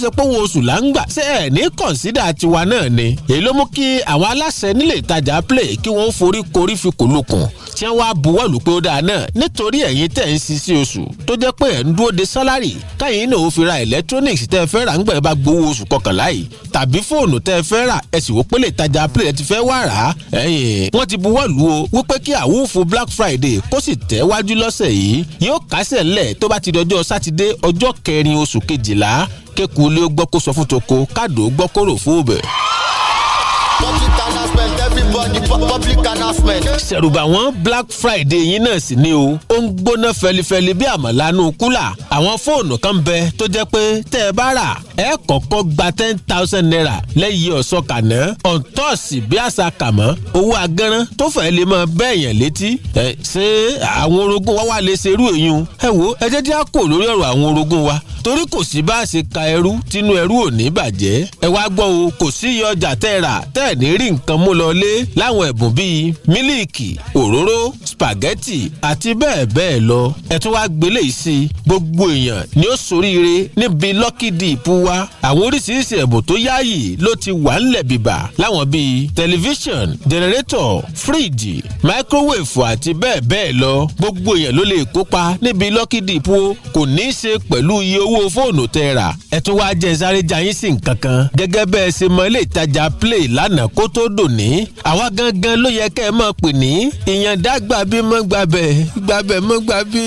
ṣe pé owó oṣù là ń gbà ṣé ẹ ní kọ̀ǹsídà tiwa náà ni èyí ló mú kí àwọn aláṣẹ nílé ìtajà play kí wọ́n forí korí fi kò tí wọ́n á buwọ́lù pé ó dáa náà nítorí ẹ̀yin tẹ̀ ń ṣiṣẹ́ oṣù tó jẹ́ pé ẹ̀ ń dúró de sálárì káyìn náà ó fi ra electronics tẹ́ ẹ fẹ́ rà ńgbà ẹ bá gbowó oṣù kọkànlá yìí tàbí fóònù tẹ́ ẹ fẹ́ rà ẹ sì wò pé lè tajà play ẹ ti fẹ́ wá rà black friday kó sì tẹ̀ wájú lọ́sẹ̀ yìí yóò kásẹ̀ lẹ̀ tó kékulé gbọ́ kó sọ fún toko kádò gbọ́ kó rò fún òbẹ̀ public announcement. ṣẹ̀rùbà wọn black friday yìí náà sì ni o ó ń gbóná fẹlifẹli bí àmàlánú kúlà àwọn fóònù kan bẹ tó jẹ́ pé tẹ́ ẹ bá rà ẹ kọ́kọ́ gba ten thousand naira lẹ́yìn ọ̀sán kàná ọ̀ǹtọ́ọ̀sì bí àṣà kàmọ́ owó agẹ́rán tó fẹ́ lè máa bẹ́ẹ̀yàn létí ẹ ṣé àwọn orogún wa wà lè ṣerú èyí o ẹ wo ẹ jẹ́ díẹ̀ kò lórí ọ̀rọ̀ àwọn orogún wa torí kò sí bá a ṣe ka ẹrú tínú ẹrú ò ní bàjẹ́ ẹ wá gbọ́ o kò sí iye ọjà tẹ́ rà tẹ́ ẹ̀ ní rí nǹkan mú lọ lé láwọn ẹ̀bùn bíi mílíìkì òróró spaghetti àti bẹ́ẹ̀ bẹ́ẹ̀ lọ ẹ̀ tún wá gbélé yìí sí gbogbo èèyàn ni ó soríire níbi lọ́kì dìpù wa àwọn oríṣiríṣi ẹ̀bùn tó yáàyè ló ti wà ńlẹ̀ bìbà láwọn bíi tẹlifíṣàn jẹnẹrétọ̀ fíríjì máíkrówèfù àti bẹ́ẹ̀ bẹ́ẹ̀ lọ gbogbo èèyàn ló lè kópa níbi lọ́kì dìpù kò ní í ṣe pẹ̀lú iye owó fóònù tẹ́ rà ẹ̀ wá jẹ́ sáré jayín sí nǹkan kan gẹ́gẹ́ bẹ́ẹ̀ ṣe mọ ilé ìtajà play lánàá kó tó dòní àwa àwa gangan ló yẹ kẹ́ ẹ mọ̀ pè ní ìyànda gbàbí mọ́ gbàbẹ̀ gbàbẹ̀ mọ́ gbàbí.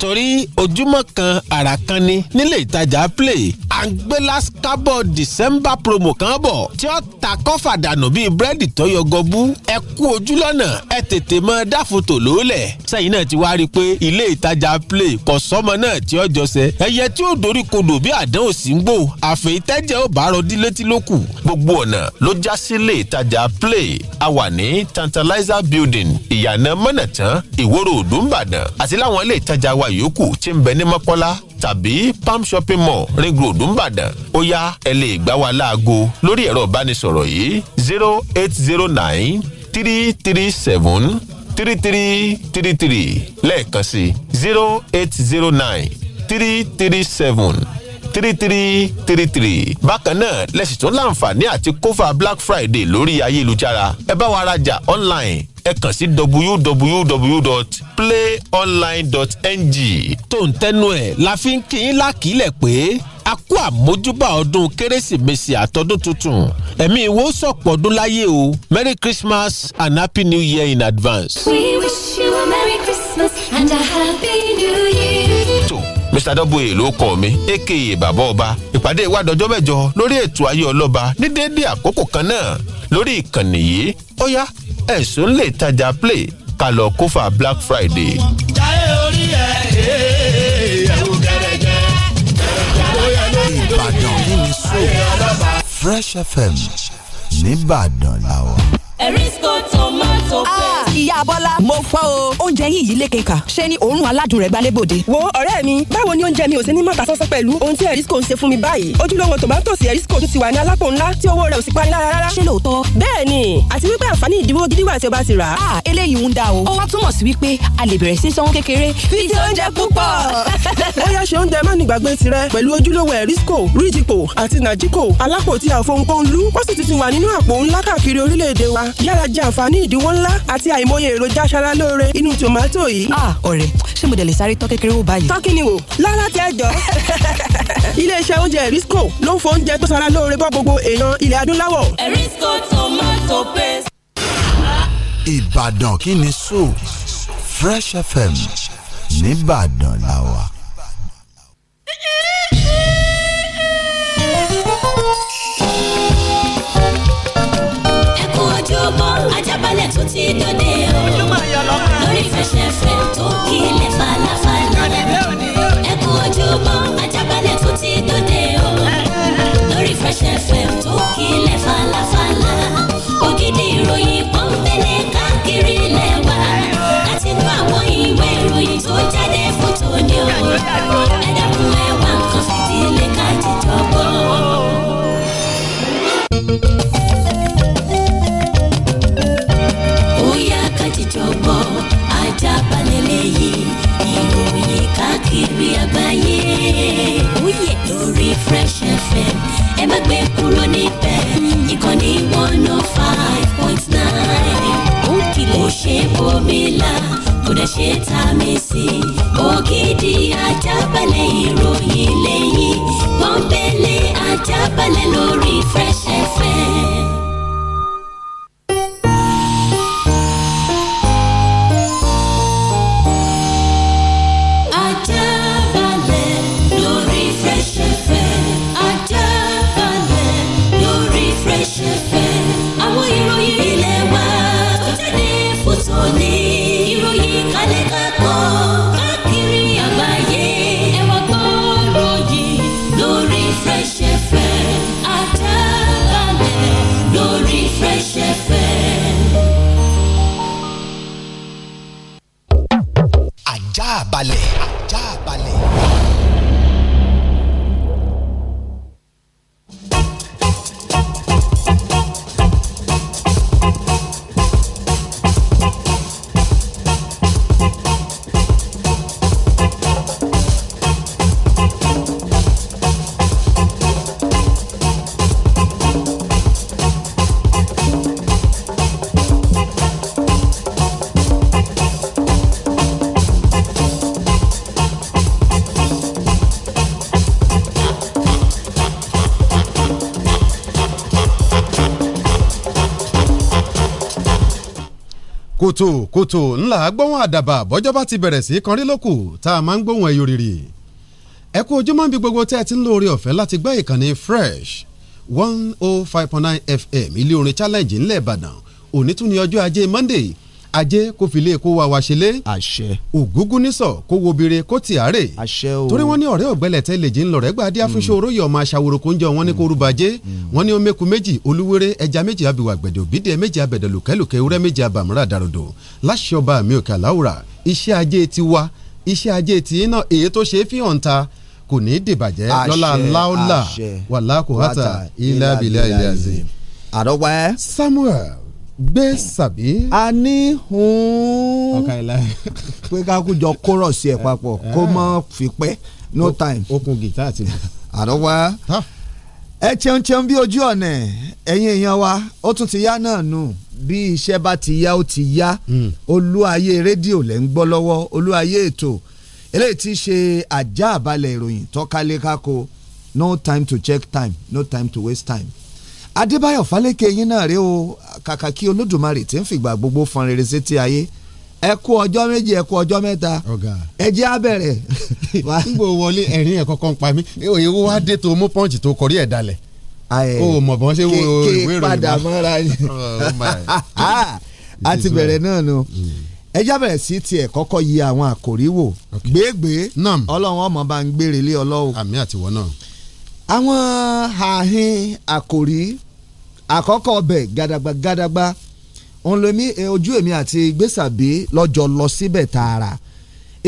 torí ojúmọ́ kan àrà kan ni nílé ìtajà play angbelas cabo december promo kan bọ̀ tí ó ta kọ́fà dànù bíi búrẹ́dì tó yọ gọbú ẹ kú ojú lọ́nà ẹ tètè mọ dáfòtò lólẹ̀. sẹ́yìn náà ti wá rí i pé ilé ìtajà play kò sọ́mọ náà tí ó jọsẹ̀ ẹyẹ tí ó dorí kodò bí àdánwò sí ń gbò àfẹ́yìntẹ́jẹ́ ò bá rọdí létí lókù gbogbo ọ̀nà ló já sílé ìtajà play wà ní tantalizer building ìyànà mọ̀nàtán ìwòrò òdùnbàdàn àti láwọn ilé ìtajà wa yòókù tí ń bẹ ní mọ́kọ́lá tàbí palm shopping mall ring road ńbàdàn ó yá ẹ lè gbá wa láago lórí ẹ̀rọ ìbánisọ̀rọ̀ yìí zero eight zero nine three three seven three three three three lẹ́ẹ̀kan sí zero eight zero nine three three seven three three three three. bákan náà lẹ́sì tún láǹfààní àti kófà black friday lórí ayélujára ẹ bá wa rajà online ẹ kàn sí www.playonline.ng tó ń tẹnu ẹ̀ la fi ń kí yín lákìílẹ̀ pé a kú àmójúbà ọdún kérésìmesì àtọdún tuntun ẹ̀mí wo sọ̀pọ̀ ọdún láyé o merry christmas and happy new year in advance. we wish you a merry christmas and a happy new year mr w ló kọ mi aka bàbá ọba ìpàdé wa dọjọ́ lórí ètò ayé ọlọ́ba ní déédéé àkókò kan náà lórí ìkànnì yìí ó yá ẹ̀sùn lè tajà play ká lọ kófà black friday. jáde orí ẹ̀ ẹ̀ ẹ̀rù gẹ́gẹ́ ìbàdàn ní sùn fresh fm nìbàdàn làwọn. Erisco tomato ah, paste. Ìyá Bọ́lá, mo fọ́ o. Oúnjẹ yín yìí lékè kà. Ṣé ni òórùn aládùn rẹ̀ gbalébòde? Wo ọ̀rẹ́ mi, báwo ni oúnjẹ mi ò ṣe ní màtà sọ́sọ́ pẹ̀lú ohun tí Erisco ń ṣe fún mi báyìí? Ojúlówó tòmátòsì Erisco tún ti wà ní alápò ńlá tí owó rẹ̀ ò sì parí lára rárá. Ṣé lóòótọ́? Bẹ́ẹ̀ni, àti wípé àǹfààní ìdíwó gidi wà tí o bá ti rà. À ah, eléyìí ń da o. Ó wá túmọ̀ sí wípé a lè bẹ̀rẹ̀ sí sanwó kékeré. Fi ti oúnjẹ púpọ̀. Ó yá ṣe oúnjẹ má nígbàgbé tirẹ̀ pẹ̀lú ojúlówó Erisco, Ríjìpò àti Nàjíkò. Alápò tí a fohùn ń lú, ó sì ti ti wà nínú àpò ńlá káàkiri orílẹ̀-èdè wa dáadáa yára jẹ àǹfààní ìdínwó ńlá àti àìmọye èròjà aṣaralóore inú tòmátò yìí. ọ̀rẹ́ ṣé mo dẹ̀ lè sáré tọ́ kékeré wò báyìí. tọ́kì ni wò lálá tẹ́ jọ. iléeṣẹ́ oúnjẹ Erisco ló ń fọ oúnjẹ tó ṣara lóore bọ́ gbogbo èèyàn ilẹ̀ adúláwọ̀. Erisco tomato paste. Ìbàdàn kí ni sọ Fresh FM nìbàdàn làwà. fm tó kílẹ̀ falafala ẹ kú ojúmọ́ ajábalẹ̀ tó ti dòde o lórí fresh fm falafala ògidì ìròyìn pọ́npẹ́lẹ́ káàkiri lẹ́wà láti inú àwọn ìwé ìròyìn tó jáde fún káàkiri àgbáyé. Oyè lórí Fresh FM ẹ má gbé kúrò níbẹ̀ ìkànnì one oh five point nine. Ó kìlọ̀ ṣe bòmílà kódà ṣe tá a mi sí. Ògidì ajábalẹ̀ ìròyìn lẹ́yìn pọ́npẹ́lẹ́ ajábalẹ̀ lórí Fresh FM. kùtùkùtù ńlá gbóhùn àdàbà bọ́jọ́ ti bẹ̀rẹ̀ sí kan rí tá a máa ń gbóhùn ẹyọ rírì ẹ kú ojúmọ́ níbi gbogbo tẹ́ ẹ ti ń lo oore ọ̀fẹ́ láti gbọ́ ìkànnì fresh one oh five point nine fm ilé orin challenge ńlẹ̀ ìbàdàn òní tún ní ọjọ́ ajé monday ajé kó fi lè kó wa wa ṣe lé. àṣẹ. ògúngún nísọ kó wo bire kó ti àárẹ̀. àṣẹ o. torí wọn ní ọ̀rẹ́ ọ̀gbẹ́lẹ̀ tẹ́ lè jí ń lọ̀rẹ́ gbàdí àfúnṣe mm. oróyè ọmọ aṣàwòrò kó ń jọ wọn ní kóru bàjẹ́. wọn ní omeku méjì olúwere ẹja méjì abiwa gbẹ̀dẹ̀ òbídẹ̀ méjì abẹ̀dẹ̀ lùkẹ́lùkẹ́ ewúrẹ́ méjì abàmúra dàrọ̀dọ̀ láṣẹ ọba mi òkè àláwùrà iṣẹ́ ajé ti wa iṣẹ́ ajé ti iná èyí tó ṣe fi hàn ta kò ní í dìbàjẹ́ gbé sàbí. a ní pé ká kó jọ kórọ̀ sí ẹ̀ papọ̀ ah. kó mọ́ fi pẹ́ no time. okun gìtá àti. àdọ́wà ẹ cheun cheun bí ojú ọ̀nà ẹ̀yin èèyàn wa ó tún ti yá náà nù bí iṣẹ́ bá ti yá ó ti yá hmm. olúayé rédíò lẹ́ ń gbọ́ lọ́wọ́ olúayé ètò eléyìí ti ṣe àjá àbálẹ̀ ìròyìn tọ́kálé kákó no time to check time no time to waste time adébáyọ̀ fálékè yín náà rèé o kàkà kí olódùmarè tí ń fìgbà gbogbo fọn rere sétí ayé ẹ kú ọjọ́ méjì ẹ kú ọjọ́ mẹ́ta ẹ jẹ́ á bẹ̀rẹ̀. nígbà wọlé ẹ̀rín ẹ̀ kọ́kọ́ ń pa mí èwo wá dé tó mú pọ́ǹchì tó kọrí ẹ̀ dalẹ̀ o mọ̀ bọ́n ṣé wo ìwé ìròyìn mọ́ padà mọ́ra yín oh ah, a ti bẹ̀rẹ̀ náà nu mm. ẹ já bẹ̀rẹ̀ sí tiẹ̀ kọ́kọ́ yí àwọn àkòrí wò gbégbé ọlọ́run ọmọ bá ń gbére lé ọlọ́wọ́ àmì àtiwọ́ náà. àwọn ààhin àkòrí àkọ́kọ́ ọbẹ̀ gàdàgbà gàdàgbà òun lomi eh, ojú èmi àti gbèsàbí lọ́jọ́ lọ síbẹ̀ tààrà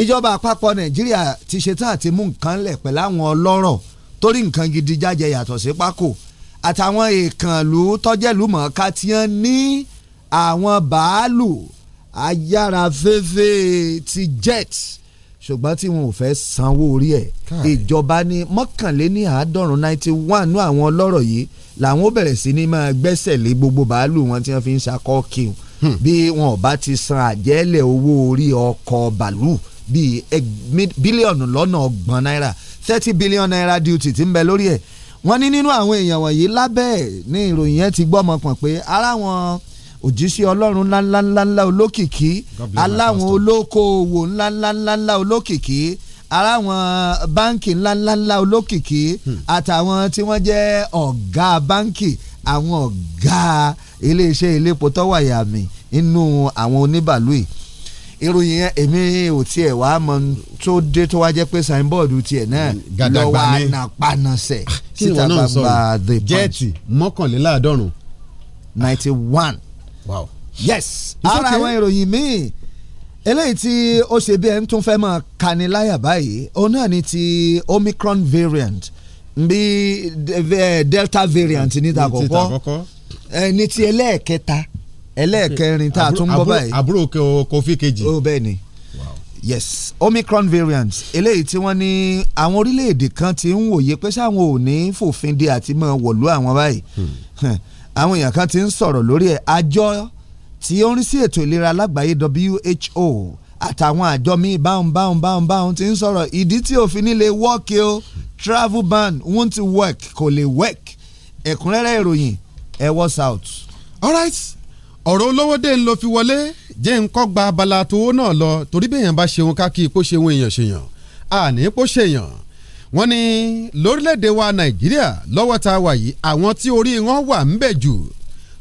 ìjọba àpapọ̀ nàìjíríà ti ṣetán àti mú nǹkan lẹ̀ pẹ̀lú àwọn ọlọ́rọ̀ torí nǹkan gidi jájẹ yàtọ̀ sí pákó àtàwọn èèkànlú tọ́jẹ́lú mọ̀ọ́ká tí wọ́n ní àwọn bàálù ayárafẹ́fẹ́ ti jet ṣùgbọ́n tí wọn ò fẹ́ sanwó orí ẹ̀ ìjọba ní mọ́kànléní àádọ́rùn-ún ninety nú àwọn ọlọ́rọ̀ yìí làwọn ó bẹ̀rẹ̀ sí ni máa gbẹ́sẹ̀ lé gbogbo bàálù wọn tí wọ́n fi ń sakọ́ kíun hmm. bí wọn ò bá ti san àjẹ́lẹ̀ owó orí ọkọ̀ bàálù bíi bílíọ̀nù lọ́nà ọgbọ̀n náírà thirty billion naira duty ti ń bẹ lórí ẹ̀ wọ́n ní nínú àwọn èèyàn wọ̀nyí lábẹ́ ẹ̀ ní ìròyìn yẹn ti gbọ́mọ pọ̀n pé ara wọn òjíṣẹ́ ọlọ́run ńláńláńlá olókìkí aláwọn olókoòwò ńláńláńlá olókìkí ara àwọn báǹkì ńláńláńlá olókìkí hmm. àtàwọn tí wọ́n jẹ́ ọ̀gá báǹkì àwọn ọ̀gá iléeṣẹ́ iléepo tọ́wàyà mi nínú àwọn oníbàálù yìí ìròyìn yẹn èmi ò tiẹ̀ wá mọ tó dé tó wá jẹ́ pé signboard tiẹ̀ náà lọ́wọ́ ànàpànàṣẹ̀ síta gbangba the punch. jẹ́ẹ̀tì mọ́kànléláàádọ́rùn-ún. ninety one. Ah, wow. yes ara àwọn ìròyìn míì eléyìí tí ó ṣe bí ẹni tún fẹ́ máa kani láyà báyìí òun náà ni ti Omicron variant bí eh, eh, Delta variant ní ta kọ̀kọ́ ní ti ẹlẹ́ẹ̀kẹta ẹlẹ́ẹ̀kẹrin tá a tún gbọ́ báyìí àbúrò kofi kejì ó oh, bẹ́ẹ̀ ni yes Omicron variant eléyìí tí wọ́n ní àwọn orílẹ̀-èdè kan ti ń wòye pé sáwọn ò ní fòfin de àti máa wọ̀lú àwọn báyìí hmm. àwọn èèyàn kan ti ń sọ̀rọ̀ lórí ẹ̀ àjọ tí ó ń rí sí ètò ìlera lágbàáyé WHO àtàwọn àjọ míì báwọn báwọn báwọn báwọn ti ń sọ̀rọ̀ ìdí tí òfin nílé wọ́ọ̀kì o travel ban won't work kò lè work ẹ̀kúnrẹ́rẹ́ ìròyìn ẹ̀ wọ́ south. alright ọ̀rọ̀ olówó dé ń lo fi wọlé jẹ́ ń kọ́ gba abala tówó náà lọ torí bẹ́ẹ̀yàn bá ṣeun ká kí ipò ṣeun èèyàn ṣèyàn àní ipò ṣèyàn wọ́n ní lórílẹ̀‐èdè wa nàìjíríà lọ́wọ́ tá a wà yìí àwọn tí orí wọn wà ń bẹ̀ jù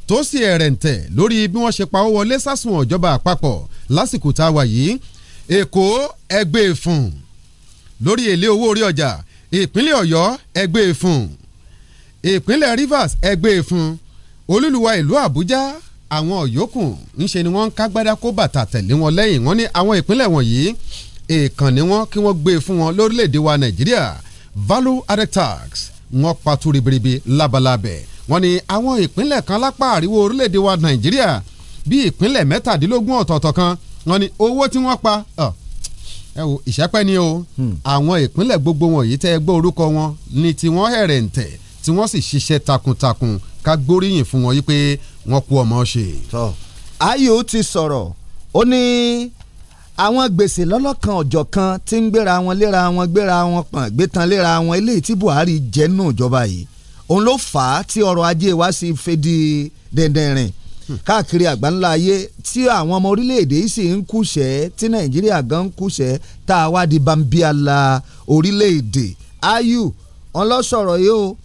tó sì ẹ̀rẹ̀ǹtẹ̀ lórí bí wọ́n ṣe pawọ́ wọlé sásùn ọ̀jọba àpapọ̀ lásìkò tá a wà yìí èkó ẹgbẹ́ ìfún lórí èlé owó orí ọjà ìpínlẹ̀ ọ̀yọ́ ẹgbẹ́ ìfún ìpínlẹ̀ rivers ẹgbẹ́ ìfún olúluwa ìlú àbújá àwọn òyòkù ńṣe ni wọ́n ń kágbádá kó bàtà tẹ̀lé wọn lẹ́yìn wọ́n ní àwọn ìpínlẹ̀ wọ̀nyí èèkàn ni wọ́n kí wọ́n gbé fún wọn lórílẹ̀‐èdè wa nàìjíríà value added tax wọ́n pa tó ribiribi labe wọ́n ní àwọn ìpínlẹ̀ kan lápá àríwó orílẹ̀-èdè wa nàìjíríà bí ìpínlẹ̀ mẹ́tàdínlógún ọ̀tọ̀ọ̀tọ̀ kan wọ́n ní owó tí wọ́n pa ẹ wo ìṣẹ́pẹ́ ni o hmm. àwọn ìpínlẹ̀ gbogbo wọn yìí tẹ́ ẹ gbọ́ orúkọ wọn ni tiwọn hẹ̀rẹ̀ ń tẹ̀ tí wọ́n sì ṣiṣẹ́ takuntakun ká gbóríyìn fún wọn yí pé wọ́n kú ọmọ ṣe. ayò ti sọ̀rọ̀ ó ní àwọn gbèsè lọ́lọ́kan ọ̀jọ̀ kan tí ń gbéra wọn léra wọn gbéra wọn pọ̀n gbé tan léra wọn eléyìí tí Buhari jẹ́ nù ìjọba yìí òun ló fà á tí ọrọ̀ ajé wa sì fẹ́ di dẹ̀ndẹ̀rìn káàkiri àgbáńlá ayé tí àwọn ọmọ orílẹ̀-èdè yìí sì ń kúṣẹ́ tí nàìjíríà gan ń kúṣẹ́ tá a wá di bambiala orílẹ̀-èdè ayu ọlọ́sọ̀rọ̀ yìí o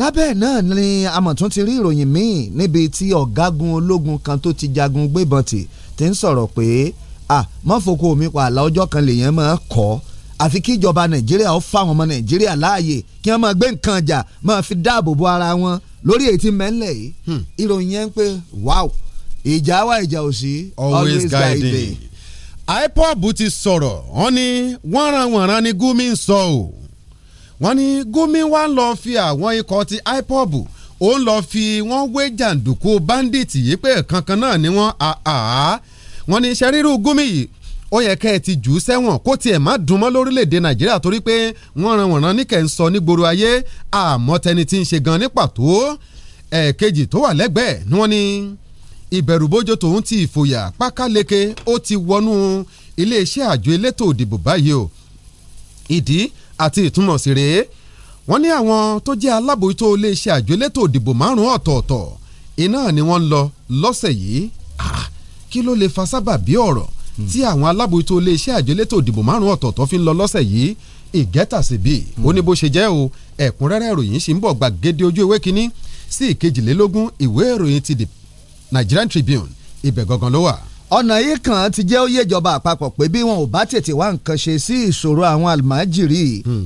lábẹ́ náà ni amọ̀tún ti rí ìròyìn míì níbi tí ọ̀gágun ológun kan tó ti jagun gbébọn tì ti ń sọ̀rọ̀ pé à mọ́fokò mi pa àlà ọjọ́ kan lèèyàn máa kọ́ ọ́ àfi kí ìjọba nàìjíríà ó fáwọn ọmọ nàìjíríà láàyè kí wọ́n máa gbé nǹkan ọjà máa fi dáàbò bo ara wọn lórí èyí tí mẹ́lẹ̀ yìí hmm. ìròyìn yẹn ń pé wow ìjà wa ìjà ò sí always guiding. IPOB ti sọ̀rọ̀ wọ́n ní wọ́nranwọ̀nran ni Gumi ń sọ o wọ́n ní Gumi wá lọ fi àwọn ikọ̀ ti IPOB ó ń lọ fi wọ́n wé jàǹdùkú bandits yìí pé kankan náà ni wọ́n àá wọ́n ní sẹ́rírù Gumi yìí ó yẹ kẹ́ ẹ ti jù ú sẹ́wọ̀n kó tiẹ̀ má dùn mọ́ lórílẹ̀‐èdè nàìjíríà torí pé wọ́n ran wọ̀nrán ní ń sọ nígboro ayé àmọ́ tẹni ń ṣe gan ní pàtó ẹ̀ẹ̀kejì tó wà lẹ́gbẹ̀ẹ́ ni wọ́n ní ìbẹ̀rùbojo tòun ti ìfòyà pákáleke ó ti wọnú iléeṣẹ́ àjọ elétò òdìbò báyìí o ìdí àti ìtumọ̀ sí rèé wọ́n ní àwọn tó jẹ́ alábòójútó iléeṣẹ́ àjọ elétò òdìbò márùn-ún ọ̀tọ̀ọ̀tọ̀ iná ni wọ́n lọ lọ́sẹ̀ yìí ah, kí ló lè tí àwọn alábòójútó iléeṣẹ́ àjọ elétò ìdìbò márùn ọ̀tọ̀ọ̀tọ̀ fi ń lọ lọ́sẹ̀ yìí ìgẹ́tàsíbì ó ní bó ṣe jẹ́ o ẹ̀kúnrẹ́rẹ́ ìròyìn sì ń bọ̀ gbàgede ojú ewé kínní sí ìkejìlélógún ìwé ìròyìn ti the Nigerian Tribune ibẹ̀ gangan ló wà. ọ̀nà yìí kan ti jẹ́ ó yé ìjọba àpapọ̀ pé bí wọn ò bá tètè wá nǹkan ṣe sí ìṣòro àwọn àlùmájìrì hmm.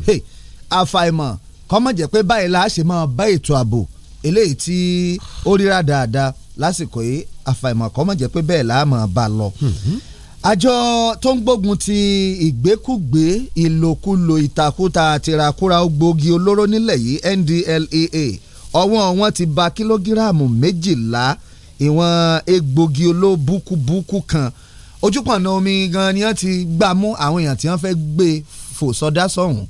àfàìmọ̀ kọ́mọ̀jẹ̀ pé báyìí la ṣe máa bá ètò ààbò eléyìí tí ó ríra dáadáa lásìkò yìí àfàìmọ̀ kọ́mọ̀jẹ̀ pé bẹ́ẹ̀ la máa bá lọ. hmm àjọ tó ń gbógun ti ìgbékúgbé ìlòkulò ìtàkùtà àtìràkúrà ògbógi olóró nílẹ̀ yìí NDLEA ọwọ́ wọn ti ba kílógíráàmù méjìlá ìwọ̀n egbògi olóbùkúbùkú kan ojúpọ̀nà omi gan ni wọ́n ti gbà mú àwọn èèyàn tí wọ́n fẹ́ gbé fò sọdá sọ̀hún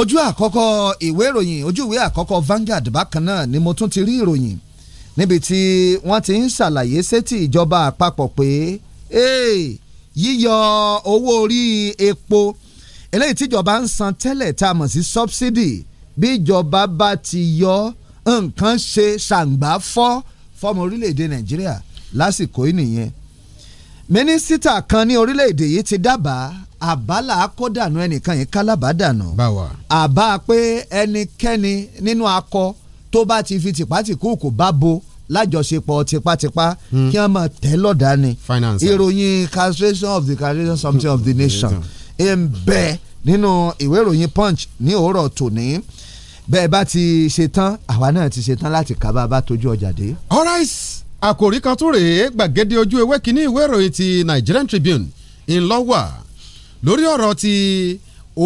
ojú àkọ́kọ́ ìwé ìròyìn ojú ìwé àkọ́kọ́ Vanguard bákan náà ni mo tún ti rí ìròyìn níbi tí wọ́n ti ń ṣàlàyé sétí ìjọba àpapọ̀ pé yíyọ owó orí epo eléyìí tíjọba ń san tẹ́lẹ̀ tá a mọ̀ sí subsidy bí ìjọba bá ti yọ nǹkan ṣe ṣàǹgbá fọ́ fọ́mọ orílẹ̀-èdè nàìjíríà lásìkò ìnìyẹn mínísítà kan ní orílẹ̀-èdè yìí ti dábàá àbálà akọ́dànù ẹnìkan yìí kálábàdànù àbá pé ẹnikẹ́ni nínú akọ tó bá ti fi tìpátìkúùkù bá bo lájọṣepọ̀ tipátipá hmm. kí wọ́n máa tẹ́ lọ́dà ni ìròyìn castration of the castration something of the hmm. nation hmm. ń bẹ nínú ìwé ìròyìn punch ní òwúrọ̀ tòní bẹ́ẹ̀ bá ti ṣe tán àwa náà ti ṣe tán láti kábà bá tójú ọjà dé. alright àkòrí kan tó rèé gbàgede ojú ewé kínní ìwé ìròyìn ti Nigerian Tribune ńlọ́wà lórí ọ̀rọ̀ ti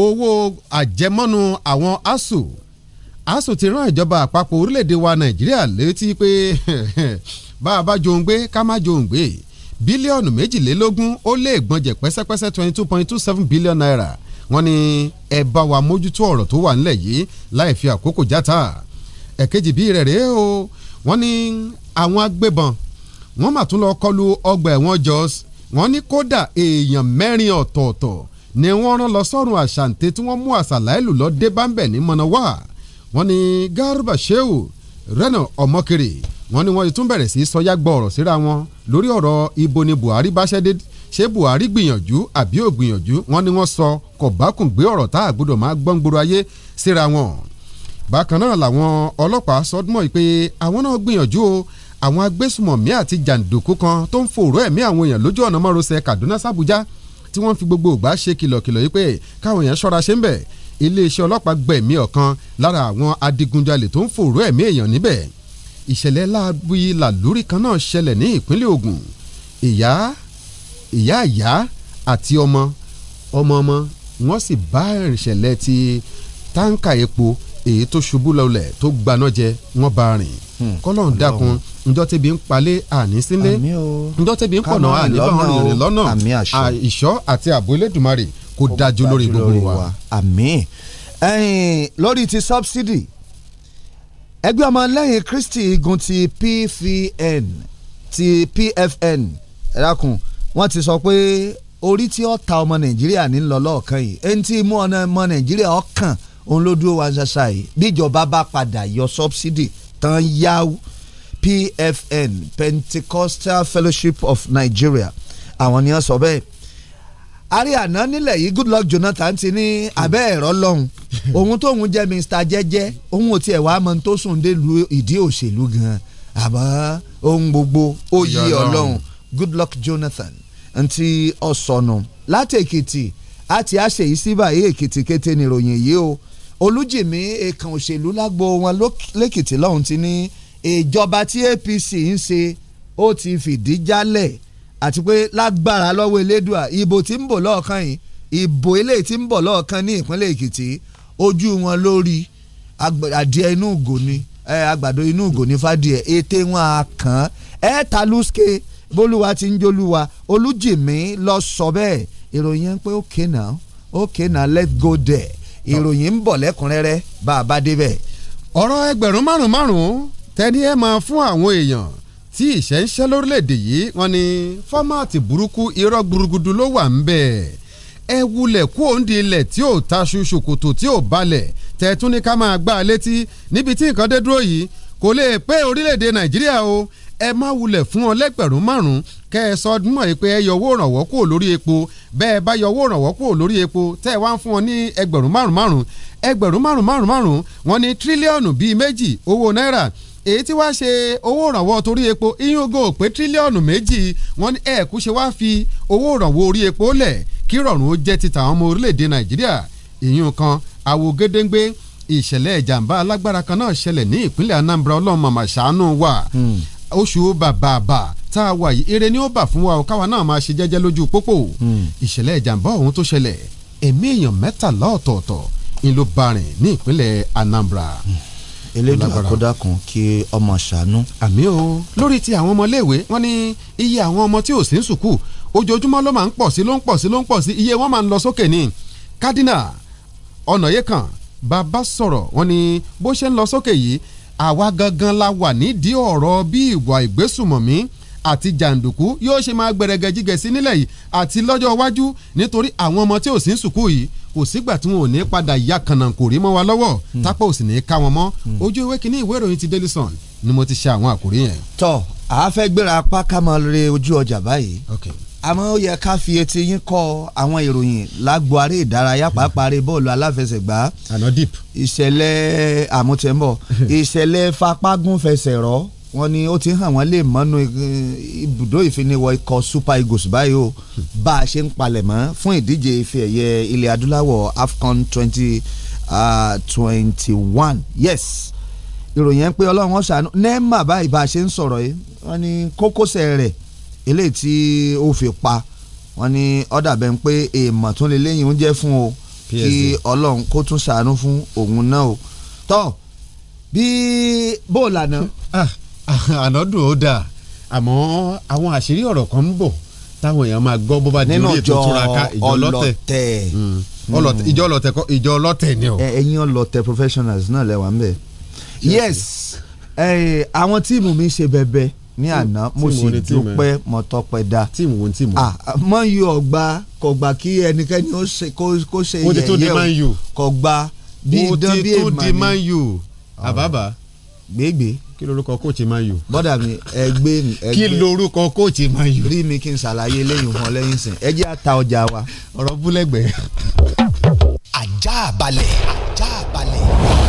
owó àjẹmọ́nu àwọn ASUU asuu ti rán ìjọba àpapọ̀ orílẹ̀‐èdè wa nàìjíríà létí pé bá a bá jòun gbé ká má jòun gbé bílíọ̀nù méjìlélógún ó lé ìgbọ̀njẹ̀ pẹ́sẹ́pẹ́sẹ́ twenty two point two seven billion naira wọ́n ní ẹ bá wa mójútó ọ̀rọ̀ tó wà nílẹ̀ yìí láì fi àkókò játa ẹ̀kejì bíi rẹ̀ rèé o wọ́n ní àwọn agbébọn wọ́n mà tún lọ kọlu ọgbà ẹ̀wọ̀n Jos wọ́n ní kódà èèyàn mẹ́rin ọ̀tọ̀ọ̀tọ̀ ni wọ́n rán lọ sọ́run àṣàǹtẹ̀ tí wọ́n mú àṣàláìlú lọ dé bámbẹ̀ ní mọ̀nà wá wọ́n ní Garba Shehu Rena Omokiri wọ́n ní wọ́n ti tún bẹ̀rẹ̀ sí sọyá gbọ́ọ̀rọ̀ síra wọn lórí ọ̀rọ̀ ibo ni Buhari bá ṣẹ́dé ṣé Buhari gbìyànjú àbí ò gbìyànjú wọ́n ní wọ́n sọ kò bákùn gbé ọ̀rọ̀ tá a gbọ́dọ̀ máa gbọ́n gbòòrò ayé síra wọn. bákan náà làwọn ọlọ́pàá sọdúnmọ́ pé àwọn náà gbìyànjú o àwọn agbésùmọ̀mí àti jàǹdùkú kan tó ń fòrò ẹ̀mí àwọn èèyàn lójú ọ̀nà márosẹ̀ Kaduna sàbújá tí wọ́n fi gbogbo ògbà ṣe kìlọ̀kìlọ̀ yìí pé káwọn èèyàn ṣọ́ra ṣe ń bẹ̀ iléeṣẹ́ ọlọ́pàá gbẹ̀mí ọ̀kan lára àwọn adigunjalè tó ń fòrò ẹ̀mí èèyàn níbẹ̀ ìṣẹ̀lẹ̀ láàbùyí làlórí kan náà ṣẹlẹ̀ ní ìpínlẹ̀ Ògùn ìyá ìyá ìyá àti ọmọ ọmọ ọmọ wọ́n sì bá ìṣẹ̀lẹ̀ ti táǹkà epo èyí tó ṣubú lọlẹ̀ tó gbaná jẹ wọ́n bá rìn hmm. kọ́lọ́n dákun njọ́ tẹ́bi ń palẹ̀ àní sílé njọ́ tẹ́bi ń pọ̀nà àní bá wọn rìnrìn lọ́nà ìṣọ́ àti àbúlé dùmarè kó dájú lórí gbogbo wa. àmín lórí ti subsidy ẹgbẹ́ ọmọlẹ́yìn kristi igun ti pfn ti pfn ẹ̀dákun wọ́n ti sọ pé orí tí ó ta ọmọ nàìjíríà ní lọ lọ́ọ̀kan yìí ẹni tí mú ọmọ nàìjíríà ọ̀kan òun ló dúró wáṣà ṣáì bíjọba bá padà yọ subsidy tán yáwó pfn pentecostal fellowship of nigeria àwọn ni wọ́n sọ bẹ́ẹ̀ àrí àná nílẹ̀ yìí Goodluck Jonathan ti ní abẹ́ ẹ̀rọ lọ́hùn òun tóun jẹ́ Mr jẹ́jẹ́ òun ò tiẹ̀ wá mọ tó sùn dé lu ìdí òṣèlú gan àmọ́ ohun gbogbo ó yí ọlọ́run Goodluck Jonathan ntí ọ̀sọ̀nù láti Èkìtì àti àṣeyìí síbàáyé Èkìtì kété níròyìn yìí o olújìmí èèkàn òṣèlú lágbo wọn lẹ́kìtì lọ́hùn ti ní ìjọba tí APC ń ṣe ó ti fìdí jálẹ̀ àti pé lágbára lọ́wọ́ elédùà ìbò tí ń bọ̀ lọ́ọ̀kan yìí ìbò eléyìí tí ń bọ̀ lọ́ọ̀kan ní ìpínlẹ̀ Èkìtì ojú wọn lórí adìẹ inú ìgò ni àgbàdo inú ìgò ni fàdìẹ ètè wọn àkàn ẹ ta lùsùkè bólúwa ti ń jólúwa olújìmí lọ sọ bẹ́ẹ̀ ìròyìn pé okay now okay now let's go there ìròyìn ń bọ̀ lẹ́kùnrẹ́rẹ́ bá a bá débẹ̀. ọ̀rọ̀ ẹgbẹ̀rún márùn-ún márùn-ún tẹ́ni ẹ máa fún àwọn èèyàn tí ìṣẹ́ ń ṣẹ́ lórílẹ̀‐èdè yìí wọ́n ní fọ́máàtì burúkú irọ́ gburugudu ló wà ń bẹ̀ ẹ wulẹ̀ kú òǹdí ilẹ̀ tí ò taṣu ṣòkòtò tí ò balẹ̀ tẹ̀tún ní ká máa gbá a létí níbi tí nǹkan dé dúró yìí kò lè pé orílẹ̀‐èdè nàìjíríà o ẹ má wulẹ̀ fún ọ lẹ́gbẹ̀rún márùn-ún kẹ́ ẹ sọ mọ̀ pé ẹ yọ owó ìrànwọ́ kúrò lórí epo bẹ́ẹ̀ bá yọ owó ìrànwọ́ kúrò lórí epo tẹ́ ẹ wá ń fún ọ ní ẹgbẹ̀rún márùn-ún márùn-ún ẹgbẹ̀rún márùn-ún márùn-ún márùn-ún tírílíọ̀nù bíi méjì owó náírà èyí tí wàá ṣe owó ìrànwọ́ torí epo iyún ogo pé tírílíọ̀nù méjì wọ́n ní ẹ̀ẹ́kú ṣe wá fi owó ìrànwọ́ orí epo lẹ̀ kí rọ̀rùn ó jẹ́ ti tàwọn ọmọ orílẹ̀‐èdè nàìjíríà ìyún kan àwo gédéǹgbé ìṣẹ̀lẹ̀ ìjàmbá alágbára kan náà ṣẹlẹ̀ ní ìpínlẹ̀ anambra ọlọ́run màmá wa hmm. oṣù bàbàbà tá a wà yìí eré ni ó bà fún wa káwa náà máa ṣe jẹ́jẹ́ lójú pópó hmm. ìṣẹ̀lẹ̀ ìjàmbá ọ̀hún tó ṣẹlẹ̀ ẹ̀mí èèyàn mẹ́tàlá ọ̀tọ̀ọ̀tọ̀ ń ló ní ìpínlẹ̀ anambra. Mm elédùn àkọ́dá kan kí ọmọ ṣàánú. àmì o lórí ti àwọn ọmọléèwé wọn ní iye àwọn ọmọ tí ò sí ń sùkúù ojoojúmọ́ ló máa ń pọ̀ sí ló ń pọ̀ sí ló ń pọ̀ sí iye wọn máa ń lọ sókè ní kádínà ọ̀nàyẹ́kàn bàbá sọ̀rọ̀ wọn ni bó ṣe ń lọ sókè yìí àwa gangan la wà nídìí ọ̀rọ̀ bí ìwà ìgbésùmọ̀mí àti jàǹdùkú yóò ṣe máa gbẹrẹgẹjígẹ sí nílẹ̀ yìí àti lọ́jọ́ iwájú nítorí àwọn ọmọ tí ò sí ń sùkúù yìí kò sígbà tí wọn ò ní padà ya kànáńkò rí mọ́ wa lọ́wọ́ hmm. tápọ̀ ò sì ní ká wọn mọ́ hmm. ojú ewé kínní ìwé ìròyìn ti Daily Sun ni mo ti ṣe àwọn àkòrí yẹn. tọ àáfẹ́ gbéra apá ká máa re ojú ọjà báyìí àmọ́ ó yẹ ká fi etí yín kọ àwọn ìròyìn lágbo aré ìdárayá hmm. pàápàá aré bọ́ọ̀lù aláfẹsẹ̀gbá ìṣẹ̀lẹ̀ àmútẹ́mbọ̀ ìṣẹ̀lẹ̀ fapágúnfẹsẹ̀rọ̀ wọ́n ní ó ti hàn wọ́n lè mọ́nú eh, ibùdó ìfiniwọ ikọ̀ super eagles báyìí o bá a ṣe ń palẹ̀ mọ́ fún ìdíje ife ẹ̀yẹ ilẹ̀ adúláwọ̀ afcon twenty ah, twenty one yes ìròyìn ẹ̀ ń pé ọlọ́run wọn ṣàánú neema báyìí bá a ṣe ń sọ̀rọ̀ yìí wọ́n ní kókósẹ̀ rẹ̀ eléyìí tí ó fi pa wọ́n ní ọ̀dà bẹ́ẹ̀ pé èèmọ̀ tún lè léyìn oúnjẹ fún o kí ọlọ́run kó tún ṣàánú fún òun náà o tọ́ bí bóòlù àná ah. ànádùn ó dáa àmọ́ àwọn àṣírí ọ̀rọ̀ kan ń bọ̀ táwọn èèyàn máa gbọ́ bó bá di orí ètò túraká hmm. Hmm. ọlọ́tẹ̀ ìjọ ọlọ́tẹ̀ kọ́ ìjọ ọlọ́tẹ̀ ni o. ẹ̀yin ọlọ́tẹ̀ professionals náà lẹwà ń bẹ yes àwọn tíìmù mi ṣe bẹbẹ ní àná mo sì dúpẹ́ mo tọpẹ́ da tíìmù wo tíìmù. mọ yu ọgbà kọgbà kí ẹnikẹ́ni kó ṣe yẹ̀yẹ́ o kọgbà bí dán bí èèmọ̀ ni àbábà gbégbé kí lorúkọ kóòtù man u. bọ́dà mi ẹgbẹ́ mi ẹgbẹ́ kí lorúkọ kóòtù man u. rí mi kí n ṣàlàyé lẹ́yìn wọn lẹ́yìn sìn ẹ jẹ́ àta ọjà wa ọ̀rọ̀ búlẹ̀gbẹ́. ajá balẹ̀ ajá balẹ̀.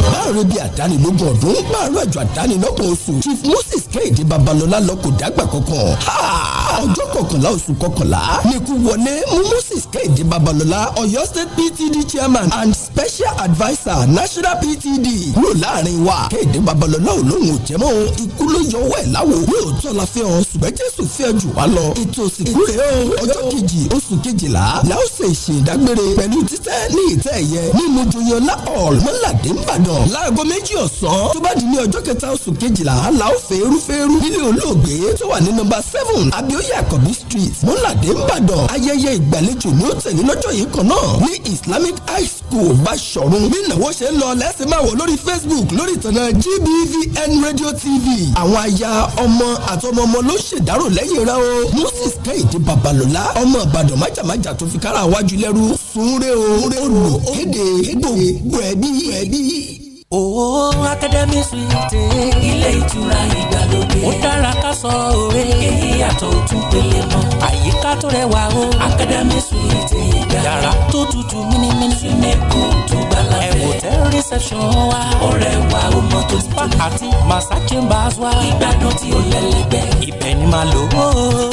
báàrò bíi àdánilógún ọdún báàrò àjọ àdánilọ́gbọ̀n oṣù chief moses kẹ́hìndé babalọ́lá lọ́kọ̀ dàgbà kankan ọjọ́ kọkànlá oṣù kọkànlá nìkú wọlé mú moses kẹ́hìndé babalọ́lá ọ̀yọ́ state ptd chairman and special adviser national ptd kúrò láàrin wa kẹ́hìndé babalọ́lá olóhùn òjẹ́mọ́ ikú ló yọ ọwọ́ ẹ̀ láwo ní òótọ́ la fẹ́ ọ ṣùgbọ́n jésù fẹ́ jù wá lọ ètò ìsìnkú rẹ̀ ọjọ́ kejì oṣù kejìlá làó ṣe bẹ̀rẹ̀ nínú joyè ọlá hall mọ́ládé nìbàdàn láago méjì ọ̀sán tó bá di ní ọjọ́ kẹta oṣù kejìlá aláwọ̀ fẹ́rúfẹ́rú nílé olóògbé tó wà ní nọ́mbà seven abioye akọbi street mọ́ládé nìbàdàn ayẹyẹ ìgbàlejò ni ó tẹ̀lé lọ́jọ́ yìí kan náà ní islamic high school kù ò bá ṣọ̀run bí ìnáwó ṣe ń lọ lẹ́sìn máa wò lórí Facebook lórí ìtànà GBVN Radio TV àwọn aya ọmọ àtọmọmọ ló ṣèdárò lẹ́yìn rẹ o Moses Kẹ́hìndé Babalọ́lá ọmọ Ìbàdàn májàmájà tó fi kára wájú lẹ́rú sunre o olùkéde gbogbo ẹbí ẹbí. Oo Akademi Suite. Ilé ìtura ìgbàlódé. Ó dára ká sọ òwe. Èyí yàtọ̀ ojú pele mọ́. Àyíká tó rẹwà o. Akademi Suite yàrá tó tutù mímímí. sinimu tó bá la fẹ́. ẹ̀wò tẹ́ rìsẹ̀pṣọ̀n wa. ọ̀rẹ́ wa ó mọ tó tutù. spa àti massa chambers wa. ìgbádùn tí ó lẹ́lẹ́gbẹ́. ibẹ̀ ni màá lò ó.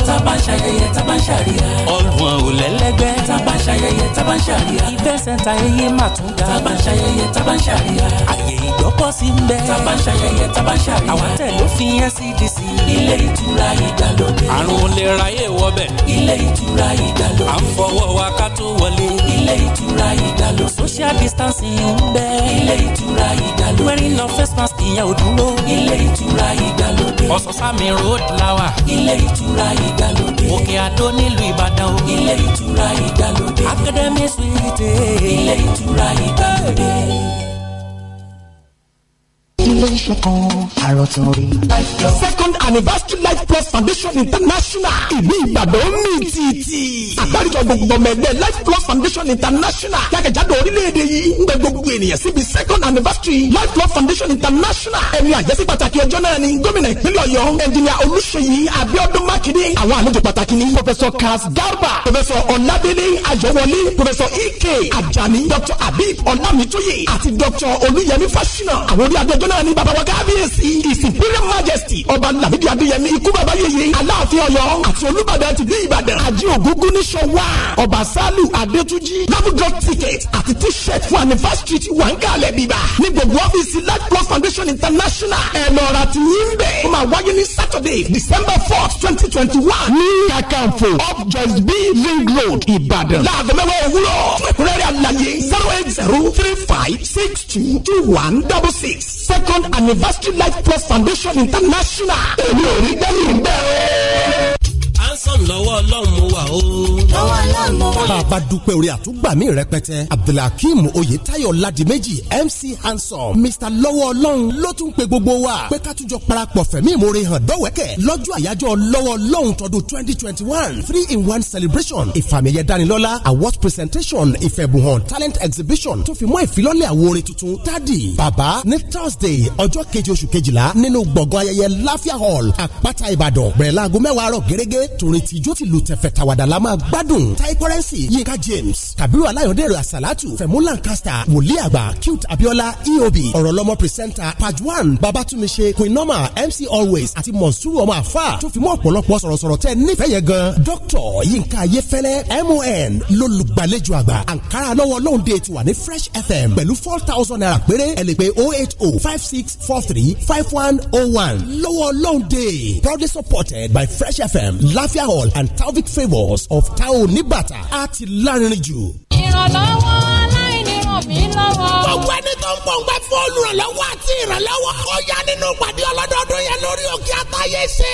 tábà ń ṣayẹyẹ tábà ń ṣàríyá. ọ̀gbun ò lẹ́lẹ́gbẹ́. tábà ń ṣayẹyẹ tábà ń ṣàríyá. ìfẹ́ sẹ́ńtà ẹyẹ mà tún ga. tábà ṣayẹyẹ tábà ń ṣàríyá. ìgbọ́pọ̀ sí ń bẹ. tábà ṣayẹyẹ tábà ń àwọn tẹ̀ ló fi NCDC ilé ìtura ìdàlódé. àrùn olè ráyè wọbẹ̀. ilé ìtura ìdàlódé. à ń fọwọ́ wa ká tó wọlé. ilé ìtura ìdàlódé. social distancing ń bẹ. ilé ìtura ìdàlódé. wearing no face mask ìyẹn ò dúró. ilé ìtura ìdàlódé. ọ̀sán-sámi road lawa. ilé ìtura ìdàlódé. òkè àdó nílùú ìbàdàn o. ilé ìtura ìdàlódé. academy suite. ilé ìtura ìdàlódé ilé second anniversary life plus foundation international ìlú ìbàdàn ní títì. àgbáríjọ gbogbo mẹ́gbẹ́ life plus foundation international jákèjádò orílẹ̀-èdè yìí ń gbẹ gbogbo ènìyàn síbi second anniversary life plus foundation international ẹni àjẹsí pàtàkì ọjọ́ náà ni gómìnà ìpínlẹ̀ ọ̀yọ́ ẹnjìnìà olùṣeyí abíọ́dún mákindé àwọn àlejò pàtàkì ni professor kaz garba professor ọ̀nàdélé ayọ̀wọlé professor ike ajani Doctor abib ọ̀nàmítóyè àti dr olùyẹmí fásinà àwọn orí adé ọjọ́ náà ni ọ̀run bàbá wa kábíyèsí his imperial majesty ọba lamidi adéyẹmí ikú bàbá yèyé aláàfin ọ̀yọ́ àti olúbàdàn ti ibadan. ìbàdàn àjẹ ni ní sọwá ọba adetuji. adétúnjì labudrop ticket àti t-shirt fún anniversary ti wà ń kalẹ̀ bíbá ní gbogbo ọ́fíìsì life plus foundation international ẹ̀ lọ́ra ti yín bẹ́ẹ̀ ó máa wáyé ní saturday december fourth twenty twenty one ní kakanfo up just be ring road ìbàdàn láàbọ̀ mẹ́wàá òwúrọ̀ fún ẹ̀kúnrẹ́rẹ́ àlàyé zero eight zero three five six two two one double six second anniversary life plus foundation international èmi ò rí gbẹ́rù bẹ́ẹ̀ ransom lọ́wọ́ ọlọ́run mo wà o. lọ́wọ́ ọlọ́run mo wà. bàbá dúpẹ́ orí àtúgbàmí rẹpẹtẹ abdulhakeem oyetayo ladimeji mc handsome mr lọ́wọ́ ọlọ́run ló tún pe gbogbo wa pé ká tún jọ parapọ̀ fẹ̀mí ìmoore hàn dọ́wẹ́kẹ̀ lọ́jọ́ àyájọ́ lọ́wọ́ ọlọ́run tọdún twenty twenty one three in one celebration ìfàmìyẹ dánilọ́lá awards presentation ìfẹ̀bùhàn talent exhibition tó fi mọ́ ìfilọ́lẹ̀ àwọn orin tuntun tádì bàbá ní thursday ọjọ́ keje oṣù kejìlá nínú gbọ̀ngàn ayẹyẹ láfíà hall àpáta ìbàdàn bẹ̀rẹ̀ láago mẹ́wàá àárọ̀ gẹ́gẹ́ tòrin tìjó tìlù tẹ̀fẹ̀ tàwàdà la máa gbádùn tai currency yinka james kabiru alayọ̀dẹ̀rẹ̀ asalatu fẹ̀mú lancaster wòlíì àgbà cute abiola eob ọ̀rọ̀lọ́mọ pírísẹ́ńtà One, babatunmise queen norma mc always àti monsuru ọmọ àfà tó fi mọ́ ọ̀pọ̀lọpọ̀ sọ̀rọ̀sọ̀rọ̀ tẹ́ nífẹ̀ẹ́ yẹn gan dr yinka ayefẹ́lẹ́ mon lolùgbàlejò àgbà ankara lọ́wọ́ lóhùndé ti wà ní fresh fm pẹ̀lú four thousand naira péré ẹ lè pè oh eight oh five six four three five one oh one lọ́wọ́ lóhùndé proudly supported by fresh fm láf Alafia Hall and Taufik Favours of Tao Nibata. A ti lárinrin jù. Ìrànlọ́wọ́ aláìní ràn mí lọ́wọ́. Gbogbo tó ń pòǹgbẹ fún olùrànlọ́wọ́ àti ìrànlọ́wọ́. ó yá nínú pàdé ọlọ́dọọdún yẹn lórí òkè àtàyè ṣe.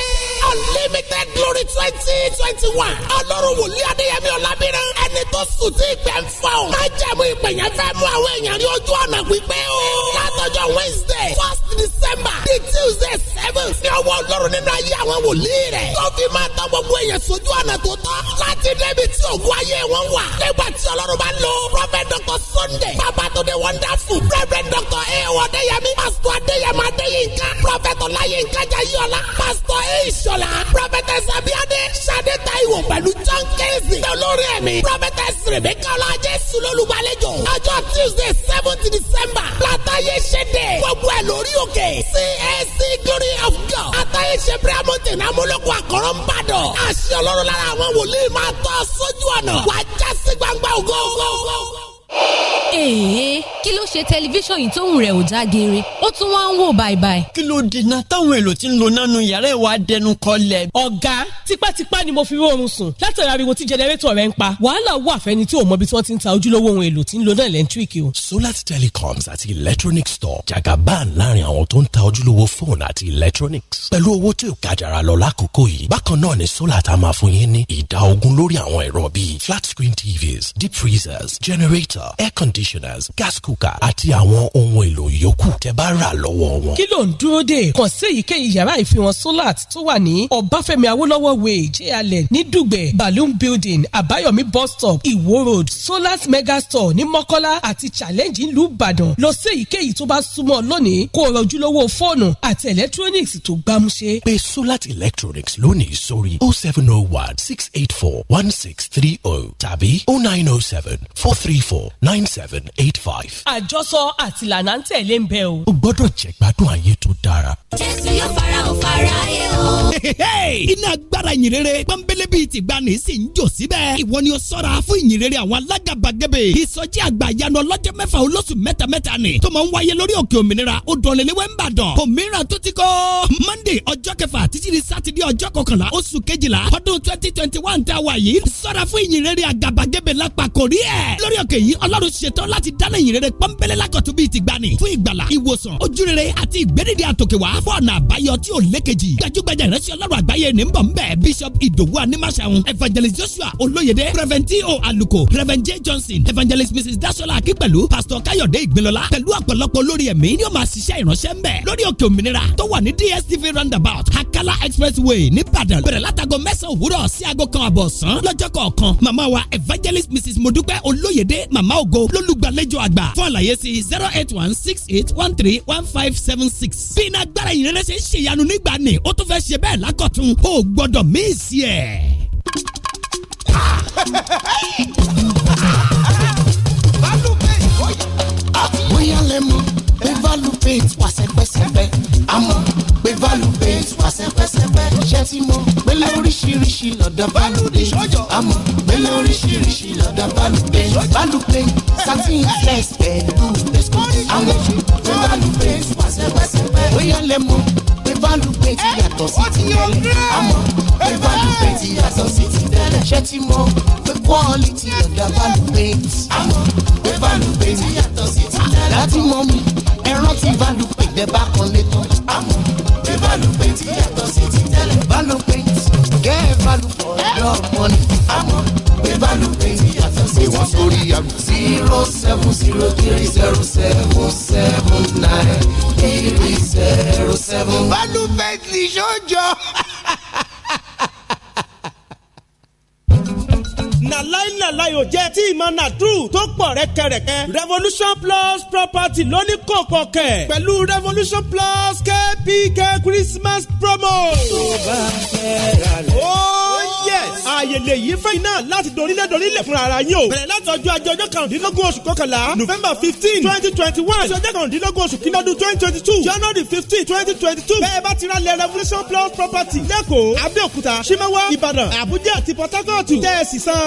unlimited glory twenty twenty one. ọlọ́run wòlíì adéyẹmí ọ̀làbírán. ẹni tó sùn tí ìgbẹ́ ń fọ́. má jẹ̀mú ìpènyẹ́ fẹ́ mú àwọn èèyàn rí ojú ọ̀nà pípẹ́ o. látọjọ́ wednesday first december di tuesday seven. ní ọwọ́ ọlọ́run nínú ayé àwọn wòlíì rẹ̀. tó fi máa tọ́ gbogbo èèyàn sójú ọ̀nà tó tọ́. láti débi tí ògùn ayé wọn wà. nígbà tí ọlọ́run bá lọ. prophet dr sunday bàbá tó dé wonderful. Reverend Dr. A.O. Adéyẹmí, Pastor Adéyẹmí Adéyínká, Prophet Ọláyínká Jayọ́lá, Pastor A. Ìṣọ̀lá, Prophet Ẹ̀sàbíadé, Ṣadé Táíwò pẹ̀lú John Kẹ́sì, olórí ẹ̀mí, Prophet Ẹ̀sìrèbíkà Ọlájẹ́sù lólùgbàlejò, ọjọ́ Tuesday seventh December, Látàyé Ṣẹ́dẹ̀, gbogbo ẹ̀ lórí òkè, CAC Glory of God, Látàyé Ṣẹ́ Prayer Mountain, Amúlòkọ Àkọ́rọ́ ń bàdàn, àṣẹ Ọlọ́run lára àwọn wòlíì máa tọ́ sójú ọ̀nà, wàá já sí gbangba ògo èèyàn kí ló ṣe tẹlifíṣàn yìí tóun rẹ̀ ò já geere ó tún wá ń wò bàìbàì. kí ló dènà táwọn èlò tí ń lo nánú yàrá ìwà dẹnu kọlẹ̀. ọ̀gá tipátipá ni mo fi rọrùn sùn látara ariwo tí jẹnẹrétọ̀ rẹ̀ ń pa wàhálà wà fẹ́ni tí ò mọ ibi tí wọ́n ti ń ta ojúlówó ohun èlò tí ń lo náà lẹ́ńtíríkì o. solar telecoms àti electronic store jagaban láàrin àwọn tó ń ta ojúlówó fóònù àti electronics pẹ̀lú owó tí ò kájàra lọ lákòókò yìí solar ta máa fún yín ní flat screen tvs deep freezers generators water air conditioners gas cooker àti àwọn ohun èlò yòókù tẹ́ bá rà lọ́wọ́ wọn. kí ló ń dúró dè kàn sí èyíkéyìí yàrá ìfihàn solat tó wà ní ọbáfẹ́mi awólọ́wọ̀ way jayalẹ ní dùgbẹ̀ balloon building àbáyọ̀mí bus stop iwo road solat mega store ní mọ́kọ́lá àti challenge ìlú ìbàdàn lọ sí èyíkéyìí tó bá súnmọ́ lónìí kó o rọjú lọ́wọ́ fóònù àti electronics tó gbámúṣé. pe solat electronics lónìí sórí oh seven oh one six eight four one six three oh tàbí oh nine oh seven four three four. 9785. àjọsọ àtìlànà ń tẹ̀lé ń bẹ o. o gbọ́dọ̀ jẹ́ gbádùn ayé tó dára. jésù yóò fara ò fara yé o. iná agbára ìyìnrere pọ́nbélé bíi tìgbani sì ń jò síbẹ̀. ìwọ ni o sọ́ra fún ìyìnrere àwọn alágàbàgebè. ìsọjí àgbà ìyanu ọlọ́jọ́ mẹ́fà olóṣù mẹ́tamẹ́ta ni tó máa ń wáyé lórí òkè òmìnira ó dọ̀lẹ́lẹ́wẹ́ ń bàdàn. òmìnira tó ti kọ́ monday ọjọ́ kẹfà títí di sátidé ọjọ́ kọkànlá oṣù kejìlá ọdún twenty twenty one tá a wà yìí sọ́ra fún ìyìnrere àgàbàgebè lápá kò rí ẹ̀ lórí òkè yìí ọlọ́run ṣetán láti dáná ìyìn rere pọ́npẹ́lẹ́ lákọ̀tún bíi ti gbani fún ìgbàlà ìwòsàn ojúrere àti ìgbédìde àtòkèwá fún ọ̀nà àbáyọ tí ò lékejì gbajúgbajà ìrẹsì ọlọ́run àgbáyé ní bọ̀ nbẹ bishop idowu animasaun evangelist joshua olóyèdè reverend t.o. aluko reverend j johnson evangelist mrs dasola akípẹ̀lú pastor Kayode ìgbìnlọ́lá pẹ̀lú ọ̀pọ̀lọpọ̀ lórí ẹ̀mí ni ó máa ṣiṣẹ́ ìránṣẹ́ nbẹ lórí òkè òmìnira tó wà ní dstv roundabout akala expressway nìbàdàn bẹ̀rẹ̀ látago mẹ́sàn-án òwúrọ̀ sí aago kan àbọ̀ ọ̀sán lọ́jọ́ kọ̀ọ̀kan màmá wa evangelist mrs modupe olóyèdè mama màmá ògo lólùgbàlejò àgbà fún àlàyé sí zero eight one six eight one three one five seven six. bí iná agbára ìrẹ̀lẹ̀ ṣe ń ṣèyanu nígbà ni ó tún fẹ́ ṣe bẹ́ẹ̀ lákọ̀tún ó gbọ́dọ̀ mí ẹ̀. bálùbẹ̀ lẹ́mu pé value paint wà sẹ́pẹ́sẹ́pẹ́ àmọ́ pé value paint wà sẹ́pẹ́sẹ́pẹ́ ṣé tí mo gbélé oríṣiríṣi lọ́dọ̀ value paint àmọ́ gbélé oríṣiríṣi lọ́dọ̀ value paint value paint satin flex pẹ̀lú pesco àwọn pé value paint wà sẹ́pẹ́sẹ́pẹ́ bóyá lè mọ̀ pé value paint yàtọ̀ sí ti tẹ́lẹ̀ àmọ́ pé value paint yàtọ̀ sí ti tẹ́lẹ̀ ṣé tí mo pé quality lọ́dọ̀ value paint àmọ́ pé value paint yàtọ̀ sí ti tẹ́lẹ̀ láti mọ̀ mi ẹ rántí balùwẹ̀ ìgbẹ́ bá kan lé tán. àmọ́ pé balùwẹ̀ ti yàtọ̀ sí ti tẹ́lẹ̀. balùwẹ̀ kẹ́ ẹ balùwẹ̀ ọ̀dọ́ ọ̀pọ̀ ni. àmọ́ pé balùwẹ̀ ti yàtọ̀ sí ti tẹ́lẹ̀. ìwọ sórí àgbà. zero seven zero three zero seven seven nine three zero seven. balùwẹ̀ ti ṣojọ. na láìláìláì jẹ́ tí ìmọ̀ nàdúrù tó pọ̀ rẹ́kẹrẹ́kẹ́ revolution plus property ló ní kòkò kẹ̀ pẹ̀lú revolution plus kpk christmas promo. tó bá fẹ́ ra lẹ̀. Oh, àyèlè yìí fẹ́yìn náà láti dorílẹ̀ dorílẹ̀ fúnra ara yín o. bẹ̀rẹ̀ láti ọjọ́ ajé ọjọ́ kàrúndínlógún oṣù kọkànlá november fifteen twenty twenty one ọjọ́ kàrúndínlógún oṣù kìnnàdún twenty twenty two january fifteen twenty twenty two bẹ́ẹ̀ bá ti ra lẹ̀ revolution plus property lẹ́kọ̀ọ́ abẹ́òkúta simawa ìbàdàn àbújá àti port harcourt tẹ́ ẹ sì san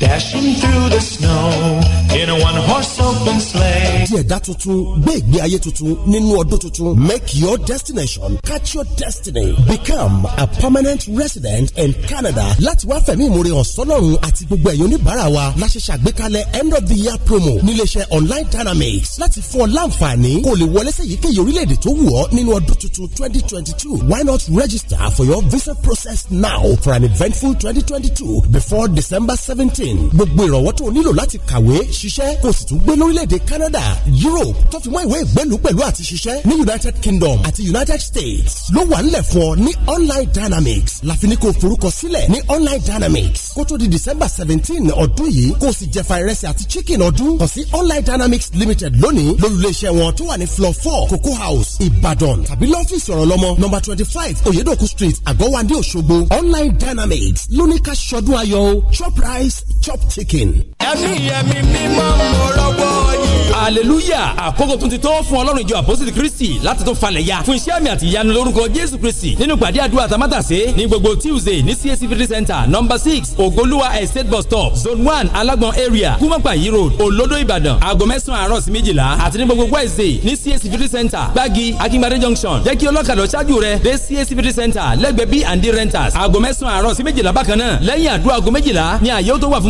Dashing through the snow in a one horse open sleigh. ẹ̀dá tuntun gbé ìgbé ayé tuntun nínú ọdún tuntun. Make your destination catch your destiny. Become a permanent resident in Canada. Láti wá fẹ̀mí ìmúre ọ̀sọ́lọ́run àti gbogbo ẹ̀yin oníbàárà wa. La ṣe ṣàgbékalẹ̀ end of the year promo níléeṣẹ́ online dynamics. Láti fún ọ láǹfààní kó lè wọlé sí èyíkéyìí orílẹ̀-èdè tó wù ọ́ nínú ọdún tuntun twenty Why not register for your visa process now for an eventful 2022 before December seventeen Martin gbogbo ìrànwọ́ tó o nílò láti kàwé ṣiṣẹ́ kó sì tún gbé lórílẹ̀‐èdè Canada Europe tó fi mọ́ ìwé ìgbẹ́lú pẹ̀lú àti ṣiṣẹ́ ní United Kingdom àti United States ló wà nílẹ̀ fún ọ ní Online Dynamics láfiní kò forúkọ sílẹ̀ ní Online Dynamics kó tó di December seventeen ọdún yìí kó o sì jẹ̀fà ìrẹsì àti chicken ọdún kàn sí Online Dynamics Limited lónìí lólùléeṣẹ́ wọn tó wà ní floor four Cocoa House Ìbàdàn tàbí lọ́fíìsì ọ̀rọ̀ lọ́mọ number twenty five Oyedoku Street Àgọ́wandé Òṣogbo Online Dynamics lóníkà ṣọdún ayọ̀ o chop rice chop chicken. ẹ̀mí ẹ̀mí mímọ́ mo rọ́wọ́ yìí. hallelujah àkókò tún ti tó fún ọlọ́run ìjọ àpọ́sítì kristi láti tún falẹ̀ ya fún iṣẹ́ àmì àti ìyanu lórúkọ jésù kristi nínú pàdé àdúrà tamátàsé ní gbogbo tuesday ní csc fifty center number six ogoluwa estate bus stop zone one alágbọn area kúmọ̀pàyí road olodo ìbàdàn aago mẹ́sàn-án àárọ̀ sí méjìlá àti ní gbogbo wednesday ní csc fifty center gbági akínbádé junction jẹ́ kí ọlọ́kadà ṣáájú rẹ dé csc fifty center lẹ́gbẹ̀ẹ́ b and d renters aago mẹ́sàn-án àárọ̀ sí méjìlá bákan náà lẹ́yìn àdúrà aago méjìlá ni àyè ó tó wà fún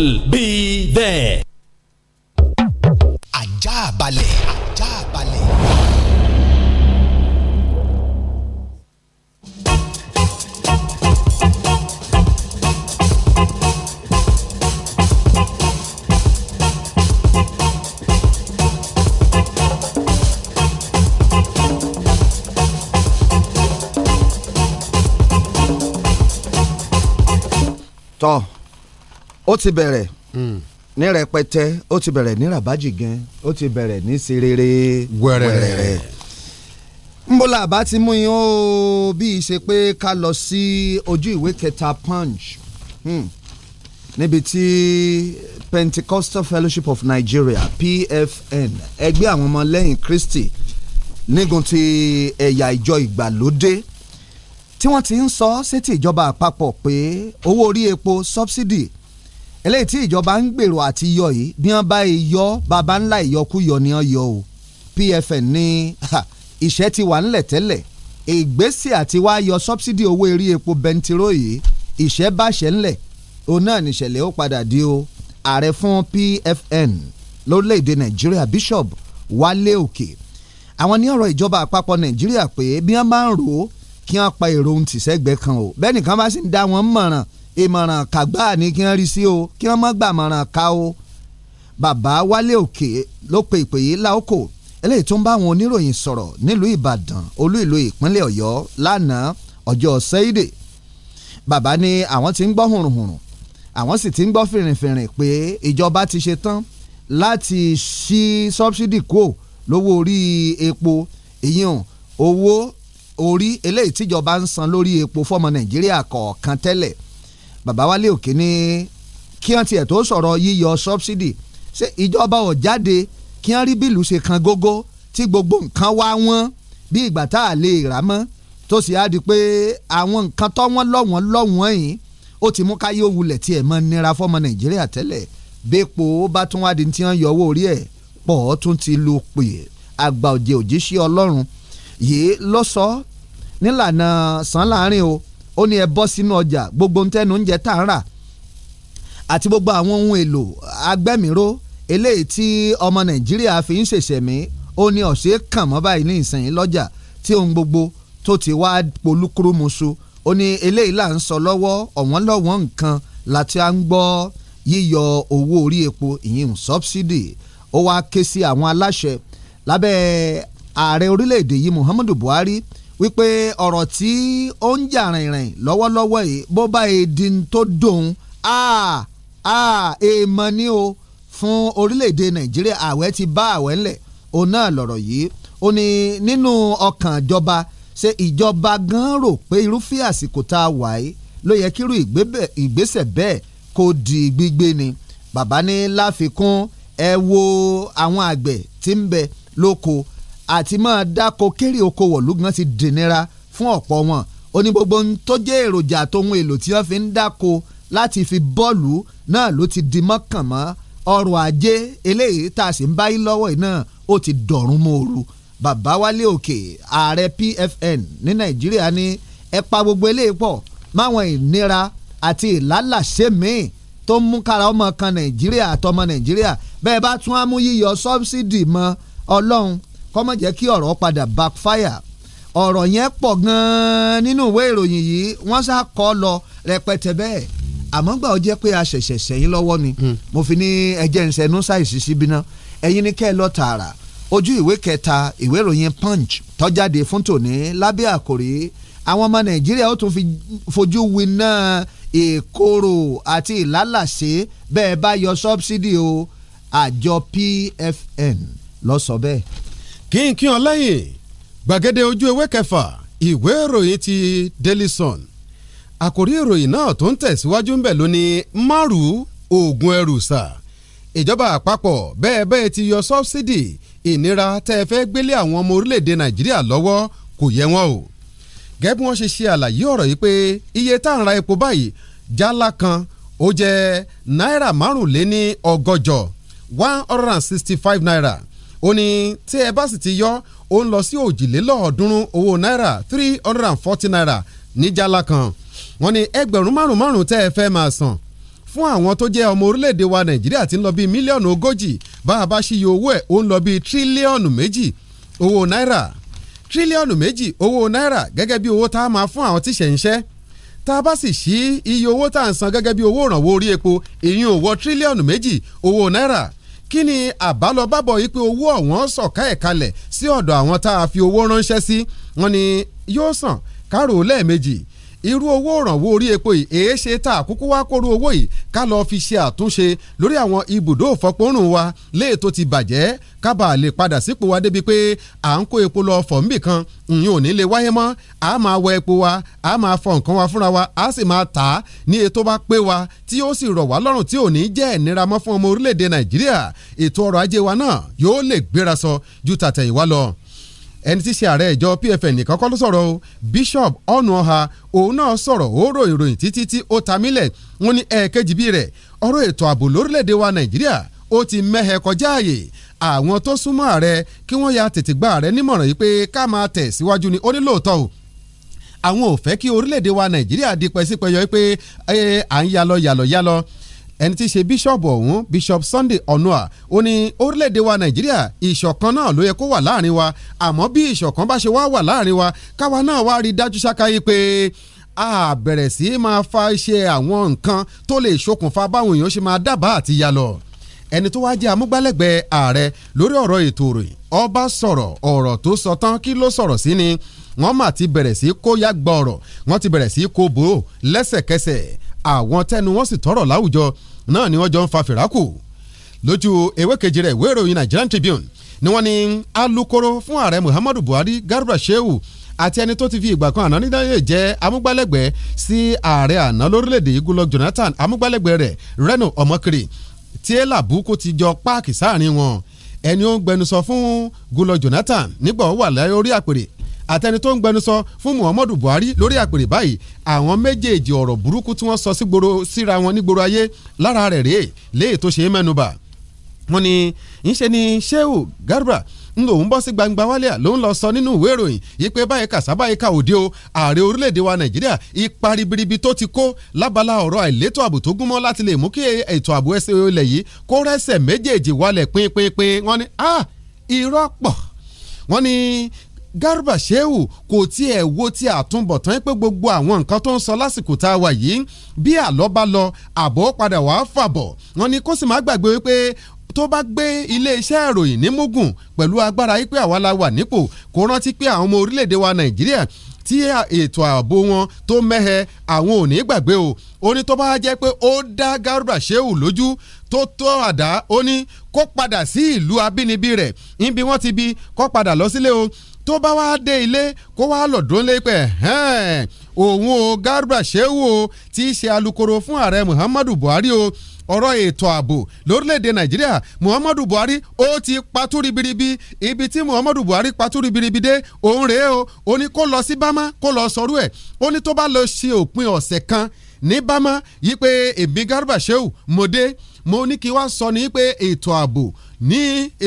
Be Allá vale, allá vale. ó ti bẹ̀rẹ̀ hmm. ní rẹpẹtẹ ó ti bẹ̀rẹ̀ ní rabaji gan ó ti bẹ̀rẹ̀ ní serere wẹ̀rẹ̀rẹ̀ nbola àbá ti mú yín ó bí i ṣe pé ká lọ sí ojú ìwé kẹta punch hmm. níbi tí Pentecostal Fellowship of Nigeria PFN ẹgbẹ́ àwọn ọmọlẹ́yìn Kristi nígun ti ẹ̀yà ìjọ ìgbàlódé tí wọ́n ti ń sọ sétí ìjọba àpapọ̀ pé owó orí epo subsidy eléyìí tí ìjọba ń gbèrò àti yọ yìí bí wọ́n bá yọ baba ńlá ìyọkúyọ ni wọ́n yọ o PFN ní ìṣẹ́ ti wà ńlẹ̀ tẹ́lẹ̀ ìgbésẹ̀ àti wá yọ sọ́bsidì owó eré epo bẹntiró yìí ìṣẹ́ báṣẹ́ ńlẹ̀ òun náà nìṣẹ̀lẹ̀ ó padà di o ààrẹ fún PFN lórílẹ̀ Nàìjíríà Bishop Wálé Òkè àwọn ní ọ̀rọ̀ ìjọba àpapọ̀ Nàìjíríà pé bí wọ́n bá ń rò ó kí wọ́n pa èrò ohun tìṣẹ́gbẹ́ kan o bẹ́ẹ̀ nìkan bá sì ń dá wọn mọ̀ràn ìmọ̀ràn kàgbà ní kí wọ́n rí sí o kí wọ́n mọ́ gbàmọ̀ràn ká o bàbá wálé òkè ló pe ìpè yìí láòkò eléyìí tó ń bá àwọn oníròyìn sọ̀rọ̀ nílùú ìbàdàn olú ìpínlẹ̀ ọ̀yọ́ lánàá ọjọ́ sẹ́yìdè bàbá ni àwọn ti ń gbọ́ hùrùhùrù àwọn sì ti ń gbọ́ fìrìnfìrìn pé ìjọba ti ṣe tán láti ṣí sọ́bsidì kúò lówó orí epo ìyẹn owó orí eléyìí tíjọba ń san lórí epo fọ́mọ nàìjíríà kọ̀ọ̀kan tẹ́lẹ̀ bàbá wálé òkè ní kí wọ́n tiẹ̀ tó sọ̀rọ̀ yíyọ subsidy ṣé ìjọba ò jáde kí wọ́n rí bílù ṣe kan gógó tí gbogbo nǹkan wá wọ́n bí ìgbà tá a lè rà mọ́ tó sì á di pé àwọn nǹkan tó wọ́n lọ́wọ́n lọ́wọ́n yìí ó ti mú káyé òwúlẹ̀ tí ẹ̀ mọ́ nira fọ́mọ nàìjíríà tẹ́lẹ̀ bẹ́ẹ̀pọ̀ ó bá tún wá di tí wọ́n yọ orí ẹ̀ pọ̀ ọ́ tún ti lu pè àgbà òjè òjíṣẹ́ ọlọ́run yìí lọ́sọ̀ọ́ nílànà sàn láàrin o ó ní ẹ bọ́ sínú ọjà gbogbo ntẹ́nu oúnjẹ tá à ń rà àti gbogbo àwọn ohun èlò agbẹ́mìíró eléyìí tí ọmọ nàìjíríà fi ń ṣèṣẹ̀mí ó ní ọ̀sẹ̀ kàn mọ́ báyìí ní ìsìn lọ́jà tí ohun gbogbo tó ti wá polúkúrú musu ó ní eléyìí là ń sọ lọ́wọ́ ọ̀wọ́n lọ́wọ́ nǹkan láti à ń gbọ́ yíyọ owó orí epo ìyìn subsidy ó wá ké sí àwọn aláṣẹ lábẹ́ ààrẹ orílẹ̀-èdè yìí Muhammadu Buhari wípé ọ̀rọ̀ tí ó ń jà rìnrìn lọ́wọ́lọ́wọ́ yìí bó bá èdè tó dòun èèmọ̀ ni o fún orílẹ̀-èdè nàìjíríà ààwẹ̀ ti bá ààwẹ̀ ńlẹ̀ òun náà lọ̀rọ̀ yìí ó ní nínú ọkàn ìjọba ṣe ìjọba gan rò pé irúfẹ́ àsìkò tá a wà yìí ló yẹ kírú ìgbésẹ̀ bẹ́ẹ̀ kó di gbígbé ni bàbá ní láfikún ẹ wo àwọn àgbẹ̀ tí ń bẹ lóko àti máa dáko kéré oko wọ̀lú gan ti dìnira fún ọ̀pọ̀ wọn ó ní gbogbo ohun tó jẹ́ èròjà àtòhun èlò tí wọ́n fi ń dáko láti fi bọ́ọ̀lù náà ló ti di mọ́kànmọ́ ọrọ̀ ajé eléyìí tá a sì ń báyìí lọ́wọ́ yìí náà ó ti dọ̀rùn mọ́ọ̀rù Babawale Òkè ààrẹ PFN ní Nàìjíríà ní ẹ pa gbogbo eléyìí pọ̀ máwọn ìnira àti ìlálàṣẹ míì tó ń mú kára ọmọ kan Nàìjíríà àtọmọ Nàìjíríà bẹ́ẹ̀ bá tún á mú yíyọ sọ́bsidì mọ́ ọlọ́run kọ́mọ̀ jẹ́ kí ọ̀rọ̀ padà backfire ọ̀rọ̀ yẹn pọ̀ gan-an nínú ìwé ìròyìn yìí wọ́n sá kọ́ lọ rẹpẹtẹ bẹ́ẹ̀ àmọ́ gbà ó jẹ́ pé a ṣẹ̀ṣẹ̀ sẹ́yìn lọ́wọ́ ni hmm. mo fi ní ẹjẹ́ ìṣẹ́nu ṣàìsí síbi náà ẹ̀yin ni kẹ́ ẹ lọ tààrà ojú ìwé kẹta ìwé ìròyìn punch tó jáde fún tòní lábẹ́ àkòrí àwọn ọmọ nàìjíríà ó tún fi fojú winá ìkorò àti ìlálàsé bẹ́ẹ̀ bá yọ sọ́bsidì o àjọ pfn ló sọ bẹ́ẹ̀ kínkín ọláyìn gbàgede ojú ewé kẹfà ìwé ìròyìn ti Daily Sun àkórí ìròyìn náà tó ń tẹ̀síwájú ń bẹ̀ lónìí márùn oògùn ẹrù sà ìjọba àpapọ̀ bẹ́ẹ̀ bẹ́ẹ̀ ti yọ sọ́bsidì ìnira tẹ́ ẹ fẹ́ gbélé àwọn ọmọ orílẹ̀‐èdè Nàìjíríà lọ́wọ́ kò yẹ wọn o gẹ́gẹ́ bí wọ́n ṣe ṣe àlàyé ọ̀rọ̀ yìí pé iye tá à ń ra epo báyìí jálá kan ó jẹ́ náírà márùnléní ọgọ́jọ one hundred and sixty five naira ó ní tí ẹ bá sì ti yọ ó ń lọ sí òjìlélọ́ọ̀ọ́dúnrún owó náírà three hundred and forty naira níjàlá kan wọ́n ní ẹgbẹ̀rún márùn márùn tẹ́ ẹ fẹ́ máa san fún àwọn tó jẹ́ ọmọ orílẹ̀-èdè wa nàìjíríà ti ń lọ bíi mílíọ̀nù ogójì bá a bá ṣí iye owó ẹ̀ ó ń lọ bíi tírílíọ̀nù méjì owó náírà tírílíọ̀nù méjì owó náírà gẹ́gẹ́ bí owó tá a máa fún àwọn tíṣẹ̀ ń ṣẹ́ tá a bá sì ṣí iye owó tá à ń san gẹ́gẹ́ bí owó ìrànwọ́ orí epo ìyún ò wọ tírílíọ̀nù méjì owó náírà kí ni àbálọbábọ̀ yìí pé owó ọ̀wọ́n sọ̀ká ẹ̀ kalẹ̀ sí ọ̀dọ̀ àwọn tá a fi owó ránṣẹ́ sí wọ́n ní yóò sàn kárò lẹ́ẹ̀mejì irú owó òrànwó orí epo yìí èé ṣe tá àkókò wá kóró owó yìí ká lọ́ọ́ fi ṣe àtúnṣe lórí àwọn ibùdó òfọpọ́nrún wa léè tó ti bàjẹ́ kábà lè padà sípò wa débi pé à ń kó epo lọ fọ̀ níbì kan ìyẹn ò ní lè wáyé mọ́ a máa wọ epo wa a máa fọ nǹkan wa fúnra wa a sì máa tà á ní ètò bá pé wa tí ó sì rọ̀ wá lọ́rùn tí ò ní jẹ́ ìnira mọ́ fún ọmọ orílẹ̀-èdè Nàìjíríà ètò ọrọ̀ ajé wa náà yóò lè gbéra sọ ju tàtẹ̀yìnwá lọ ẹni tí í ṣe ààrẹ ìjọ PFN nìkan kọ́ ló sọ̀rọ̀ o Bishop Ọ̀nùọ̀hà òun náà sọ̀rọ̀ òórò ìròyìn títí tí ó ta mílẹ̀ wọn ní ẹ̀ẹ́kejì bí rẹ̀ ọ̀rọ̀ ètò ààbò lórílẹ̀‐èdè wa Nàìjíríà ó ti mẹ́hẹ kọjá àyè àwọn tó súnmọ́ ààrẹ kí wọ́n ya tètè gba ààrẹ nímọ̀ràn yìí pé ká máa tẹ̀ síwájú ni ó ní lóòótọ́ o àwọn ò fẹ́ kí orílẹ̀-èdè wa Nàìjíríà di pẹ́sípẹ́yọ pé à ń yalọ yalọ yalọ ẹni tí í ṣe bíṣọ̀bù ọ̀hún bíṣọ̀bù Sunday Onua ó ní orílẹ̀-èdè wa Nàìjíríà ìṣọ̀kan náà ló yẹ kó wà láàrin wa àmọ́ bí ìṣọ̀kan bá ṣe wá wà láàrin wa káwa náà wá rí dájú ṣáká yìí pé a bẹ̀rẹ̀ sí í máa fa iṣẹ́ àwọn nǹkan tó lè ṣokùnfà báwọn èèyàn ṣe máa dábàá àti ya lọ ẹni tó wá jẹ́ amúgbálẹ́gbẹ̀ẹ́ ààrẹ lórí ọ̀rọ̀ ètò ìròyìn ọba àwọn tẹnu wọn sì tọrọ láwùjọ náà ni wọ́n jọ ń fa fìràkù lójú ewé kejì rẹ̀ ìwé ìròyìn Nigerian Tribune ni wọ́n ní alukoro fún ààrẹ Muhammadu Buhari Garba Shehu àti ẹni tó ti fi ìgbà kan àná nídáyé jẹ́ amúgbálẹ́gbẹ̀ẹ́ sí ààrẹ àná lórílẹ̀‐èdè yìí Goodluck Jonathan amúgbálẹ́gbẹ̀ẹ́ rẹ̀ Reno Omokri tí ẹ̀ làbúkú ti jọ páàkì sáàrin wọn ẹni ó ń gbẹnusọ fún Goodluck Jonathan nígbà ó wà láyé àpèrè àtẹni tó ń gbẹnusọ fún Muhammadu Buhari lórí àpèrè báyìí àwọn méjèèjì ọ̀rọ̀ burúkú tí wọ́n sọ síra wọn nígboro ayé lára rẹ̀ rèé léè tó ṣe é mẹ́nuba wọ́n ní ń ni Shehu Garba ń lòun bọ́ sí gbangba wálé à ló ń lọ sọ nínú ìwé ìròyìn yìí pé báyìí kàṣá báyìí ka òde o ààrẹ orílẹ̀-èdè wa nàìjíríà ipa ribiribi tó ti kó lábala ọ̀rọ̀ àìlétò ààbò tó gúnmọ́ láti lè mú kí ètò ààbò ẹsẹ̀ ilẹ̀ yìí kó rẹ́sẹ̀ méjèèjì wálẹ̀ pínpínpín wọ́n ní ah irọ́ pọ̀ wọ́n Garba Shehu kò tiẹ̀ wo ti àtúbọ̀tán pé gbogbo àwọn nǹkan tó ń sọ lásìkò tá a wà yìí bí àlọ́ bá lọ àbọ̀ padà wàá fàbọ̀ wọn ni kó sì má gbàgbé wípé tó bá gbé iléeṣẹ́ ìròyìn ní mugun pẹ̀lú agbára yìí pé àwa la wà nípò kó rántí pé àwọn ọmọ orílẹ̀-èdè wa Nàìjíríà tí ètò ààbò wọn tó mẹ́hẹ àwọn ò ní gbàgbé o ó tó bá jẹ́ pé ó dá Garba Shehu lójú tó tó àdá ó kó padà sí ìlú abínibí rẹ̀ níbi wọ́n ti bí kó padà lọ sílé o tó bá wá dé ilé kó wá lọ́dún lépẹ̀ òun o Garba Shehu o tí ṣe alukoro fún ààrẹ Muhammadu Buhari o ọ̀rọ̀ ètò ààbò lórílẹ̀‐èdè nàìjíríà muhammadu buhari ó ti patú ribiribi ibi tí muhammadu buhari patú ribiribi dé òun rèé o ó ní kó lọ sí bámá kó lọ sọrú ẹ̀ ó ní tó bá lọ ṣe òpin ọ̀sẹ̀ kan ní bámá yí pé èmi garba shehu mo dé mo ní kí wá sọ ní pé ètò ààbò ní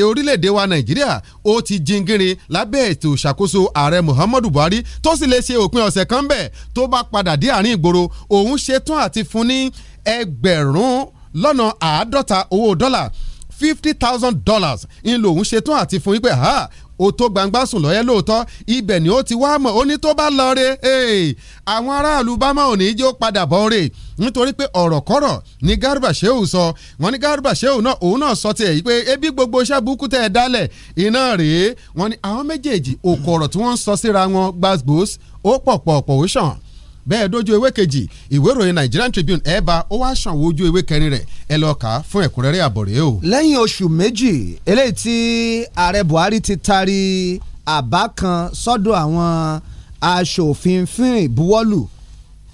orílẹ̀-èdè wa nàìjíríà ó ti jingiri lábẹ́ ètò ìṣàkóso ààrẹ muhammadu buhari tó sì lè ṣe òpin ọ̀sẹ̀ kan bẹ́ẹ̀ tó bá padà dé àárín ìgboro òun ṣetán àti fún ní ẹgbẹ̀rún lọ́nà àádọ́ta owó dọ́là fifty thousand dollars ń lòun ṣetán àti fún wípé ó tó gbangba sùn lọ́yẹ́ lóòótọ́ ibẹ̀ ni ó ti wá mọ̀ ó ní tó bá lọ re àwọn aráàlú bá máa ò ní í jó padà bọ́ re nítorí pé ọ̀rọ̀ kọ́rọ̀ ni Garba Shehu sọ wọ́n ní Garba Shehu náà òun náà sọ tiẹ̀ yìí pé ebi gbogbo sábùkù tẹ̀ dálẹ̀ iná rèé wọ́n ní àwọn méjèèjì òkò ọ̀rọ̀ tí wọ́n ń sọ síra wọn gbàgbós ó pọ̀pọ̀pọ̀ ó ṣàn bẹ́ẹ̀ dojú ewé kejì ìwé ìròyìn Nigerian Tribune ẹ̀ bá ó wá ṣàn wo ojú ewé kẹrin rẹ̀ ẹ lọ kà á fún ẹ̀kúnrẹ́rẹ́ àbọ̀rẹ́ o. lẹ́yìn oṣù méjì eléyìí tí ààrẹ Buhari ti taari àbá kan sọ́dọ̀ àwọn aṣòfin fún ìbuwọ́lù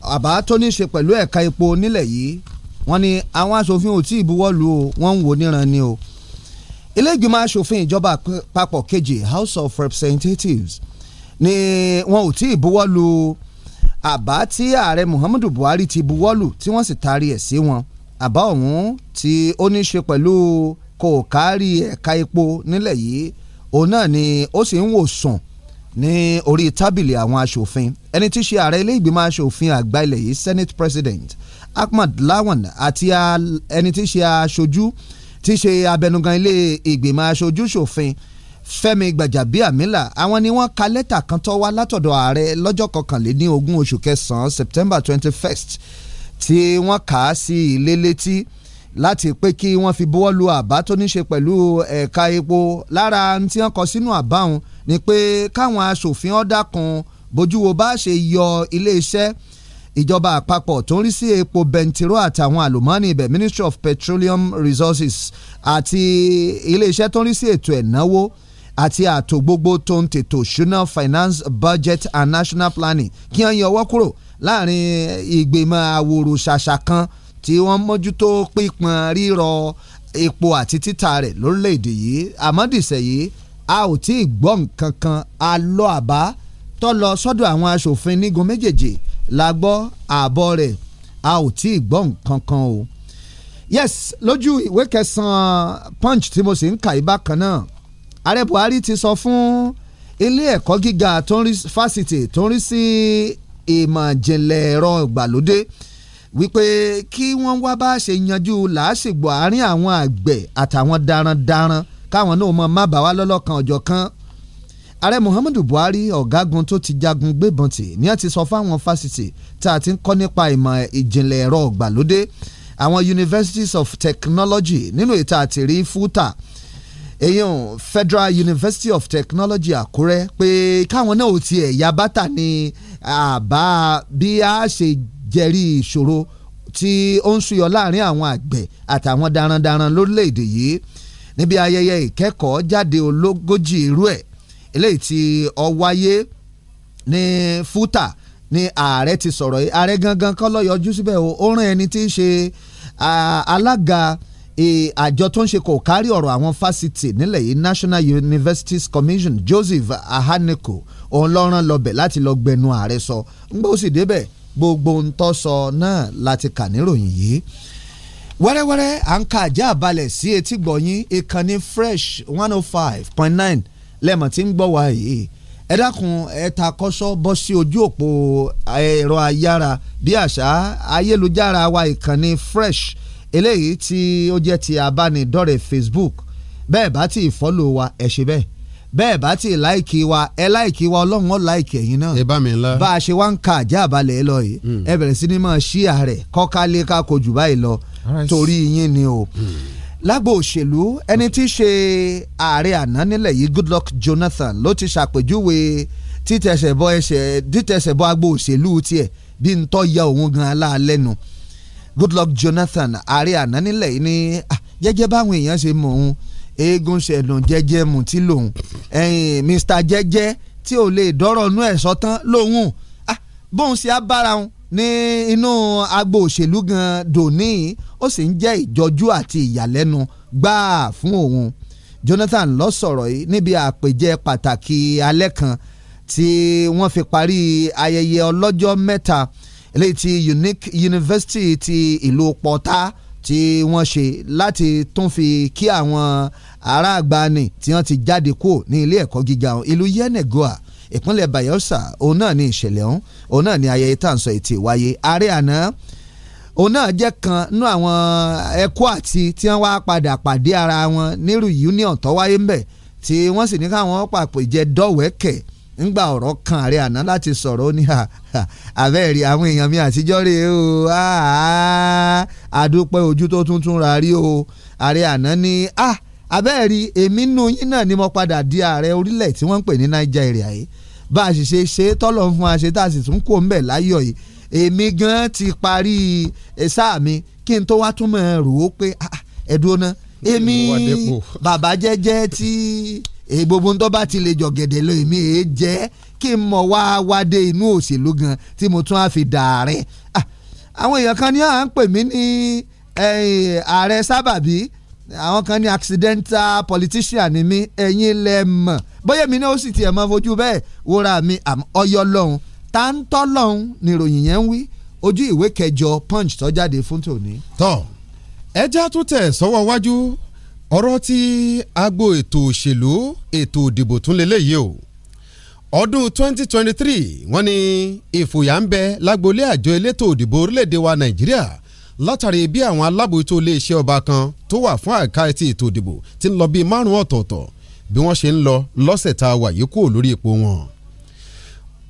àbá tó ní í ṣe pẹ̀lú ẹ̀ka epo nílẹ̀ yìí wọ́n ní àwọn aṣòfin ò tí ì buwọ́ o wọ́n ń wò níran ni o ilé ìgbìmọ̀ ìjọba àpapọ̀ kejì House of Representatives ni wọn ò tí ì buwọ́ àbá tí ààrẹ Muhammadu Buhari ti buwọ́ lu tí wọ́n sì taari ẹ̀ sí wọn àbá ọ̀hún tí ó ní í ṣe pẹ̀lú kò kárí ẹ̀ka epo nílẹ̀ yìí òun náà ni ó sì ń wò sùn ní orí tábìlì àwọn aṣòfin ẹni tí í ṣe ààrẹ ilé ìgbìmọ̀ aṣòfin àgbà ilẹ̀ yìí senate president Ahmad Lawan àti ẹni tí í ṣe aṣojú tí í ṣe abẹnugan ilé ìgbìmọ̀ aṣojú ṣòfin Fẹ́mi Gbàjàbíàmílà àwọn ni wọ́n ka lẹ́tà kan tó wá látọ̀dọ̀ ààrẹ lọ́jọ́ kọkànléní ogún oṣù kẹsànán September twenty first tí wọ́n kà á sí ilé létí. Si láti pé kí wọ́n fi buwọ́ lu àbá tó ní ṣe pẹ̀lú ẹ̀ka epo lára tí wọ́n kọ sínú àbá òun ni pé káwọn aṣòfin ọ̀dà kan bójú wo bá ṣe yọ iléeṣẹ́ ìjọba àpapọ̀ tó ń rí sí epo bẹntiró àtàwọn àlùmọ́ọ́nì ibẹ̀ Ministry of Petroleum Resources àti iléeṣẹ́ tó ń rí sí ètò ẹ̀náwó àti ààtò gbogbo tó ń tètò ṣúná finance budget and national planning kí wọ́n yọ ọwọ́ kúrò láàrin ìgbìmọ̀ àwòrò ṣàṣà kan tí wọ́n mójútó pípọn rírọ epo àti títà rẹ̀ lórílẹ̀‐èdè yìí àmọ́dìsẹ̀ yìí a ò tí ì gbọ́ nǹkan kan a lọ àbá tó lọ sọ́dọ̀ àwọn aṣòfin nígun méjèèjì la gbọ́ àbọ̀ rẹ̀ a ò tí ì gbọ́ nǹkan kan o. yes lójú ìwé kẹsàn-án punch tí mo sì ń kà ibà kan náà ààrẹ Buhari ti sọ fún ilé ẹ̀kọ́ gíga tó ń rí fásitì tó ń rí sí ìmọ̀ ìjìnlẹ̀ ẹ̀rọ ìgbàlódé e wípé kí wọ́n wá bá ṣe yanjú làásìgbò àárín àwọn àgbẹ̀ àtàwọn darandaran káwọn náà mọ má bà wá lọ́lọ́kan ọjọ́ kan ààrẹ muhammadu buhari ọ̀gágun tó ti jagun gbébọn tì ní àti sọ fáwọn fásitì tá a ti ń kọ́ nípa ìmọ̀ ìjìnlẹ̀ ẹ̀rọ ọ̀gbàlódé àwọn universities of technology nínú ètò àtìrí fúta èyàn e federal university of technology àkúrẹ́ pé káwọn náà ò tiẹ̀ yá bátà àbá bí a ṣe jẹ̀rí ìṣòro tí ó ń ṣúyọ láàrin àwọn àgbẹ̀ àtàwọn darandaran lórílẹ̀‐èdè yìí níbi ayẹyẹ ìkẹ́kọ̀ọ́ jáde ológójì irú ẹ̀ eléyìí tí ó wáyé ní fúta ni ààrẹ ti sọ̀rọ̀ yìí ààrẹ gangan kọ́ ló yọjú síbẹ̀ ó rán ẹni tí í ṣe alága àjọ tó ń ṣe kò kárí ọ̀rọ̀ àwọn fásitì nílẹ̀ yìí National Universities Commission Joseph Ahaneko òun lọ́rán lọ́bẹ̀ láti lọ́ọ́ gbẹnu ààrẹ sọ ńgbọ́ ó sì débẹ̀ gbogbo ń tọ́ sọ náà láti kà níròyìn yìí wẹ́rẹ́wẹ́rẹ́ à ń ka àjà àbálẹ̀ sí etí gbọ̀nyìn ìkànnì fresh one oh five point nine lẹ́mọ̀ tí ń gbọ́ wá yìí ẹ dákun ẹ ta kọ́sọ́ bọ́ sí ojú òpó ẹ̀rọ ayára bí àṣà ayélujára wa ìkànnì fresh eléyìí tí ó jẹ́ ti abánidọ́rẹ̀ẹ́ facebook bẹ́ẹ̀ bá ti follow wa ẹ ṣe bẹ́ẹ̀ bẹ́ẹ̀ bá ti láìkí wa ẹ láìkí wa ọlọ́run ó láìkí ẹ̀yin náà. ẹ bá mi ńlá. bá a ṣe wá ń ka àjẹ́ àbálẹ̀ ẹ lọ yìí hmm. ẹ bẹ̀rẹ̀ sí ni máa ṣí ààrẹ kọ́kálé ká kojú báyìí lọ torí yín ni o. Hmm. lágbo òṣèlú ẹni tí ṣe ààrẹ àná nílẹ̀ yìí Goodluck Jonathan ló ti ṣàpèjúwe títẹsẹ̀ bọ ẹsẹ̀ títẹsẹ̀ bọ agbo òṣèlú tiẹ̀ bí ń tọ́ ya òun gan aláàlẹ́nu Goodluck Jonathan ààrẹ àná nílẹ̀ yìí ní jẹ́jẹ́ ah, báwọn èèyàn ṣe mọ̀ òun eégún ṣẹ̀dùn jẹ́jẹ́ mu tí lòun Mr jẹ́jẹ́ tí ò lè dọ́rọ̀ nú ẹ̀ sọ́tán lòun ah, bóun ṣe á bára wọn ní inú agbo òṣèlú gan dòní ó sì ń jẹ́ ìjọjú àti ìyàlẹ́nu gbáà fún òun Jonathan ló sọ̀rọ̀ yìí níbi àpèjẹ pàtàkì alẹ́ kan tí wọ́n fi parí ayẹyẹ ọlọ́jọ́ mẹ́ta eléyìí ti Unique University ti ìlú Port tí wọ́n ṣe láti tún fi kí àwọn ará àgbàni tí wọ́n ti jáde kúrò ní ilé ẹ̀kọ́ gíga ọ̀hún ìlú yenegoa ìpínlẹ̀ bayelsa òun náà ní ìṣẹ̀lẹ̀ ọ̀hún òun náà ní ayẹyẹ tá à ń sọ ètò ìwáyé ààrẹ àná òun náà jẹ́ kan nú àwọn ẹ̀kọ́ àti tí wọ́n wá padà pàdé ara wọn nírú union tó wáyé ńbẹ̀ tí wọ́n sì ní káwọn pàpè jẹ dọ́wẹ́kẹ̀ẹ́ ńgbà ọ̀rọ̀ kan ààrẹ àná láti sọ̀rọ̀ ó ní àbẹ́ẹ̀rí àwọn èèyàn mi àtijọ́ rè é o àdúpẹ́ ojú tó tuntun ra rí o ààrẹ àná ní àbẹ́ẹ̀rí èmi nù yín náà ni mo padà di ààrẹ orílẹ̀ tí wọ́n ń pè ní Nàìjíríà yìí bá a sì ṣe ṣe tọ́lọ̀ fún wa ṣe tá a sì tún kó ńbẹ̀ láyọ̀ yìí èmi gan ti parí e, sáà mi kí n tó wá tún mọ̀ rò ó pé ẹ̀dùn náà èmi bàbá jẹ́jẹ́ tí gbogbo tó bá ti lè jọ gẹ̀dẹ̀ lọ èmi èé jẹ́ kí n mọ̀ wá wádé inú òṣèlú gan tí mo tún á fi dààrẹ. Ah, àwọn èèyàn kan ní à ń pè mí ní eh, ààrẹ sábàbí àwọn kan ní accidental politician ni mí ẹ̀yin lẹ mọ̀ bóyá mi náà ó sì tiẹ̀ mọ fojú bẹ́ẹ̀ wúra mi ọyọ lọ́hùn táńtọ́ lọ́hùn níròyìn yẹn ń wí ojú ìwé kẹjọ punch tó jáde fún tòní. tọ́ ẹja tún tẹ̀ sọ́wọ́ wájú ọ̀rọ̀ tí agbo ètò òṣèlú ètò òdìbò tún lélẹ́yìí o ọdún 2023 wọ́n ní ìfòyà ń bẹ lágbolé àjọ elétò òdìbò orílẹ̀-èdè wa nàìjíríà látàrí bí àwọn alábòójútó iléeṣẹ́ ọba kan tó wà fún àká ti ètò òdìbò ti ń lọ bíi márùn-ún ọ̀tọ̀ọ̀tọ̀ bí wọ́n ṣe ń lọ lọ́sẹ̀ tá a wà yìí kúrò lórí ipò wọn.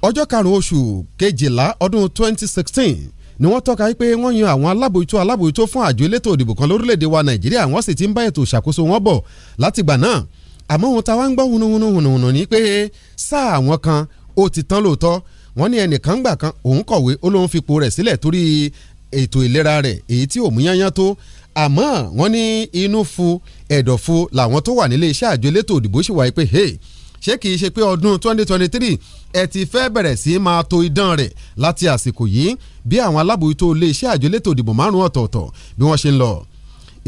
ọjọ́ karùn-ún oṣù kejìlá ọdún 2016 ni wọ́n tọ́ka wípé wọ́n yan àwọn alábòjútó alábòjútó fún àjọ elétò òdìbò kan lórílẹ̀‐èdè wa nàìjíríà wọ́n sì ti ń bá ètò ìṣàkóso wọn bọ̀ látìgbà náà àmọ́ ohun táwa ń gbọ́ hunuhunuhunu ni pé sáà àwọn kan ó ti tán lóòótọ́ wọ́n ní ẹnìkan gbà kan òun kọ̀wé ó lóun fipò rẹ̀ sílẹ̀ torí ètò ìlera rẹ̀ èyí tí ò mú yányán tó àmọ́ wọ́n ní inú fu ẹ̀dọ̀ fu làwọn tó wà nílé iṣẹ́ àjọ elétò òdìbò ṣì wáyé pé hey ṣé kìí ṣe pé ọdún 2023 ẹ ti fẹ́ bẹ̀rẹ̀ sí máa to idán rẹ̀ láti àsìkò yìí bí àwọn alábòójútó iléeṣẹ́ àjọ elétò ìdìbò márùn-ún ọ̀tọ̀ọ̀tọ̀ bí wọ́n ṣe ń lọ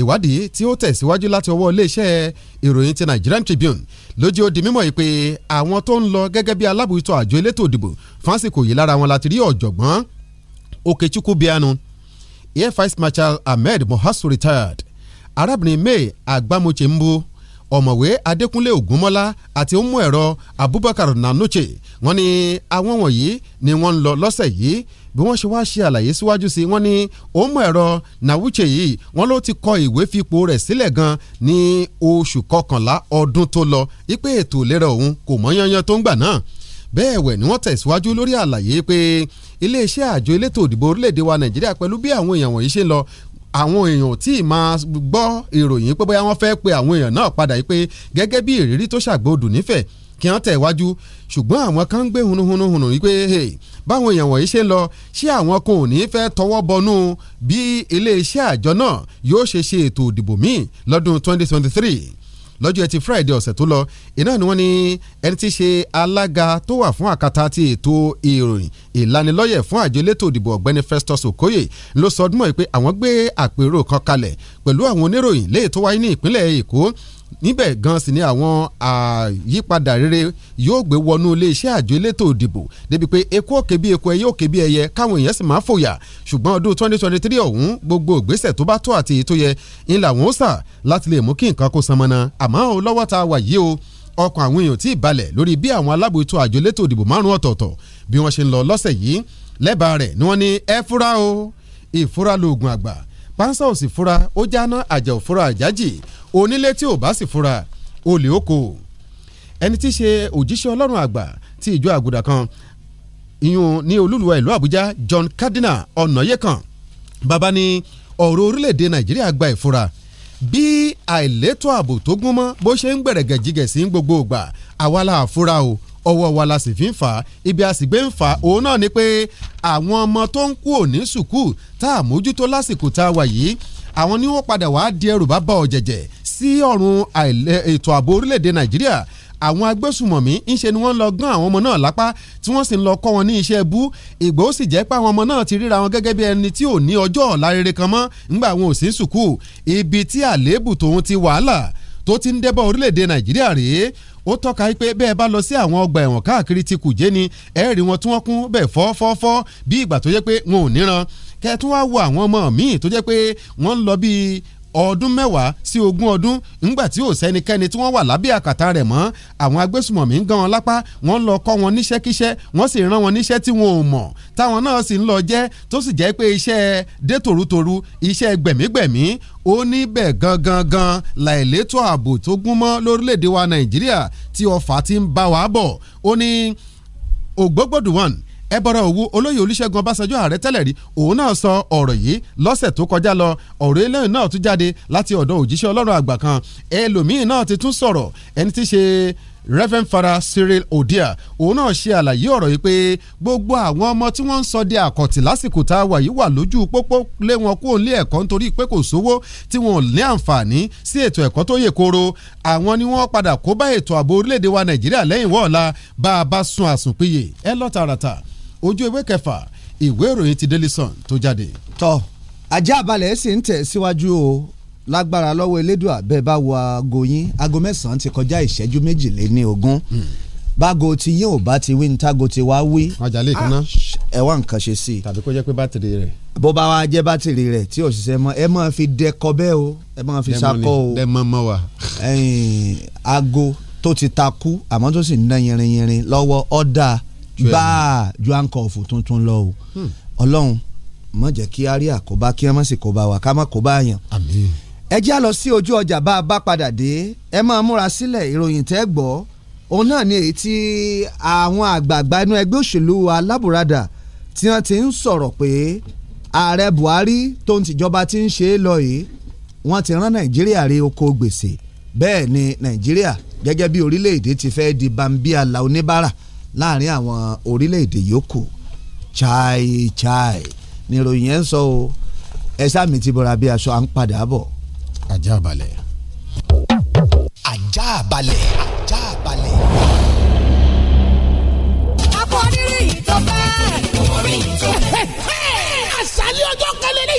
ìwádìí tí ó tẹ̀síwájú láti ọwọ́ iléeṣẹ́ ìròyìn ti Nigerian Tribune lójú ó di mímọ̀ yìí pé àwọn tó ń lọ gẹ́gẹ́ bí alábòójútó àjọ elétò ìdìbò fásikò yìí lára wọn láti rí ọ̀jọ̀gbọ́n Okechukwu Bianu Air Vice Marshal Ahmed Mohasu retired arábìnrin May Agbamoche Mbu ọ̀mọ̀wé adékúnlé ògúnmọ́lá àti ọmọ ẹ̀rọ abubakar nanoche wọ́n ní àwọn wọ̀nyí ni wọ́n ń lọ lọ́sẹ̀ yìí bí wọ́n ṣe wá ṣe àlàyé síwájú sí wọ́n ní ọmọ ẹ̀rọ nawuche yìí wọ́n ló ti kọ ìwé fipò rẹ̀ sílẹ̀ gan ní oṣù kọkànlá ọdún tó lọ ipe ètò ìlera òun kò mọ yanyan tó ń gbà náà bẹ́ẹ̀ wẹ̀ ni wọ́n tẹ̀síwájú lórí àlàyé pé iléeṣẹ́ àjọ elétò òdìbò orílẹ̀-èdè wa nàìjíríà pẹ̀lú bí àwọn èèyàn wọ̀nyí ṣe ń lọ àwọn èèyàn ò tí ì máa gbọ́ ìròyìn pé bóyá wọ́n fẹ́ pe àwọn èèyàn náà padà yìí pé gẹ́gẹ́ bí ìrírí tó ṣàgbọ́dù nífẹ̀ẹ́ kí wọ́n tẹ̀ wájú ṣùgbọ́n àwọn kan ń gbé hunuhunuhunu yìí pé báwọn èèyàn wọ̀nyí ṣe ń lọ ṣé àwọn kan ò ní fẹ́ tọwọ́ bọnú bí iléeṣẹ́ àjọ náà yóò ṣe ṣe ètò ìdìbò míì lọ́dún 2023 lọ́jọ́ ẹtì Friday ọ̀sẹ̀ tó lọ iná ni wọ́n ní ẹni tí í ṣe alága tó wà fún àkàtà ti ètò ìròyìn ìlanilọ́yẹ̀ fún àjọ elétò ìdìbò ọ̀gbẹ́ni Festus Okoye ló sọ ọdún mọ́ pé àwọn gbé àpérò kan kalẹ̀ pẹ̀lú àwọn oníròyìn léè tó wáyé ní ìpínlẹ̀ Èkó níbẹ̀ gan sì ni àwọn àyípadà rere yóò gbé wọnú iléeṣẹ́ àjọ elétò òdìbò débi pé eku òkè bí eku ẹyẹ òkè bí ẹyẹ káwọn èèyàn sì máa fòyà ṣùgbọ́n ọdún 2023 ọ̀hún gbogbo ìgbésẹ̀ tó bá tó àti èyí tó yẹ ń làwọn ó sà láti lè mú kí nǹkan kó sanmọ́nà àmọ́ lọ́wọ́ tá a wà yìí o ọkàn àwọn èèyàn tí ì balẹ̀ lórí bí àwọn alábòójútó àjọ elétò òdìbò márùn ọ̀tọ̀ọ̀tọ̀ bí wọ́n ṣe ń lọ lọ́sẹ̀ yìí lẹ́bàá rẹ̀ ni wọ́n ní ẹ fura o ìfura lóògùn àgbà pánsá ò sì fura ó jáná àjà ò fura àjájì onílé tí ò bá sì fura olè ó kò ẹni tí í ṣe òjíṣẹ́ ọlọ́run àgbà ti ìjọ àgùdà kan ìyún ní olúluwa ìlú àbújá john cardinal ọ̀nàyẹ́kan bàbá ni ọ̀rọ̀ orílẹ̀-èdè nàìjíríà gba ìfura bí àìlétò ààbò tó gún mọ́ bó ṣe ń gbẹ̀rẹ̀gẹ̀jìgẹ̀ sí gbogbo ìgbà àwa la fura o ọwọ́ wa la sì fi ń fà á ibi a sì gbé ń fà á òun náà ni pé àwọn ọmọ tó ń kú òní sùkúù tá a mójútó lásìkò tá a wà yìí àwọn ni wọ́n padà wàá di ẹrù bàbá ọ̀jẹ̀jẹ̀ sí ọ̀run ètò ààbò orílẹ̀-èdè nàìjíríà àwọn agbésùmọ̀mí ńṣe ni wọ́n lọ gán àwọn ọmọ náà lápá tí wọ́n sì ń lọ kọ́ wọn ní iṣẹ́ bú ìgbó sì jẹ́ pé àwọn ọmọ náà ti ríra wọn gẹ́gẹ́ bí ẹni tí ò ní ọjọ́ ọ̀la rere kan mọ́ ńgbà wọn ò sí sùkúù ibi tí àléébù tòun ti wàhálà tó ti ń débọ̀ orílẹ̀-èdè nàìjíríà rèé ó tọ́ka pé bẹ́ẹ̀ bá lọ sí àwọn ọgbà ẹ̀wọ̀n káàkiri ti kùjé ni ẹ rí wọn tí wọ́n kún bẹ́ẹ̀ fọ́fọ́fọ́ bí ìgbà tó jẹ́ pé wọn ò níran kẹ́ẹ̀tún wá wo àwọn ọmọ míì tó jẹ́ pé wọ́n ń lọ bíi ọdún mẹ́wàá sí ogún ọdún ńgbà tí ò sẹ́nikẹ́ni tí wọ́n wà lábẹ́ àkàtà rẹ̀ mọ́ àwọn agbésùmọ̀mí ń gan wọn lápá wọ́n lọ kọ́ wọn níṣẹ́kíṣẹ́ wọ́n sì rán wọn níṣẹ́ tí wọn ò mọ̀ táwọn náà sì ń lọ jẹ́ tó sì jẹ́ pé iṣẹ́ dé tòrútòrú iṣẹ́ gbẹ̀mígbẹ̀mí ó ní bẹ́ẹ̀ gangan gan ààbò tó gún mọ́ lórílẹ̀‐èdè wa Nàìjíríà tí ọfà ti ń bá wa bọ̀ ó ní ògbógbòdùwọ̀n ẹ bọ̀rọ̀ òwú olóyè olúṣẹ́gun ọbásanjọ́ ààrẹ tẹ́lẹ̀ rí òun náà sọ ọ̀rọ̀ yìí lọ́sẹ̀ tó kọjá lọ ọ̀rọ̀ eléyìí náà tún jáde láti ọ̀dọ̀ òjíṣẹ́ ọlọ́run àgbà kan ẹlòmíín náà ti tún sọ̀rọ̀ ẹni tí ṣe Reverend Fara Cyril Odia òun náà ṣe àlàyé ọ̀rọ̀ yìí pé gbogbo àwọn ọmọ tí wọ́n ń sọ di àkọ̀tì lásìkò tá a wà yìí wà lójú pópó lé wọn kó lé ẹ̀kọ́ nítorí pé kò sówó tí wọn ò ní àǹfààní sí ètò ẹ̀kọ́ tó yè kooro àwọn ni wọ́n padà kó bá ètò ààbò orílẹ̀ wa Nàìjíríà lẹ́yìn wọ́ọ̀la bá a bá sun àsùnpìyè ẹ lọ́ tààràtà ojú ewé kẹfà ìwé ìròyìn ti Daily Sun tó jáde. tọ́ ajá balẹ̀ sì ń tẹ̀ síwájú o lágbára lọ́wọ́ elédùà bẹ́ẹ̀ bá wo aago yín aago mẹ́sàn-án ti kọjá ìṣẹ́jú méjìléní ogún báago tí yín ò bá ti wí nítago ti wá wí. ọjà lè kaná. Ah, ẹ wá nǹkan ṣe sí i. tàbí kó jẹ́ pé bátìrì rẹ̀. bó bá wa jẹ́ bátìrì rẹ̀ tí òṣìṣẹ́ mọ́ ẹ máa fi dẹkọ bẹ́ẹ̀ o ẹ máa fi sakọ o. dẹ mọ wa. aago tó ti takú àmọ́ tó sì ń ná yinrin yinrin lọ́wọ́ ọ̀dà gbáà ju àǹkọ̀ọ̀fù tuntun lọ o hmm. ọlọ́run má jẹ́ kí a rí àkóbá kí a má sì kóbá wa ká má kóbá yàn. àmín. ẹ já lọ sí ojú ọjà bá a bá padà dé ẹ máa múra sílẹ̀ ìròyìn tẹ́ gbọ́ òun náà ni èyí tí àwọn àgbààgbà inú ẹgbẹ́ òṣèlú alábùradà tí wọ́n ti ń sọ̀rọ̀ pé ààrẹ Buhari tó ń tìjọba ti ń ṣe é lọ yìí wọ́n ti rán Nàìjíríà rí oko gbèsè bẹ́ẹ̀ ni Nàìjíríà gẹ́gẹ́ bí orílẹ̀-èdè ti fẹ́ di bambíàlà oníbàárà láàrin àwọn orílẹ̀-èdè yòókù chai chai níròyìn yẹn ń sọ o ẹ̀sà mi ti bọ̀ra bí aṣọ à ń padà bọ̀. ajá balẹ̀. ajá balẹ̀ ajá balẹ̀. akọ onírìyìn tó bẹ́ẹ̀. onírìyìn tó bẹ́ẹ̀. àṣàlẹ̀ ọjọ́ kẹlẹ́ ní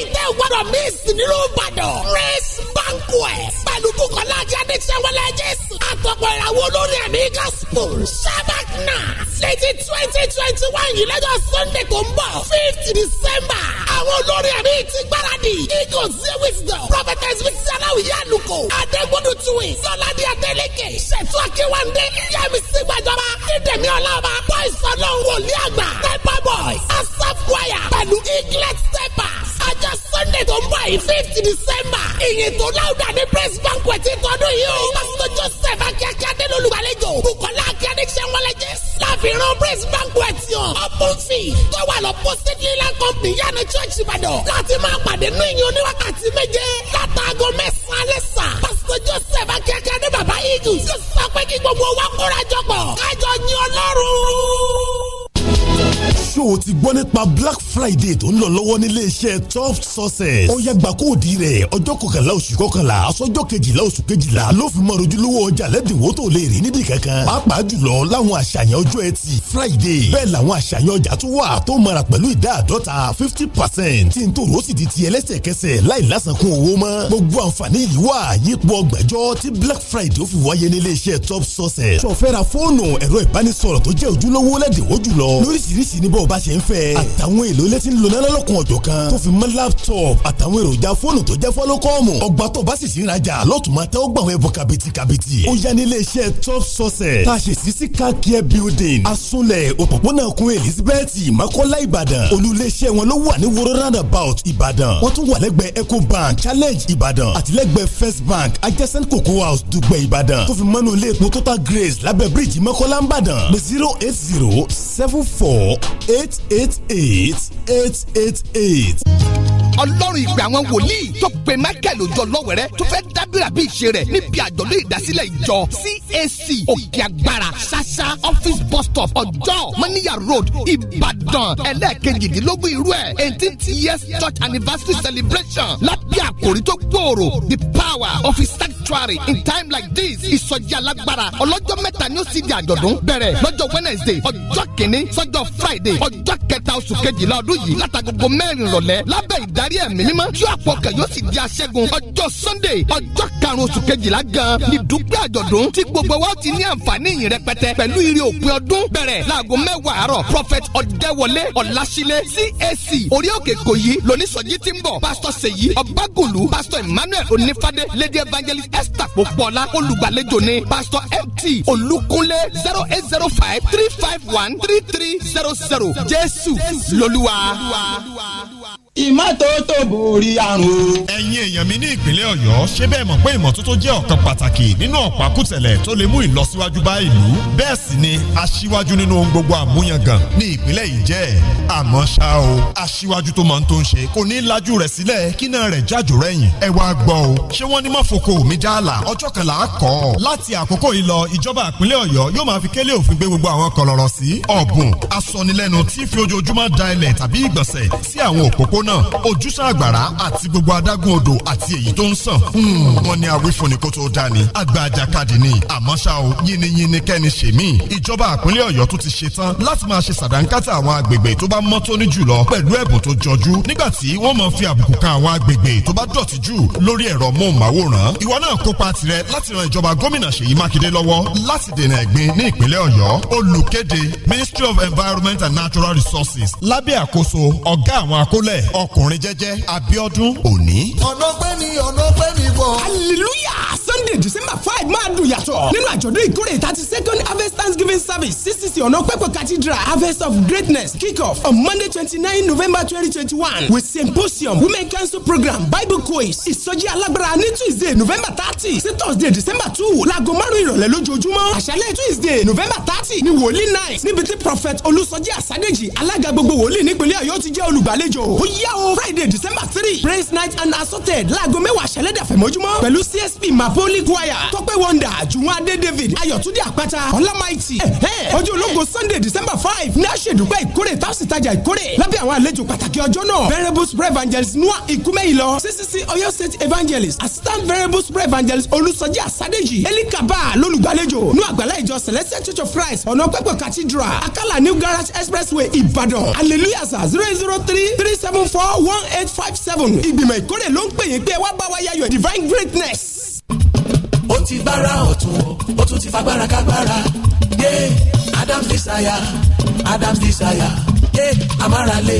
gbọ́dọ̀ miss nínú Ìbàdàn. Praise banquet pẹ̀lú Bùkọ́lá Jáde Ṣẹ́wọ́lẹ́ Jésù. Àtọ̀pọ̀ ìràwọ̀ olórin ẹ̀mí gospel. Shabak náà. Létí twenty twenty one yìí lọ́jọ́ Sunday tó ń bọ̀. Fifth December. Àwọn olórin ẹ̀mí ti gbáradì. Eagles Zay Wisdom. Prophetess Wisdom Aláwìyá Àlùkò. Adégbòdù Tuwi. Sọládé Adélèké. Ṣètò Akéwàndé. Yẹ́mi Sígbàjọba. Dídèmí Ọlọ́ba. Bọ́ìsì Ọlọ́run wòlíì àgbà. Pepper boys. Asaf Choir. Pẹ̀lú Eaglet Stepper ajá sunday tó ń bọ̀ yìí fifth december ìyìn tó láwùdà ní press banquet tọdún yìí o. pásítọ̀ joseph akíákíá délé olùgbàlejò bukola akíádé sẹ́wọ́lẹ́jẹ́ láfihàn press banquet yàn open fee tó wà lọ posted leland company yánni church ìbàdàn láti máa pàdé ní ìyìn oníwákàtí méje látàgọ́ mẹ́sàn-án alẹ́ sà. pásítọ̀ joseph akíákíá dé bàbá eagles yóò sọ pé kí gbogbo wa kóra jọ pọ̀ kájọ yìn ọlọ́run ṣòwò ti gbọ́ nípa black friday tó ń lọ lọ́wọ́ nílé iṣẹ́ top sources. ó yàgbà kóòdì rẹ̀ ọjọ́ kọkànlá oṣù kọkànlá aṣọ́jọ́ kejìlá oṣù kejìlá ló fi mọ ojúlówó ọjà lẹ́dínwó tó lè rí nídìí kankan. pàápàá jùlọ láwọn àṣàyàn ọjọ́ ẹtì friday bẹ́ẹ̀ làwọn àṣàyàn ọjà tó wà tó mara pẹ̀lú ìdá àdọ́ta fifty percent tí n tó rò ó sì di ti ẹlẹ́sẹ̀kẹsẹ̀ láì lásàkún owó mọ́. gbogbo àǹfààní yìí wà yípo ọgbẹ́jọ́ tí black friday ó fi wáyé nílé iṣẹ́ top sources. sọfẹ́ra fóònù ẹ̀rọ ìbánisọ̀rọ̀ tó jẹ́ ojúlówó lẹ́dínwó jùlọ lóríṣiríṣi níbọ̀ púpọ̀ bá ṣe ń fẹ́. àtàwọn èlò ilé tí ń lona lọ́lọ́kun ọ̀jọ̀ kan tó fi mọ́ laptop àtàwọn èròjà fóònù tó jẹ́ fọ́lọ́kọ́ọ̀mù. ọgbà tó bá sì sí ìrajà lọ́tùmọ̀ tẹ́ ó gbà wọ́n ẹ̀bùn kàbìtì kàbìtì. ó yá ní iléeṣẹ́ top sources tá a ṣe sí sí car building asunlẹ̀ òpópónà kun elizabeth makola ìbàdàn olú iléeṣẹ́ wọn ló wà ní woro roundabout ìbàdàn wọ́n tún wà lẹ́gbẹ̀ẹ́ challenge ìbàdàn àtìlẹ́gbẹ̀ẹ́ first bank adjacent cocoa house dùgbẹ̀ ìbàdàn tó fi mọ́nú total grace lábẹ́ bíríìjì makola ìbàdàn zero eight zero seven four eight eight eight eight eight eight. ọlọ́run ìpè àwọn wòlíì tó pe michael òjò lọ́wẹ̀rẹ́ tó fẹ́ dábìrà bí ìṣe rẹ̀ níbi àjọ̀dún ìdásílẹ̀ ìjọ cac òkè agbára ṣáṣá office bus stop ọjọ́ maniya road ìbàdàn ẹlẹ́ẹ̀kejìdínlógún irú ẹ̀ eighteenth years church anniversary celebration lábẹ́ àkòrí tó gbòòrò the power of his sanctuary in time like this ìsọjí alágbára ọlọ́jọ́ mẹ́ta ni ó sì di àjọ̀dún bẹ̀rẹ̀ lọ́jọ́ wednesday ọjọ́ kìíní sọ́jọ́ friday ọjọ́ kẹta oṣù kejìlá ọdún yìí látàgógó mẹ́rin rọ̀lẹ́ lábẹ́ ìdá ìdarí ẹ̀mí mímọ́ yóò àpọ̀kẹ́ yóò sì di aṣẹ́gun ọjọ́ sunday ọjọ́ karùn-ún oṣù kejìlá gan ni dúpẹ́ àjọ̀dún tí gbogbo wa ti ní àǹfààní yìí rẹpẹtẹ pẹ̀lú ire òpin ọdún bẹ̀rẹ̀ láago mẹ́wàá àárọ̀ prophet ọ̀dẹ́wọlé ọ̀làṣílẹ̀ cac orí òkè kò yí ti ń bọ̀ pastor seyi ọ̀bágòlù pastor emmanuel onífádé lady evangelist esther popola olùgbàlejò ni pastor mt olùkúnlé zero eight zero five three five one three three zero zero jésù lolúwa ìmọ́tótó borí àrùn. ẹ̀yin èèyàn mi ní ìpínlẹ̀ ọ̀yọ́ ṣé bẹ́ẹ̀ mọ̀ pé ìmọ́tótó jẹ́ ọ̀kan pàtàkì nínú ọ̀pákùtẹ̀lẹ̀ tó lè mú ìlọsíwájú bá ìlú bẹ́ẹ̀ sì ni aṣíwájú nínú ohun gbogbo àmúyangàn ní ìpínlẹ̀ yìí jẹ́ àmọ́ ṣá o aṣíwájú tó máa ń tó ń ṣe kò ní lajú rẹ̀ sílẹ̀ kí náà rẹ̀ jájò rẹ̀yìn ẹ wá gbọ́ o ṣé wọ́n ní má foko mi jáàlà ọjọ́ kẹlà á kọ́ ọ láti àkókò yìí lọ ìjọba ìpínlẹ̀ ọ̀yọ́ yóò máa fi kélé òfin gbé gbogbo àwọn kọlọ̀rọ̀ sí ọ̀bùn asọnilẹ́nu tí fi ojoojúmọ́ òpópónà ojúṣàn àgbàrá àti gbogbo adágún odò àti èyí tó ń sàn. Hmm, wọ́n ní awífúnni kó tó dání àgbà àjàkadì ni àmọ́ ṣá o yínníyínní kẹ́ni ṣe mí. ìjọba àpínlẹ̀ ọ̀yọ́ tó ti ṣe tán láti máa ṣe sàdánkátà àwọn agbègbè tó bá mọ́ tóní jùlọ pẹ̀lú ẹ̀bùn tó jọjú nígbà tí wọ́n máa fi àbùkù kan àwọn agbègbè tó bá dọ̀tí jù lórí ẹ̀rọ móhùnmáwòrán. ìwọ náà kópa tirẹ̀ láti ran ìjọba gómìnà Ṣèyí Mákindé lọ́wọ́ láti dènà ẹ̀gbin ní ìpínlẹ̀ ọ̀yọ́ olùkéde Ministry of Environment and Natural Resources lábẹ́ àkóso ọ̀gá àwọn akólẹ̀ ọkùnrin jẹ́jẹ́ Abíọ́dún Òní. ọ̀nà ni ọ̀nà ni wọ. hallelujah sunday december five máa dùn yàtọ̀ nínú àjọ̀dún ìkórè thirty second harvest thanksgiving service ccc ọ̀nà pẹ́pẹ́ cathedral harvest of greatness kick off on monday twenty nine november twenty twenty one with symposium women council program bible quiz ìsọjí alágbára ní tuesday november thirty sí thursday december two laago márùn ìrọ̀lẹ́ lójoojúmọ́ àṣálẹ́ tuesday november thirty ni wòlíì night níbi tí prophet olùsọjí àsádéjì alága gbogbo wòlíì nípínlẹ̀ ọ̀yọ́ ti jẹ́ olùgbàlejò ó y yá o friday december three praise night and assorted láago mẹ́wàá ṣẹlẹ́dẹ̀ àfẹ̀mọ́júmọ́ pẹ̀lú csp mapoli choir tọ́pẹ́ wonder jùwọ́n adé david ayọ̀túndé àpáta ọlámáìtì ọjọ́ ológo sunday december five ní àṣẹ̀dúpẹ́ ìkórè tásìtajà ìkórè lábẹ́ àwọn àlejò pàtàkì ọjọ́ náà variables pre evangelist noah ikumeyilọ ccc oyo state evangelist assistant variables pre evangelist olùsọjí asadeji elikaba lólùgbàlejò nú àgbàlá ìjọ celestial church of christ ọ̀nà pẹ́pẹ́ cathedral akala new garage expressway ìbàdàn hallelujah zero zero three three seven four one eight five seven ìgbìmọ̀ ìkórè ló ń pè yín pé wá bá wa yayọ̀ divine greatness. ó ti gbára ọ̀tún ó tún ti fagbára kágbára yé yeah. Adam's Desire Adam's Desire yé yeah. amárale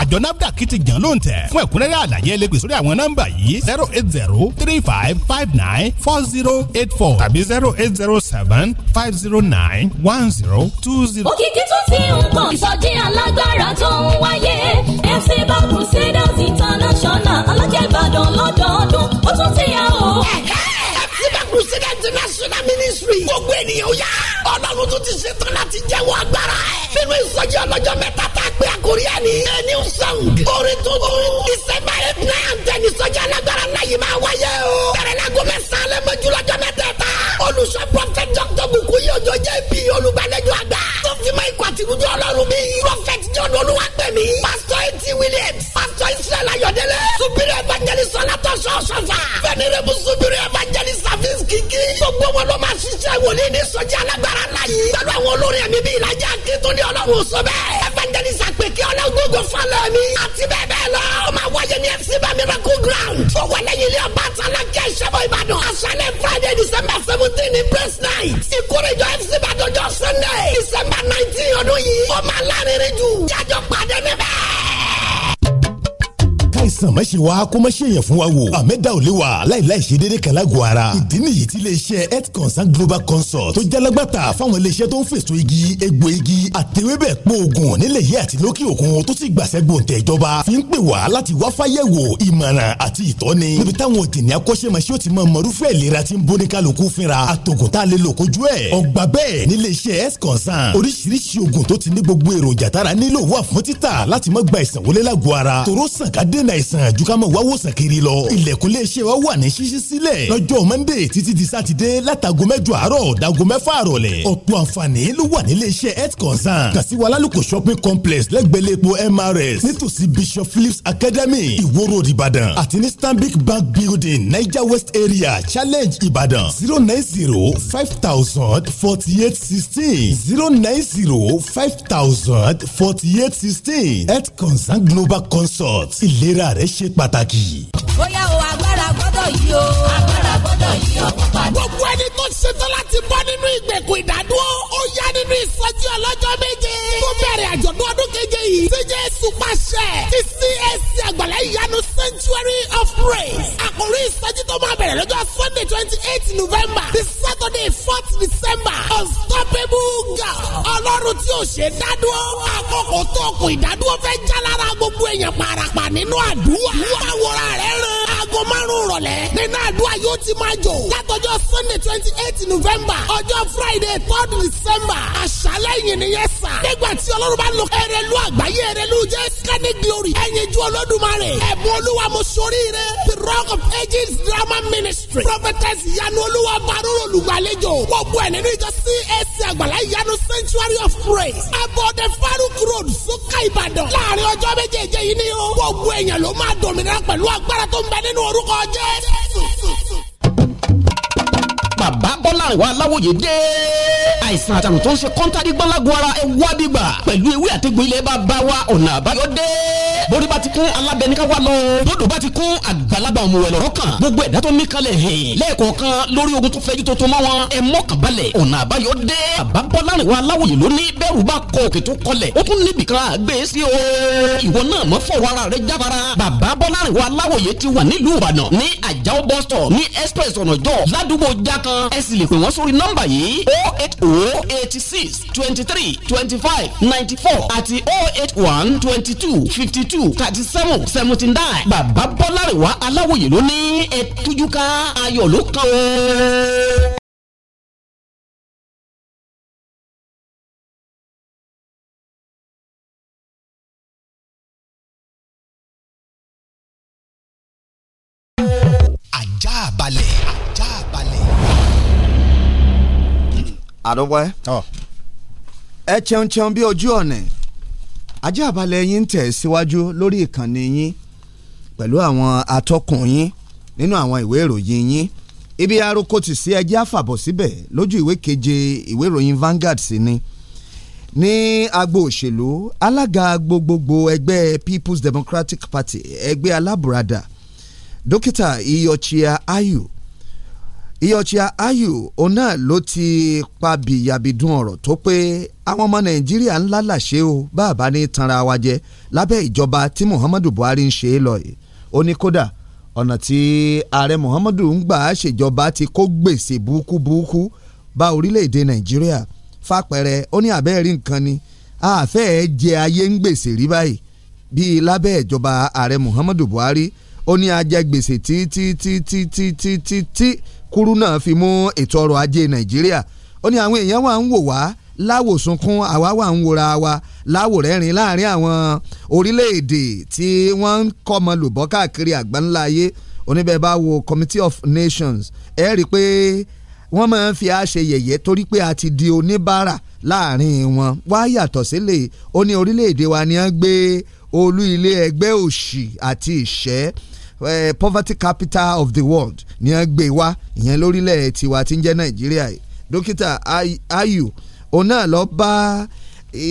àjọ nafdac ti jàn lóhùn tẹ̀ fún ẹ̀kúnrẹ́rẹ́ àlàyé ẹlẹ́gbẹ̀ sórí àwọn nọ́mbà yìí zero eight zero three five five nine four zero eight four tàbí zero eight zero seven five zero nine one zero two zero. òkìkí tún ti ń pọ̀ ìsọjí alágbára tó ń wáyé FC Bar Crusaders International alájẹ̀bàdàn lọ́dọọdún ó tún ti yà ó. ẹ̀ka FC Bar Crusaders International Ministry gbogbo ènìyàn yá ọlọ́run tún ti ṣetán láti jẹ́wọ́ agbára ẹ̀. nínú ìsọjí ọlọ́jọ́ mẹ́ta tá a pé àkórí ẹ̀ ní. a new song orin tuntun ìsẹ́mbà eight nine and ten ìsọjí alágbára ńlá yìí máa wáyé o. bẹ̀rẹ̀ láago mẹ́sàn-án lẹ́mọ́jú lọ́jọ́ mẹ́tẹ̀ẹ̀ta. olùṣọ́ prọfẹ̀t dr bukuyi ọjọ́ jẹ́ bí olùgbàlejò àgbà ti máa ikọ̀ àti ìrújọ́ ọlọ́run mi. prophet john olúwàgbẹ̀mí. pastor eti williams. pastor israel ayọ̀dẹ́lẹ̀. subiri evangelist ọlátọ̀ sọ̀sọ̀fà. venerable subiri evangelist service kìkì. gbogbo wọn ló máa ṣiṣẹ́ wòlíì ní sọ́jà alágbára la yìí. pẹ̀lú àwọn olórin ẹ̀mí bíi ìlàjà akéto ní ọlọ́run sọ bẹ́ẹ̀. evangelist àpèké ọlọ́gbọ̀gbọ̀ falẹ̀ mi. àti bẹ́ẹ̀ bẹ́ẹ̀ lọ. ó máa wáyé ní fc bamiraku ground. tó wà lẹ́yìn ilé ọba àtàlà kẹ́ ìṣẹ́bọ̀ ìbàdàn. aṣálẹ̀ friday december seventeen ní praise night. ìkórèjọ fc bàdànjọ sunday december nineteen ọdún yìí ó máa lárinrin jù jájọ pàdé níbẹ̀ káìsàn má ṣe wa kó má ṣe yẹn fún wa wò àmẹ́dá ò lè wa láìláì ṣe déédéé kan lágọ̀ọ́ ara ìdí nìyí tí iléeṣẹ́ health consult global consult tó jalagbàtà fáwọn iléeṣẹ́ tó ń fèsò igi egbò igi àtẹwébẹ̀ pò oògùn nílẹ̀ yìí àti lókè òkun tó sì gbàṣẹ́ gbòǹtẹ̀ ìjọba fi ń pè wá láti wá fáyẹ̀wò ìmọ̀ràn àti ìtọ́ni níbi táwọn òjìní akọ́ṣẹ́mọṣẹ́ ò ti mọ mọ̀rúfẹ́ ìlera tí ń bóni kálukú fínra àtògùn tá a lè lò kojú ẹ̀ ọgbà bẹ́ẹ̀ nílé health consult oríṣiríṣi oògùn tó ti ní gbogbo èròjà tára nílò wà fún títà láti má gba ìsàn wọlé lágọ̀ọ́ ara tòró sàn ká dé kọ́ńdà ìsàn àjùkámọ̀ wá wòsàn kiri lọ. ilẹ̀kùn lè ṣe wa wà ní ṣíṣí sílẹ̀ lọ́jọ́ mọ́ndé títí di sátidé látago mẹ́jọ àárọ̀ dago mẹ́fà rọ̀lẹ́. ọ̀pọ̀ àǹfààní ló wà nílé iṣẹ́ health concern kàṣíwá lálùkò shopping complex lẹ́gbẹ̀lẹ́ epo mrs nítòsí bishop phillips academy ìwó road ìbàdàn àti ní stanbic bank building niger west area challenge ìbàdàn zero nine zero five thousand forty eight sixteen zero nine zero five thousand forty eight sixteen health concern global consult ìlera ìlera rẹ ṣe pàtàkì. bóyá o agbára gbọ́dọ̀ yí o agbára gbọ́dọ̀ yí ọkọ̀ padà. gbogbo ẹni tó ṣetán láti bọ́ nínú ìgbèkùn ìdádúró ó yá nínú ìsọjí ọlọ́jọ́ méje. tó bẹ̀rẹ̀ àjọ̀dún ọdún keje yìí. tí Jésù pàṣẹ ti CAC àgbàlá ìyanu sanctuary of praise. àkòrí ìsọjí tó máa bẹ̀rẹ̀ lọ́jọ́ Sunday twenty eight November ti Saturday fourth December unstoppable God ọlọ́run tí ò ṣe dádúró àkókò tó kù ìdádúró fẹ́ jálára gbogbo èèyàn parapa nínú àdúrà. wọ́n wọra rẹ̀ rán aago márùn ìpinnu àdúrà yóò ti máa jò látọjọ́ sunday twenty eight november ọjọ́ friday third december àṣálẹ́ ìyìn nìyẹn sà nígbà tí ọlọ́run bá lọ ẹrẹ̀lú àgbáyé ẹrẹ̀lú jẹ́ scanning glory ẹ̀yìn ju olódùmarè ẹ̀bùn olúwa mo ṣoríire the rock of ages drama ministry prophetess ìyanu olúwa barúrò olùgbàlejò gbogbo ẹ̀ nínú ìjọ cac àgbàlá ìyanu sanctuary of praise abode faruk road sókà ìbàdàn láàrin ọjọ́ méjèèjì yìí ni o gbogbo èèyàn ló máa dòmìnira pẹ̀lú agbára tó ń bẹ nínú orúkọ jẹ́ bàbá bọ́láriwá aláwòye dé àìsàn àtàrùn tó ń ṣe kọ́ńtàdì gbọ́lágun ara ẹ wá bíbà pẹ̀lú ewé àtẹ̀gbọ́ ilẹ̀ bá bá wa ọ̀nà àbáyọ dé bórí bá ti kún alábẹ́ni ká wá lọ bódò bá ti kún àgbàlagbà ọmọ ẹ̀ lọ́rọ́ kan gbogbo ẹ̀dá tó ní kalẹ̀ hìn lẹ́ẹ̀kọ̀ọ̀kan lórí ogun tó fẹ́jú tó tó mọ́ wọn ẹ mọ́kàn balẹ̀ ọ̀nà àbáyọ dé bàbá bọ́láriwá aláwòye lónìí bẹ́rù bá kọ òkè tó kọlẹ̀ ó tún níbì kan àgbẹ̀ sí o ìwọ náà express ọ̀nà jọ ládùúgbò wọn ẹ sì lè pè wọ́n sórí nọ́mbà yìí o oh eight o oh eighty six twenty three twenty five ninety four àti o oh eight one twenty two fifty two thirty seven seventy nine bàbá bọ́lárẹ̀wá aláwòye ló ní ẹ̀tújúká ayọ̀ ló kàn ó. àdọ́wẹ́ ẹ cheun cheun bí ojú ọ̀nà ajá àbálẹ̀ yín tẹ̀ síwájú lórí ìkànnì yín pẹ̀lú àwọn atọ́kùn yín nínú àwọn ìwé ìròyìn yín ibi aroko ti sí ẹjẹ́ àfàbọ̀ síbẹ̀ lójú ìwé keje ìwé ìròyìn Vanguard sí ni ní agbo òṣèlú alága gbogbogbò ẹgbẹ́ People's Democratic Party ẹgbẹ́ alábùradà dókítà Iyọchia Ayu Iyorchia Ayu òun náà ló ti pa bìyàbìdún ọ̀rọ̀ tó pé àwọn ọmọ Nàìjíríà ń lálàṣe o bá a ní tanra wa jẹ lábẹ́ ìjọba tí Muhammadu Buhari ń ṣe é lọ yìí ó ní kódà ọ̀nà tí ààrẹ Muhammadu ń gbà á ṣèjọba ti kó gbèsè burúkú burúkú bá orílẹ̀-èdè Nàìjíríà fàpẹ̀rẹ̀ ó ní àbẹ́ẹ̀rí nǹkan ni àfẹ́ jẹ ayé ń gbèsè rí báyìí bíi lábẹ́ ìjọba ààrẹ Muhammadu Buhari ó ní ajẹgbèsè tí tí tí tí tí tí tí tí kúrú náà fi mú ètò ọrọ̀ ajé nàìjíríà ó ní àwọn èèyàn wà ń wò wá láwòsunkún àwa wà ń wòra wa láwòrẹ́rìn láàrin àwọn orílẹ̀-èdè tí wọ́n ń kọ́mọ lùbọ́ káàkiri àgbáńlá ayé oníbẹ̀ bá wo Committee of Nations ẹ rí i pé wọ́n máa ń fi á yẹ̀yẹ́ torí pé a ti di oníbàárà láàrin wọn wá yàtọ̀ sílẹ̀ ó ní orílẹ̀-èdè wa ni wọ́n gbé olú ilé ẹgbẹ́ òṣì àti ìṣẹ́ eh, poverty capital of the world ni wọ́n gbé wá ìyẹn lórílẹ̀ tiwa tí ń jẹ́ nàìjíríà yìí dókítà ayu òun náà lọ bá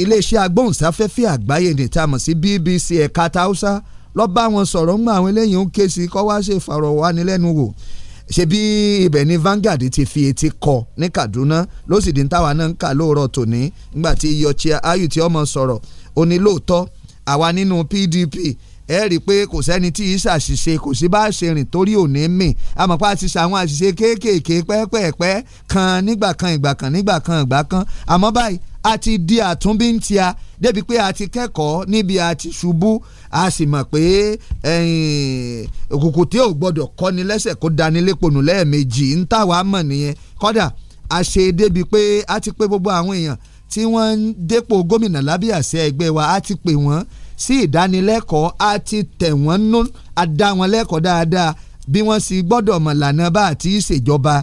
iléeṣẹ́ agbóhùnsáfẹ́fẹ́ àgbáyé ní tá sí BBC ẹ̀ka tausa lọ bá wọn sọ̀rọ̀ ń gbà àwọn eléyìí ń ké sí kọ́ wá ṣe ìfọ̀rọ̀wánilẹ́nuwò ṣebí ibẹ̀ ni Vanguard ti fi etí kọ ní Kaduna ló sì di ń táwa náà ń kà lóòrọ̀ tòní nígbà tí iyọ̀chia ayù tí ọmọ sọ̀rọ̀ ó àwa nínú PDP ẹ rí i pé kò sẹ́ni tí ìṣà ṣiṣe kò sí bá ṣe rìn torí òní mì àmọ́pá ti ṣàwọn àṣìṣe kéékèèké pẹ́ẹ́pẹ́ẹ́pẹ́ kan nígbà kan ìgbà kan nígbà kan ìgbà kan àmọ́ báyìí a ti di àtúnbíntia débi pé a ti kẹ́kọ̀ọ́ níbi a ti ṣubú a sì mọ̀ pé òkùnkùn tí ò gbọ́dọ̀ kọ́ni lẹ́sẹ̀ kó dání léponu lẹ́ẹ̀mejì ń tàwa mọ̀ nìyẹn kódà a ṣe débi pé a ti pé gbogbo àwọn èèyàn tí wọ́n ń dépò gómìnà lábíàṣẹ ẹgbẹ́ wa a ti pè wọ́n sí ìdánilẹ́kọ̀ọ́ a ti tẹ̀ wọ́n nú a dá wọn lẹ́kọ̀ọ́ dáadáa bí wọ́n sì gbọ́dọ̀ mọ̀ lànà bá a ti ṣèjọba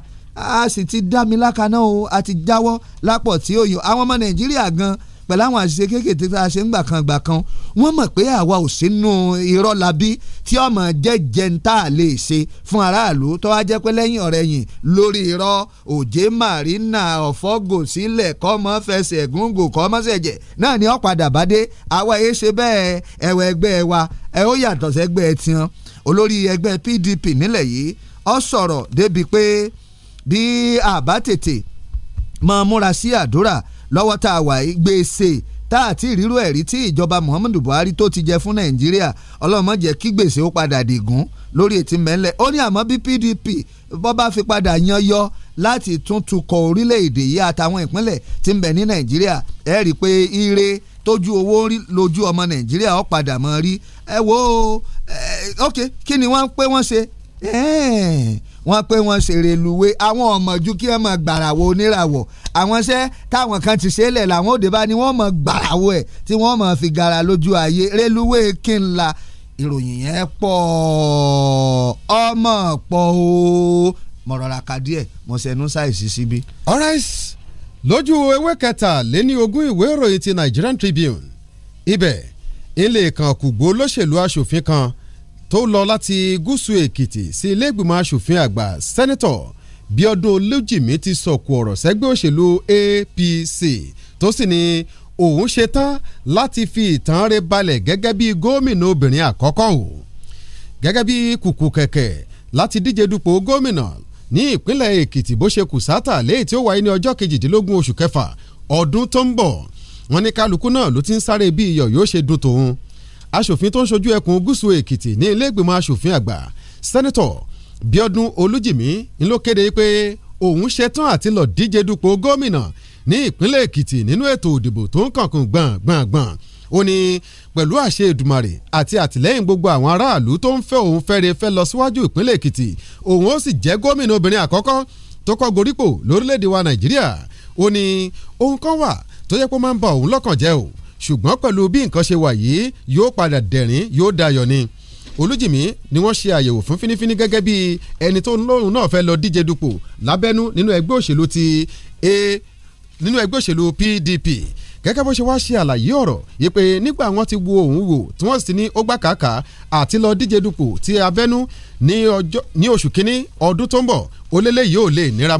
a sì ti dá mi lákaná o a ti jáwọ́ lápọ̀ tí ó yọ àwọn ọmọ Nàìjíríà gan-an pẹ̀lú àwọn àṣìṣe kéékèèké tá a ṣe ń gbà kan wọ́n mọ̀ pé àwa ò sínú irọ́ labí tí ọmọ jẹ́jẹ́ lè ṣe fún aráàlú tó wá lẹ́yìn ọ̀rẹ́ yìn lórí irọ́ òjé marina ọ̀fọ́gò sílẹ̀ kọ́mọ fẹsẹ̀ náà ni ó padà bẹ́ẹ̀ ẹ̀wọ̀ ẹgbẹ́ wa ẹ̀ ó yàtọ̀ PDP nílẹ̀ yìí sọ̀rọ̀ débi lọ́wọ́ tá a wà yìí gbèsè e tá a ti rírò ẹ̀rí tí ìjọba Muhammadu Buhari tó ti jẹ fún Nàìjíríà ọlọ́mọ jẹ́ kí gbèsè ó padà dìgún lórí ètí mẹ́lẹ̀ ó ní àmọ́ bí PDP bọ́ bá fi padà yan yọ láti tún tukọ̀ orílẹ̀-èdè yìí àtàwọn ìpínlẹ̀ tí ń bẹ ní Nàìjíríà ẹ̀ rí i pé ire tójú owó rí lójú ọmọ Nàìjíríà ó padà mọ́ rí ẹ wo ok kí ni wọ́n pé wọ́n ṣe wọ́n pé wọ́n ṣèrè lùwé àwọn ọmọ ju kí wọ́n mọ gbàràwọ oníràwọ̀ àwọn iṣẹ́ táwọn kan ti ṣe é lẹ̀ làwọn òde bá ni wọ́n mọ gbàràwọ ẹ̀ tí wọ́n mọ fi gara lójú ayé reluwé kí n la ìròyìn yẹn pọ̀ ọmọ pọ̀ o mo rọra ka díẹ̀ mo ṣẹnu ṣàìsí síbí. alright lójú ewé kẹta lé ní ogún ìwé ìròyìn ti Nigerian Tribune ibẹ̀ ilé ìkànkùgbó olóṣèlú aṣòfin kan tó lọ láti gúúsù èkìtì sí ilé ìgbìmọ̀ asòfin àgbà sẹ́nitọ̀ bíọ́dún olójìmí ti sọ̀kù ọ̀rọ̀ sẹ́gbẹ́ òṣèlú APC tó sì ní òun ṣetán láti fi ìtàn rẹ̀ balẹ̀ gẹ́gẹ́ bí gómìnà obìnrin àkọ́kọ́ o gẹ́gẹ́ bí kùkù kẹ̀kẹ́ láti díje dupò gómìnà ní ìpínlẹ̀ èkìtì bó ṣe kù sátà léyìí tí ó wáyé ní ọjọ́ kejìdínlógún oṣù kẹfà ọdún tó ń bọ̀ wọ́n ní kálukú náà ló ti ń sáré bí iyọ̀ yóò ṣe dùn tòun aṣòfin tó ń ṣojú ẹkùn gúúsù èkìtì ní ilé ìgbìmọ̀ aṣòfin àgbà sẹ́nẹ́tọ̀ bíọ́dún olújìmí ń ló kéde pé òun ṣetán àti lọ díje dupò gómìnà ní ìpínlẹ̀ èkìtì nínú ètò òdìbò tó ń kànkùn gbọ̀ngbọ̀ngbọ̀n ó ní pẹ̀lú àṣẹ ìdùmarè àti àtìlẹ́yìn gbogbo àwọn aráàlú tó ń fẹ́ òun fẹ́re fẹ́ lọ síwájú ìpínlẹ̀ èkìtì òun ó sì jẹ́ gómìnà obìnrin àkọ́kọ́ tó kọ́ gorípò lórílẹ̀‐èdè wa nàìjíríà ó ní ohun kan wà tó yẹ kó máa ń ba òun lọ́kàn jẹ́ o ṣùgbọ́n pẹ̀lú bí nǹkan ṣe wà yìí yóò padà dẹ̀rín yóò dayọ̀ ni olújìmí ni wọ́n ṣe àyẹ̀wò fún fínífíní gẹ́gẹ́ bí ẹni tó lóun náà fẹ́ lọ díje dupò lábẹ́nú nínú ẹgbẹ́ òṣèlú ti a nínú ẹgbẹ́ òṣèlú PDP gẹ́gẹ́ bó ṣe wá ṣe àlàyé ọ̀rọ̀ yìí pé nígbà wọn ti wo òun wò tí wọ́n sì ní ó gbà kàkà àti lọ díje dupò ti abẹ́nú ní oṣù kínní ọdún tó ń bọ̀ ó lélẹ́yìí ò lè níra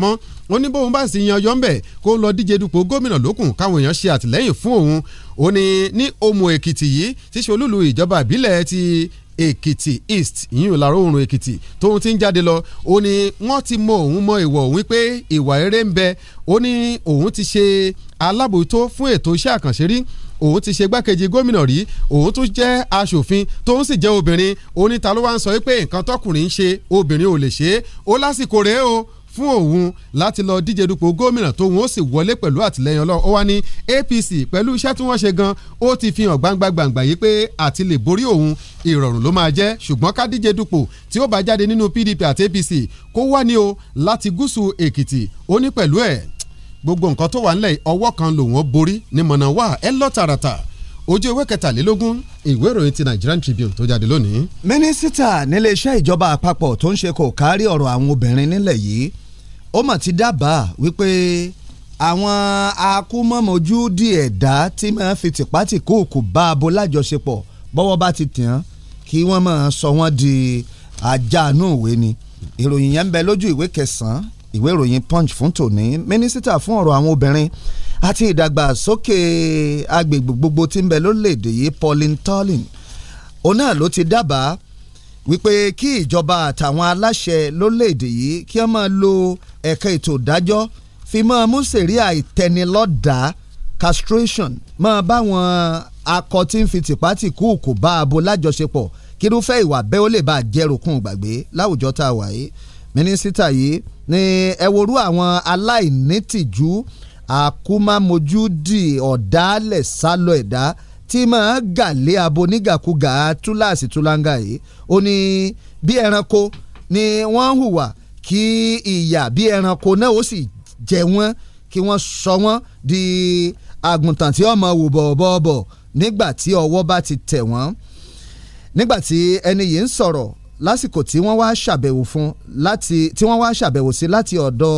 ó ní bóun bá sì yan ọyọ́ ńbẹ̀ kó lọ díje dupò gómìnà lókun káwọn èèyàn ṣe àtìlẹ́yìn fún òun ó ní ní Òmù Èkìtì yìí tí olúlu ìjọba ìbílẹ̀ ti Èkìtì East ìyún ìlà oòrùn Èkìtì tóun ti ń jáde lọ ó ní wọ́n ti mọ òun mọ ìwọ̀ òun pé ìwà eré ń bẹ ó ní òun ti ṣe alábòójútó fún ètò iṣẹ́ àkànṣe rí òun ti ṣe gbákejì gómìnà rí òun tún jẹ́ aṣòfin tóun sì jẹ́ obìnrin oníta ló wá ń sọ pé nǹkan tọkùnrin ń ṣe obìnrin ò lè ṣe é ó lásìkò rèé o fún òun láti lọ díje dupò gómìnà tó òun ó sì wọlé pẹ̀lú àtìlẹyìn ọlọ́run ó wá ní APC pẹ̀lú iṣẹ́ tí wọ́n ṣe gan ó ti fi hàn gbangba gbangba yìí pé àti lè borí òun ìrọ̀rùn ló máa jẹ́ ṣùgbọ́n ká díje dupò tí ó bá jáde nínú PDP àti APC kó wá ní o láti gúúsù Èkìtì ó ní pẹ̀lú ẹ̀ gbogbo nǹkan tó wà ńlẹ̀ ọwọ́ kan lòun ó borí ní mọ̀nà wà ẹ lọ tààràtà ojú ewé kẹtàlélógún ìwé ìròyìn ti Nigerian Tribune tó jáde lónìí. mínísítà níléeṣẹ́ ìjọba àpapọ̀ tó ń ṣe kò kárí ọ̀rọ̀ àwọn obìnrin nílẹ̀ yìí ó mà ti dábàá wípé àwọn akúmọ̀mọ́jú di ẹ̀dá tí máa fi tìpátì kóòkù bá abo lájọṣepọ̀ bọ́wọ́ bá ti tàn án kí wọ́n máa sọ wọ́n di ajáàánú ìwé ni ìròyìn yẹn ń bẹ lójú ìwé kẹsàn-án ìwé ìròyìn punch fún tòní mínísítà fún ọ̀rọ̀ àwọn obìnrin àti ìdàgbàsókè agbègbè gbogbo tí ń bẹ lórílẹ̀‐èdè yìí Pauline Tallin òun náà ló ti dábàá wípé kí ìjọba àtàwọn aláṣẹ lórílẹ̀‐èdè yìí kí wọ́n máa lo ẹ̀ka ètò ìdájọ́ fi máa mú sẹ̀ríà ìtẹnilọ́dà castration máa báwọn akọ tí ń fi tìpátì kú kò bá abo lájọṣepọ̀ kírúfẹ́ ìwà bẹ́ẹ̀ ó lè bá a jẹ́rùkún gbàgbé láwùjọ tá a wà yìí mínísítà yìí ni ẹ worú àwọn aláìnítìjú àkúmámojú di ọ̀dàálẹ̀ sálọ ẹ̀dá tí máa gàlé abo nígàkúgà túláàsì túláńgà yìí ó ní bí ẹranko ni wọ́n hùwà kí ìyà bí ẹranko náà ó sì jẹ wọ́n kí wọ́n sọ wọ́n di àgùntàn tí ọmọ wò bọ̀ọ̀bọ̀ọ̀bọ̀ nígbà tí ọwọ́ bá ti tẹ̀ wọ́n nígbà tí ẹni yìí ń sọ̀rọ̀ lásìkò tí wọ́n wá ṣàbẹ̀wò fún láti tí wọ́n wá ṣàbẹ̀wò sí láti ọ̀dọ̀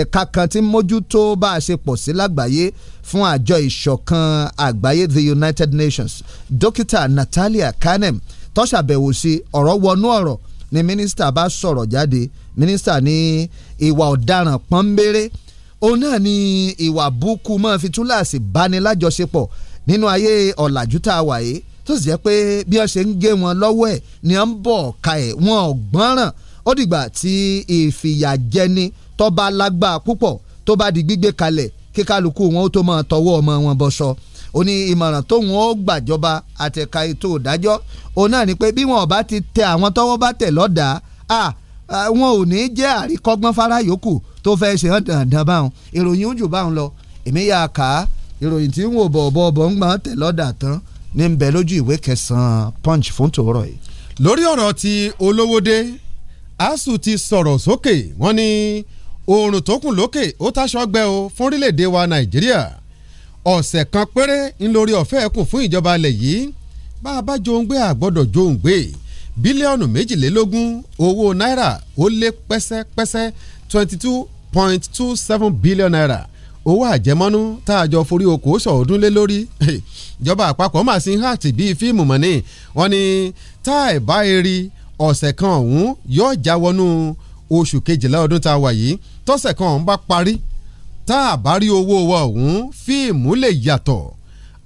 ẹ̀ka kan tí mójútó bá a ṣe pọ̀ sí lágbàáyé fún àjọ ìṣọ̀kan àgbáyé the United Nations dókítà Natalia Kanem tó ṣàbẹ̀wò sí ọ̀rọ̀ wọnú ọ̀rọ̀ ni mínísítà bá sọ̀rọ̀ jáde mínísítà ní ìwà ọ̀daràn pọ́nbéré òun náà ni ìwà búkú máa fi túláàsì báni lájọṣepọ̀ nínú ayé ọ̀làjú tá a wà yìí tó sì jẹ́ pé bí wọ́n ṣe ń gé wọn lọ́wọ́ ẹ̀ ni wọ́n ń bọ̀ ka ẹ̀ wọn gbọ́nràn ó dìgbà tí ìfìyàjẹni tó lágbá púpọ̀ tó bá di gbígbé kalẹ̀ kí kálukú wọn ó tó máa tọwọ́ ọmọ wọn bọ́ṣọ ó ní ìmọ̀ràn tóun ó gbàjọba àtẹ̀ka ètò ìdájọ́ òun náà ni pé bí wọn ò bá ti tẹ àwọn tọ́wọ́ bá tẹ̀ lọ́dàá Eh, wọn ò ní jẹ́ àríkọ́gbọ́n fara yòókù tó fẹ́ ṣe hàn dandan báwọn ìròyìn oúnjù báwọn lọ èmi yà ká ìròyìn tí ń wò bọ̀ bọ̀ bọ̀ ń gbọ́n tẹ̀ lọ́dà tán ní ń bẹ lójú ìwé kẹsàn-án punch fún tòórọ̀ yìí. lórí ọ̀rọ̀ ti olówódé asu ti sọ̀rọ̀ sókè wọ́n ní oòrùn tó kùn lókè ó táṣọ gbẹ o fún orílẹ̀-èdè wa nàìjíríà ọ̀sẹ̀ kan péré ńlórí ọ̀fẹ́ kù fún ìjọba alẹ̀ yìí bá a bá jóun gbé àgbọ́dọ̀ jóun gbé bílíọ̀nù méjìlélógún owó náírà ó lé pẹ́sẹ́pẹ́sẹ́ twenty two point two seven billion naira owó àjẹmọ́nú tá a jọ forí okòó sọ̀ọ́dún lé lórí ìjọba àpapọ̀ máa sin hàtì bíi fíìmù mọ́ ni wọ́n ní tá ẹ̀ bá eri ọ̀sẹ̀ kan ọ̀hún yóò já wọnú oṣù kejìlá ọdún tá a wà yìí tọ́sẹ̀ kan ọ̀hún bá parí tá a bá rí owó wa ọ̀hún fíìmù lè yàtọ̀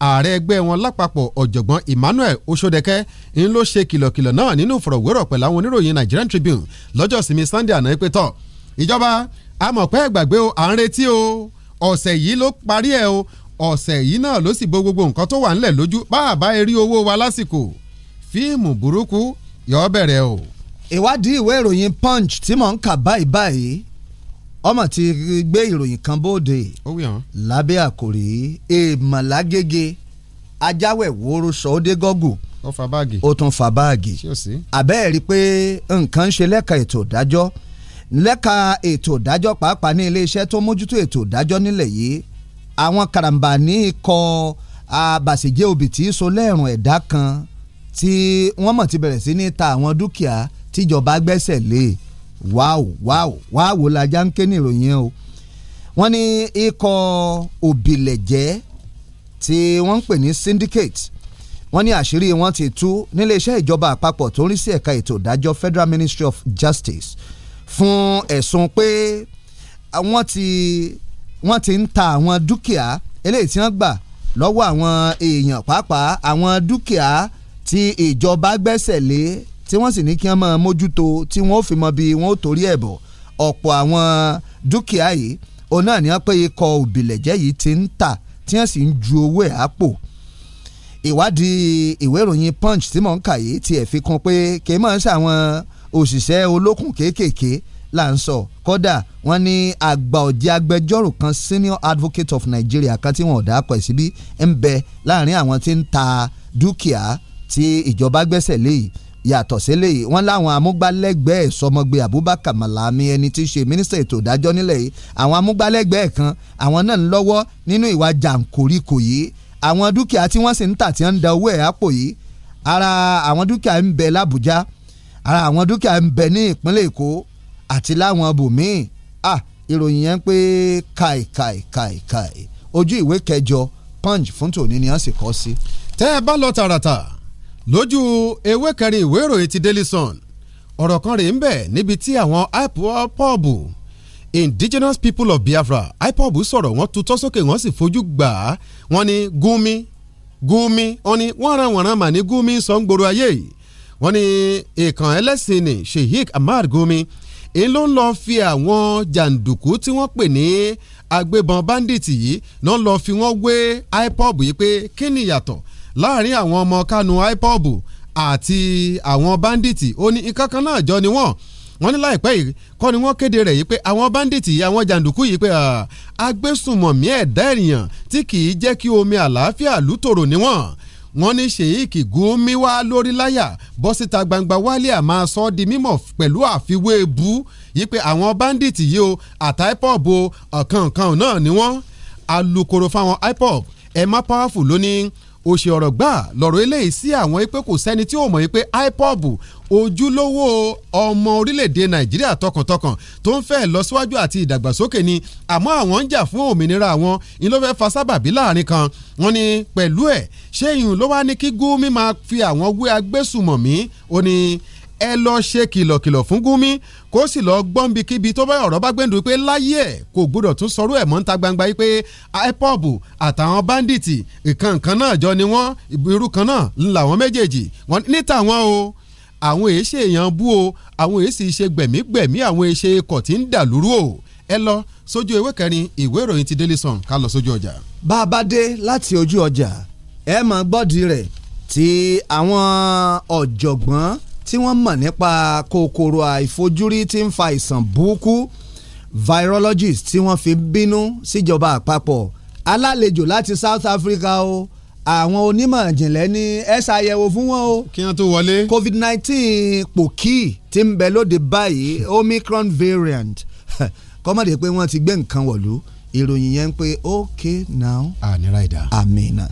ààrẹ ẹgbẹ́ wọn lápapọ̀ ọ̀jọ̀gbọ́n Emmanuel Osodeke ń ló ṣe kìlọ̀kìlọ̀ náà nínú ìfọ̀rọ̀wérọ̀ pẹ̀lú àwọn oníròyìn Nigerian Tribune lọ́jọ́ sinmi Sunday àná pé tọ̀ ìjọba amọ̀pẹ́ gbàgbé o à ń retí o ọ̀sẹ̀ yìí ló parí ẹ̀ o ọ̀sẹ̀ yìí náà ló sì bo gbogbo nǹkan tó wà ńlẹ̀ lójú bá a bá erí owó wa lásìkò fíìmù burúkú yó bẹ̀rẹ̀ o. ìwádìí ìwé ìròyìn Punch tí mò ń kà báyìí báyìí ọmọ ti gbé ìròyìn kan bóde lábẹ́ àkòrí èèmọ̀ lágége ajáwẹ̀ wóró sọ́ọ́dé gọ́gù ó fa báàgì ó tún fa báàgì àbẹ́ẹ̀ rí i pé nǹkan ń ṣe lẹ́ka ètò ìdájọ́ lẹ́ka ètò ìdájọ́ pàápàá ní iléeṣẹ́ tó mójútó ètò ìdájọ́ nílẹ̀ yìí àwọn karambà ní ikọ̀ abàṣèjẹ́ òbítí so lẹ́rùn ẹ̀dá kan tí wọ́n mọ̀ ti bẹ̀rẹ̀ sí ní ta àwọn dúkìá tíjọba gbẹ́sẹ̀ lé e wáò wáò wáò lajá ń ké ní ìròyìn yẹn o wọ́n ní ikọ̀ òbílẹ̀jẹ́ tí wọ́n ń pè ní syndicate wọ́n ní àṣírí wọn ti tú níléeṣẹ́ ìjọba àpapọ̀ tó ń rí sí ẹ̀ka ètò ìdájọ́ Federal Ministry of Justice fún ẹ̀sùn pé wọ́n ti wọ́n ti ń ta àwọn dúkìá eléyìí tí wọ́n gbà lọ́wọ́ àwọn èèyàn pàápàá àwọn dúkìá tí ìjọba gbẹ́sẹ̀ lé tí wọ́n sì ní kí wọ́n máa mójútó tí wọ́n ó fi mọ bí wọ́n ó torí ẹ̀ bọ̀ ọ̀pọ̀ àwọn dúkìá yìí òun náà ní wọ́n pé ikọ̀ òbílẹ̀jẹ́ yìí ti ń tà tí wọ́n sì ń ju owó ẹ̀ àpò ìwádìí ìwé ìròyìn punch tí mò ń kà yìí tiẹ̀ fi kún pé kì í máa ń ṣàwọn òṣìṣẹ́ olókùn kéékèèké là ń sọ kódà wọ́n ní àgbà ọ̀jẹ̀ agbẹjọ́rò kan senior advocate of Nigeria kan tí wọn ò dápọ̀ síbí ń bẹ láàrin àwọn tí ń ta dúkìá tí ìjọba gbẹ́sẹ̀ lé yàtọ̀ sílẹ̀ yìí wọ́n láwọn amúgbálẹ́gbẹ̀ẹ́ sọmọgbé Abubakar Malami ẹni tí í ṣe mínísítà ètò ìdájọ́ nílẹ̀ yìí àwọn amúgbálẹ́gbẹ̀ẹ́ kan àwọn náà ń lọ́wọ́ nínú ìwà jàǹkóríkò yìí àwọn dúkìá tí wọ́n sì ń tà tí wọ́n ń da owó ẹ̀ àpò yìí ara àwọn dúkìá ń bẹ l'Àbújá ara àwọn dúkìá ń bẹ ní ìpínlẹ̀ Èkó àti láwọn bòmíì ah ìròyìn yẹn pé kàì kàì kàì kàì ojú Punch fún tòní ni wọ́n sì kọ lójú ewé kẹrin ìwé ìròyìn ti Daily Sun ọ̀rọ̀ kan rèé ń bẹ̀ níbi tí àwọn IPOB Indigenous People of Biafra IPOB sọ̀rọ̀ wọ́n tutọ́ sókè wọ́n sì fojú gbà á wọ́n ní Gumi Gumi wọ́n ní wọ́n ran wọ́n mà ní Gumi sọ ń gbòòrò ayé yìí wọ́n ní ìkàn ẹlẹ́sìn ní Sheikh Ahmad Gumi èyí ló ń lọ fi àwọn jàǹdùkú tí wọ́n pè ní agbébọn bandit yìí náà lọ fi wọ́n wé IPOB yìí pé kí ni ìyàtọ̀ láàrin àwọn ọmọ kanu ipob àti àwọn bandits ó ní nǹkan kan náà jọ ni wọ́n wọ́n ní láìpẹ́ yìí kọ́ ni wọ́n kéde rẹ̀ yìí pé àwọn bandits yìí àwọn jàǹdùkú yìí pé agbésùmọ̀mí ẹ̀dá ènìyàn tí kì í jẹ́ kí omi àlàáfíà lùtòrò ni wọ́n wọ́n ní Sheikh Gumi wá lórí láyà bọ́ síta gbangba wálé àmà sọ ọ́ di mímọ̀ pẹ̀lú àfiwé bú yìí pé àwọn bandits yìí o àtà ipob o ọ̀kan náà ni wọ́n alukoro fáwọn ipob Emma Powerful ló ó ṣe ọ̀rọ̀ gbà lọ́rọ̀ eléyìí sí àwọn pé kò sẹ́ni tí ó mọ̀ pé IPOB ojúlówó ọmọ orílẹ̀-èdè Nàìjíríà tọkàntọkàn tó ń fẹ́ lọ́síwájú àti ìdàgbàsókè ni àmọ́ àwọn ń jà fún òmìnira àwọn ni ló fẹ́ fa sábàbí láàrin kan wọ́n ní pẹ̀lú ẹ̀ ṣé ìyún ló wá ní kí Gumi máa fi àwọn wé agbésùmọ̀mí ó ní ẹ lọ ṣe kìlọ̀kìlọ̀ fún Gumi kó sì lọ gbọ́nbikíbi tó bá ọ̀rọ̀ bá gbẹ̀ndùn pé láyé ẹ̀ kò gbọ́dọ̀ tún sọ̀rọ̀ ẹ̀ mọ́ níta gbangba yìí pé IPOB àtàwọn báńdíìtì ìkan kan náà jọ ni wọ́n irú kan náà ń là wọ́n méjèèjì níta wọn o àwọn èéṣe èèyàn bú o àwọn èéṣe ṣe gbẹ̀mígbẹ̀mí àwọn èéṣe ikọ̀ tí ń dàlúrú o ẹ lọ sójú ewé kẹrin ìwé ìròyìn ti Daily Sun ká lọ sójú ọjà. bá a bá dé láti ojú ọjà ẹ máa gbọ́dì rẹ̀ tí àwọn ọ̀jọ̀gbọ́n tí wọ́n mọ̀ nípa kòkòrò àìfojúrí tí ń fa ìsàn burúkú virologist tí wọ́n fi bínú síjọba àpapọ̀ alálejò láti South Africa o àwọn onímọ̀ ìjìnlẹ̀ ní ẹ ṣàyẹ̀wò fún wọn o. kí wọ́n tó wọlé. COVID-19 pòkì tí ń bẹ lóde báyìí Omicron variant kọ́mọ̀dé pé wọ́n ti gbé nǹkan wọ̀lú ìròyìn yẹn ń pé okay now. àní ráìdá. àmì náà.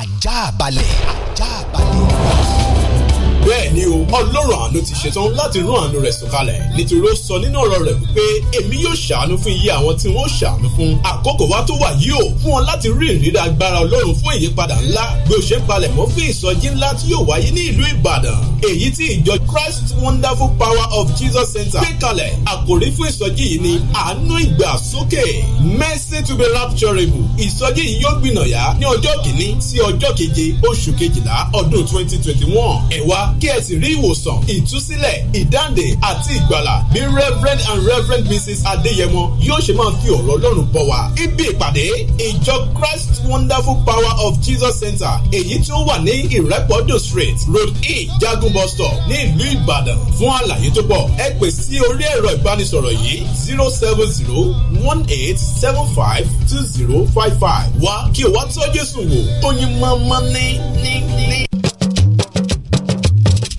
ajá balẹ̀ ajá balẹ̀ bẹ́ẹ̀ ni o ọlọ́run àánú ti ṣetán láti rán àánú rẹ̀ sọ̀kalẹ̀ nítorí ó sọ nínú ọ̀rọ̀ rẹ̀ wípé èmi yóò ṣàánú fún iye àwọn tí wọ́n ṣàánú fún àkókò wa tó wà yìí o fún wọn láti rí ìrírí agbára ọlọ́run fún ìyípadà ńlá bí o ṣe ń palẹ̀ mọ́ fún ìsọjí ńlá tí yóò wáyé ní ìlú ìbàdàn èyí tí ìjọ christ wonderful power of jesus center gbé kalẹ̀ àkòrí fún ìsọjí yìí ni àánú ìgbà sókè mercy to be rapturable ìsọjí yìí yóò gbìnàyà ní ọjọ́ kìíní sí ọjọ́ keje oṣù kejìlá ọdún twenty twenty one ẹ̀wá kí ẹ sì rí ìwòsàn ìtúsílẹ̀ ìdáǹdè àti ìgbàlà bí reverend and reverend mrs adéyẹmọ yóò ṣe máa fi ọ̀rọ̀ ọlọ́run bọ̀ wá. ibi ìpàdé ìjọ christ wonderful power of jesus center èyí tí ó wà ní ìrẹ́pọ̀dọ̀ street road e jagun bus stop ní ìlú ìbàdàn fún àlàyé tó pọ̀ ẹ pè sí orí ẹ̀rọ ìbánisọ̀rọ̀ yìí zero seven zero one eight seven five two zero five five wá kí o wá tọ́jú sùn wò ó ní mọ́mọ́ ní ní ní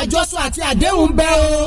àjọsọ àti àdéhùn bẹ́ẹ̀ o.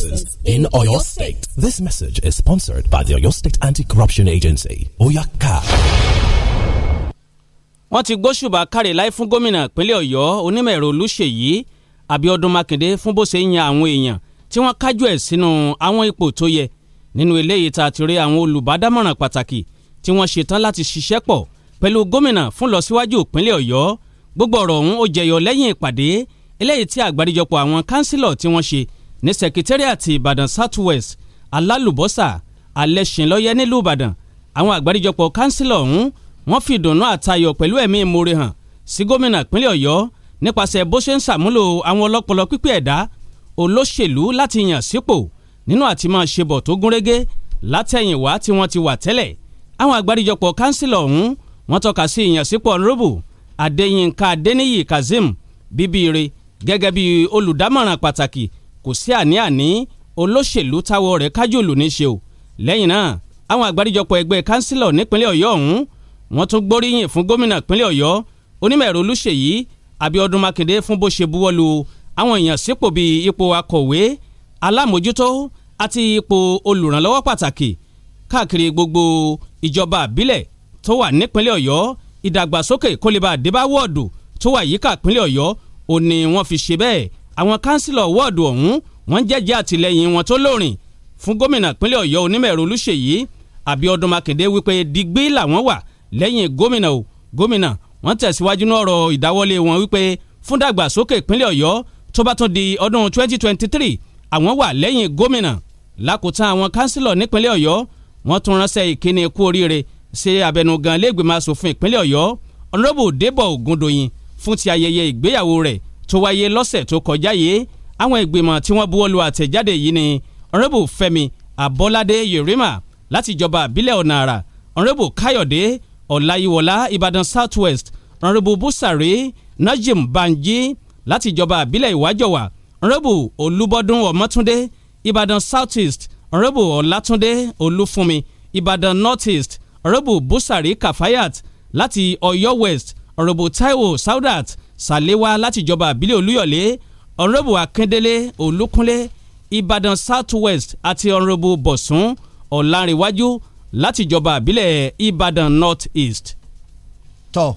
services in Oyo State. This message is sponsored by the Oyo State Anti-Corruption Agency, Oyaka. wọ́n ti gbóṣùbà káre láì fún gómìnà ìpínlẹ̀ Ọ̀yọ́ onímọ̀ ẹ̀rọ Olúṣèyí Abíọ́dún Mákindé fún bó ṣe ń yan àwọn èèyàn tí wọ́n kájú ẹ̀ sínú àwọn ipò tó yẹ nínú eléyìí tá a ti rí àwọn olùbádámọ̀ràn pàtàkì tí wọ́n ṣetán láti ṣiṣẹ́ pọ̀ pẹ̀lú gómìnà fún lọ síwájú ìpínlẹ̀ Ọ̀yọ́ gbogbo ọ̀rọ̀ ọ̀hún ó jẹyọ lẹ́yìn ìpàdé eléyìí tí àgbáríjọpọ̀ àwọn kánsílọ̀ tí wọ́n ṣe ní sẹkítẹ́rìàtì ìbàdàn southwest alálùbọ́sà alẹ́sìnlọ́yẹ nílùú ìbàdàn àwọn àgbáríjọpọ̀ kánsílọ̀ ọ̀hún wọ́n fi ìdùnnú àtayọ̀ pẹ̀lú ẹ̀mí ìmoore hàn sí gómìnà ìpínlẹ̀ ọ̀yọ́ nípasẹ̀ bó ṣe ń ṣàmúlò àwọn ọlọ́pọlọ pípé ẹ̀dá olóṣèlú láti yàn sípò nínú àti máa ṣe bọ̀ tó gúnrégé látẹ̀yìnwá tí wọ́n ti wà tẹ́lẹ̀ àwọn àgbáríjọpọ̀ kánsílọ̀ ọ̀hún wọ́n tọ́ka sí ìyànsípò ọ̀nrọ́bù adéyínká adéníyì kazeem bíbíire gẹ́gẹ́ bí olùdámọ̀ràn pàtàkì kò sí àní-àní olóṣèlú táwọ̀ rẹ̀ kájòlò ní ṣe o lẹ́yìn náà àwọn àgbáríjọpọ̀ ẹgbẹ́ kánsílọ̀ nípínlẹ̀ ọ̀yọ́ ọ̀hún wọ́n tún gbóríyìn fún gómìnà ìpínlẹ̀ ọ̀yọ́ onímọ̀ẹ̀rọ olúṣèyí abíọ́dún mákindé fún bó ṣe buwọ́lu àwọn èèyàn sípò bíi ipò akọ̀wé alámòjútó àti ipò olùrànlọ́wọ́ pàtàkì káàkiri gbogbo ìjọba àbílẹ̀ tó wà nípínlẹ̀ ọ̀yọ́ ìdàgbàsókè kólébà débá wọ́ọ̀dù tó wà yíká ìpínlẹ̀ ọ̀yọ́ òní wọ́n fi ṣe bẹ́ẹ̀ àwọn kánsílọ̀ wọ́ọ̀dù ọ̀hún wọ́n jẹ́jẹ́ àtìlẹ́yìn wọn tó lórin fún gómìnà pínlẹ̀ ọ̀yọ́ onímọ̀ẹ̀rọ olúṣèyí àbíọ́dún makinde wípé digbí làwọn wà lẹ́yìn gómìnà o gómìnà wọ́n tẹ̀síwájú ní ọ̀rọ̀ ìdáwọ́lé wọn wípé fún dàgbàsókè ìpínlẹ̀ ọ̀yọ́ tó bá tún di ọdún 2023 àwọn wà lẹ́yìn gómìnà lákòótán àwọn kánsílọ̀ nípínlẹ̀ ọ̀yọ́ wọ́n tún ránṣẹ́ ìkíni kú oríire ṣe abẹnugan lẹ́gbẹ̀mọ asòfin ìpínlẹ̀ ọ̀yọ́ ọ̀nàrọ́bù débọ̀ ògùndòyìn fún ti ayẹyẹ ìgbéyàwó rẹ̀ tó wáyé lọ́sẹ̀ tó kọjá yìí àwọn ìgbìmọ̀ tí wọ́n buwọ́lu àtẹ̀jáde yìí ni ọ̀rẹ́bù Fẹ́mi Abọ́ládé Yerima láti ìjọba àbílẹ̀ ọ̀nà àrà ọ̀rẹ́bù Káyọ̀dé Ọláyíwọlá Ìbàdàn South West ọ̀rẹ́bù Búsàrí Najim Banji láti ìjọba àbílẹ̀ Ìwájọwà ọ̀rẹ́bù Olúbọ́dún Ọmọ́túndé Ìbàdàn South East ọ̀rẹ́bù Ọlátúndé Olúfúnmi Ìbàdàn North East ọ̀rẹ́bù Búsàrí Kafayat láti Ọ̀yọ́ West ọ̀rẹ́bù Táíwò Saudat sàléwá látìjọba àbílẹ̀ olúyọ̀lé ọ̀nrẹ́bù akíndélé olúkúnlé ìbàdàn south west àti ọ̀nrẹ́bù bọ̀sùn ọ̀làǹrẹ̀wájú látìjọba àbílẹ̀ ìbàdàn north east. tọ́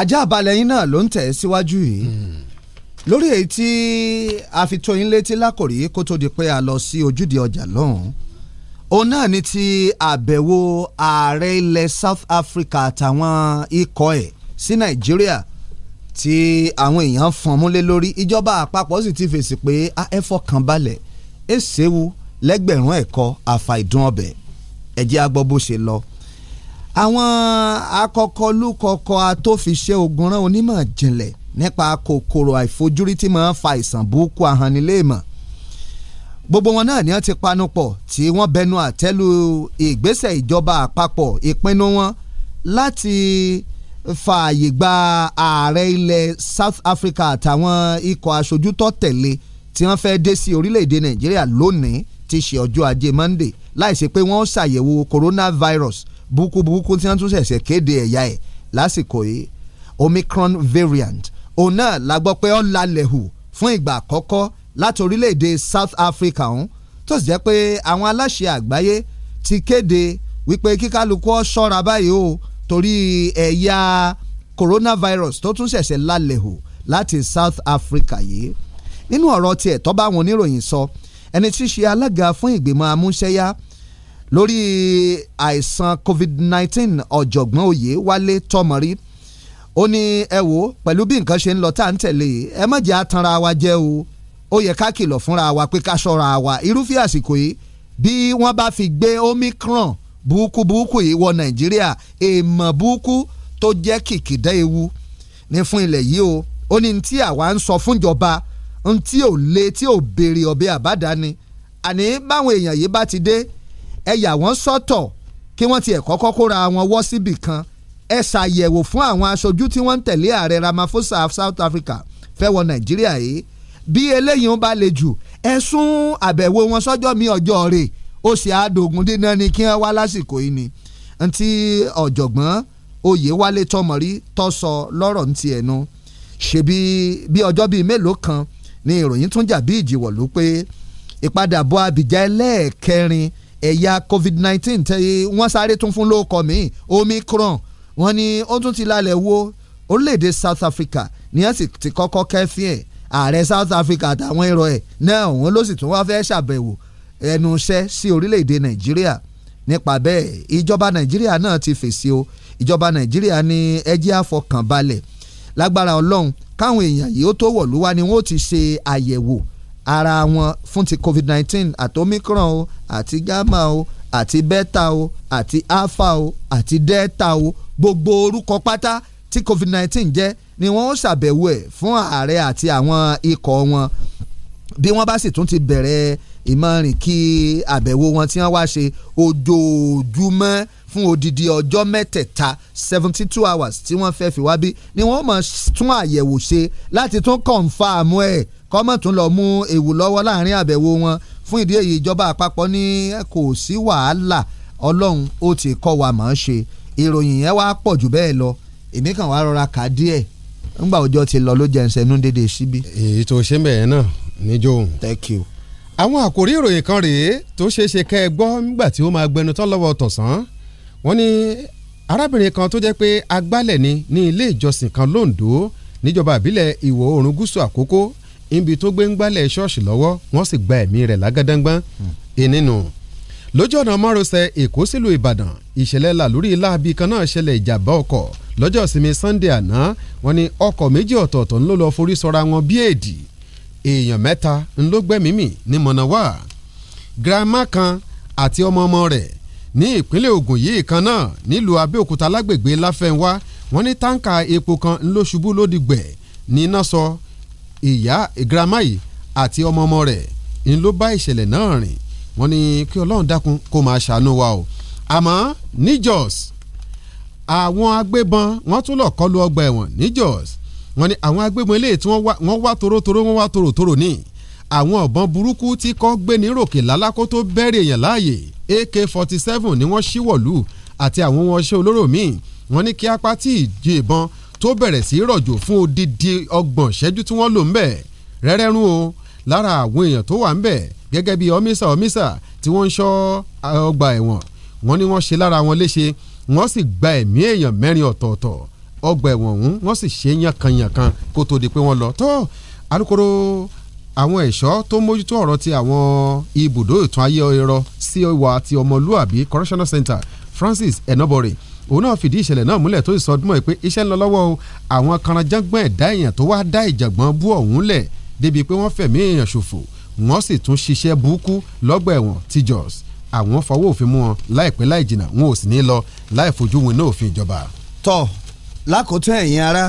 ajá àbálẹ̀ yín náà ló ń tẹ̀ síwájú yìí hmm. lórí èyí tí a fi tó yín létí lákòrí kó tó di pé a lọ sí ojúde ọjà lọ́hùn òun náà ni ti àbẹ̀wò ààrẹ ilẹ̀ South Africa àtàwọn ikọ̀ ẹ̀ sí Nàìjíríà tí àwọn èèyàn fọn múlé lórí ìjọba àpapọ̀ sì ti fèsì pé ah, ẹ fọkàn balẹ̀ ẹ ṣéwu lẹ́gbẹ̀rún ẹ̀kọ́ àfàìdún ọbẹ̀ ẹ̀jẹ̀ agbọ́ bó ṣe lọ. àwọn akọkọlúkọkọ atófiṣẹ́ ogunran onímọ̀ jìnlẹ̀ nípa kòkòrò àìfojúrí tí máa ń fa ìsàn burúkú ahaniléèmọ̀ gbogbo wọn náà ni wọ́n ti panupọ̀ tí wọ́n bẹnu àtẹ́lu ìgbésẹ̀ ìjọba àpapọ̀ ìpinnu wọn láti fààyè gba ààrẹ ilẹ̀ South Africa àtàwọn ikọ̀ aṣojú tó tẹ̀lé tí wọ́n fẹ́ẹ́ dé sí orílẹ̀-èdè Nàìjíríà lónìí ti ṣe ọjọ́ ajé Monday láìsí pé wọ́n ṣàyẹ̀wò coronavirus burúkúburúkú tí wọ́n tún ṣẹ̀ṣẹ̀ kéde ẹ̀yà ẹ̀ lásìkò yìí Omicron variant òun náà la gbọ́ pé ó lalẹ̀ hù fún ìgbà àkọ́kọ́ láti orílẹ̀-èdè South Africa ọ̀hún tó sì jẹ́ pé àwọn aláṣẹ àgbáyé ti kéde wípé kíkálukú ó ṣọ́ra báyìí o torí ẹ̀yà coronavirus tó tún ṣẹ̀ṣẹ̀ lálẹ́ hù láti South Africa yìí nínú ọ̀rọ̀ tiẹ̀ tó bá àwọn oníròyìn sọ ẹni tí í ṣe alága fún ìgbìmọ̀ amúṣẹ́yá lórí àìsàn COVID-19 ọ̀jọ̀gbọ́n oyè wálé tọmọrí ó ní ẹ wò pẹ̀lú bí nǹkan ṣe ń lọ tá à ń tẹ̀lé ẹ má jẹ́ atanra wa jẹ́ o ó yẹ ká kìlọ̀ fúnra wa pé ká ṣọ́ra wa irúfẹ́ àsìkò yìí bí wọ́n bá fi gbé Omicron burúkú burúkú yìí wọ nàìjíríà èèmọ̀ burúkú tó jẹ́ kìkìdá ewu ní fún ilẹ̀ yìí o ó ní tí àwa ń sọ fúnjọba ń tí ò lé tí ò béèrè ọ̀bẹ àbádáni àní báwọn èèyàn yìí bá ti dé ẹ yà wọ́n sọ́tọ̀ kí wọ́n tiẹ̀ kọ́kọ́ kóra wọn wọ́ síbì kan ẹ ṣàyẹ̀wò fún àwọn aṣojú tí wọ́n ń tẹ̀lé ààrẹ Ramaphosa of South Africa fẹ́ wọ nàìjíríà yìí bí eléyìí ń bá le jù ẹ̀sùn àbẹ̀wò wọn sọ́jọ́ mi ọjọ́ rèé ó ṣe àdògùn dídán ni kí wọ́n wá lásìkò yìí ni ntí ọ̀jọ̀gbọ́n Oyèwálé Tọ́mọrí tó sọ lọ́rọ̀ ntí ẹnu ṣebí bí ọjọ́ bíi mélòó kan ni ìròyìn tún jà bí ìjìwọ̀ ló pé ìpadàbọ̀ Àbíjà ẹlẹ́ẹ̀kẹrin ẹ̀yà COVID-19 tẹ́ wọ́n sáré tún fún lóko míì Omicron wọ́n ní ó tún ti lálẹ́ wo orílẹ̀-èdè South Africa ni wọ́n sì ti kọ́kọ́ kẹ́fín ẹ̀ ààrẹ South Africa àtàwọn èrò ẹ̀ náà òun ló sì tún wá fẹ́ ṣàbẹ̀wò ẹnu iṣẹ́ sí orílẹ̀-èdè nàìjíríà nípa bẹ́ẹ̀ ìjọba nàìjíríà náà ti fèsì o ìjọba nàìjíríà ní ẹjẹ́ àfọkànbalẹ̀ lágbára ọlọ́run káwọn èèyàn yìí ó tó wọ̀lú wá ni wọ́n ti ṣe àyẹ̀wò ara wọn fún ti covid-19 àti omicron o àti gamma o àti beta o àti alpha o àti delta o gbogbo orúkọ pátá tí covid-19 jẹ́ ni wọ́n ṣàbẹ̀wò ẹ̀ fún ààrẹ àti àwọn ikọ̀ wọn bí wọ́n bá sì tún ti bẹ̀rẹ̀ ìmọ̀rìn kí àbẹ̀wò wọn tí wọ́n wá ṣe ojoojúmọ́ fún odidi ọjọ́ mẹ́tẹ̀ẹ̀ta seventy two hours tí wọ́n fẹ́ fi wá bí ni wọ́n mọ̀ tún àyẹ̀wò ṣe láti tún kọ̀ǹfàmù ẹ̀ kọ́mọ̀ tún lọ mú ewu lọ́wọ́ láàrin àbẹ̀wò wọn fún ìdí èyí ìjọba àpapọ̀ ní kò sí wàhálà ọlọ́run ó ti kọ́ wa mọ̀ ọ́n ṣe ìròyìn yẹn wá pọ̀ jù bẹ́ẹ̀ lọ èmi kàn wá rọra kà díẹ̀ ńgbà ọjọ́ ti lọ ló jẹ́ nsẹ́nu dédé síbí. èyí tó ṣe bẹ́ẹ̀ náà níjó. thank you àwọn àkòrí ìròyìn kan rèé tó ṣeé ṣe kẹ́ ẹ gbọ́ nígbà tí ó máa gbẹnu tán lọ́wọ́ tọ̀sán wọ́n ní arábìnrin kan tó jẹ́ pé agbálẹ̀ ni ní ilé ìjọsìn kan lóńdó níjọba ìbílẹ̀ ìwọ̀ oòrùn gúúsù àkókò níbi tó gbé ń gbálẹ̀ ṣọ́ọ̀ṣì lọ́wọ́ wọ́n sì gba ẹ̀mí rẹ̀ lágádángbọ́n ìnínú lójú ọ̀nà márosẹ̀ èkó sílùú ìbàdàn ìṣẹ̀lẹ̀ làlúrí láabi kan náà ṣẹlẹ̀ ìjàmbá ọkọ̀ lọ́jọ́ ìsinmi sunday àná wọ́n ní ọkọ̀ méjì ọ̀tọ̀ọ̀tọ̀ ń forí sọra wọn bí èdì èèyàn mẹ́ta ńlọgbẹ́mímì ní mọ̀nàwá girama kan àti ọmọ ọmọ rẹ̀ ní ìpínlẹ̀ Ògùn yìí kan náà nílùú Abẹ́òkúta lágbègbè Láfẹ́nwá wọ́n ní táǹkà epo kan ńlọṣubú lódìgbẹ̀ ní iná sọ ìyá girama yìí àti ọmọ ọmọ rẹ̀ ńlọbá ìṣẹ̀lẹ̀ náà rìn wọ́n ní kí Ọlọ́run dákun kó máa ṣàánú wa o àmọ́ ní Jos àwọn agbébọn wọ́n tún lọ kọlu ọgbà ẹ̀wọ̀n ní Jos wọ́n ní àwọn agbébọn eléyìí tí wọ́n wá torótoró wọ́n wá torótoró ní àwọn ọ̀bọ̀n burúkú tí kọ́ gbé ní ròkè lálákó tó èèyàn láàyè ak forty seven ni wọ́n ṣíwọ̀lú àti àwọn ohun ọṣẹ́ olóró míì wọ́n ní kí apá tí ìjì ìbọn tó bẹ̀rẹ̀ sí í rọ̀jò fún odidi ọgbọ̀n ṣẹ́jú tí wọ́n lò ń bẹ̀ rẹ́rẹ́rún o lára àwọn èèyàn tó wà ń bẹ̀ gẹ́gẹ́ bí ọmísà ọmísà tí wọ́n ń ṣọ́ ọgbà ẹ̀wọ̀n wọ́n ní wọ́n ṣe lára wọn léṣe wọ́n sì gba ẹ̀mí èèyàn mẹ́rin ọ̀tọ̀ọ̀tọ̀ ọgbà ẹ̀wọ̀n ọ̀hún wọ́n sì ṣe yànkanyànkan kó tó di pé wọ́n lọ tó alukoro àwọn ẹ̀ṣọ́ tó mójútó ọ̀rọ̀ ti àwọn ibùdó ìtàn ayé ẹ̀rọ sí ìwà àti ọmọlúàbí correctional center Francis enobore òun náà fìdí ìṣẹ̀lẹ̀ náà múlẹ̀ tó sì sọ ọdúnmọ̀ pé iṣẹ́ ń lọ lọ́wọ́ o àwọn kanajàngbọ̀n ẹ̀dá èèyàn tó wá dá ìjàngbọ̀n bú ọ̀hún lẹ̀ débi pé wọ́n fẹ̀mí èèyàn ṣòfò wọ́n sì tún ṣiṣẹ́ burúkú lọ́gbà ẹ̀wọ̀n ti Jos àwọn fọwọ́ òfin mú wọn láìpẹ́ láì jìnnà wọn ò sì ní lọ láì fojú winá òfin ìjọba. tọ́ lákòótán ẹ̀yin ará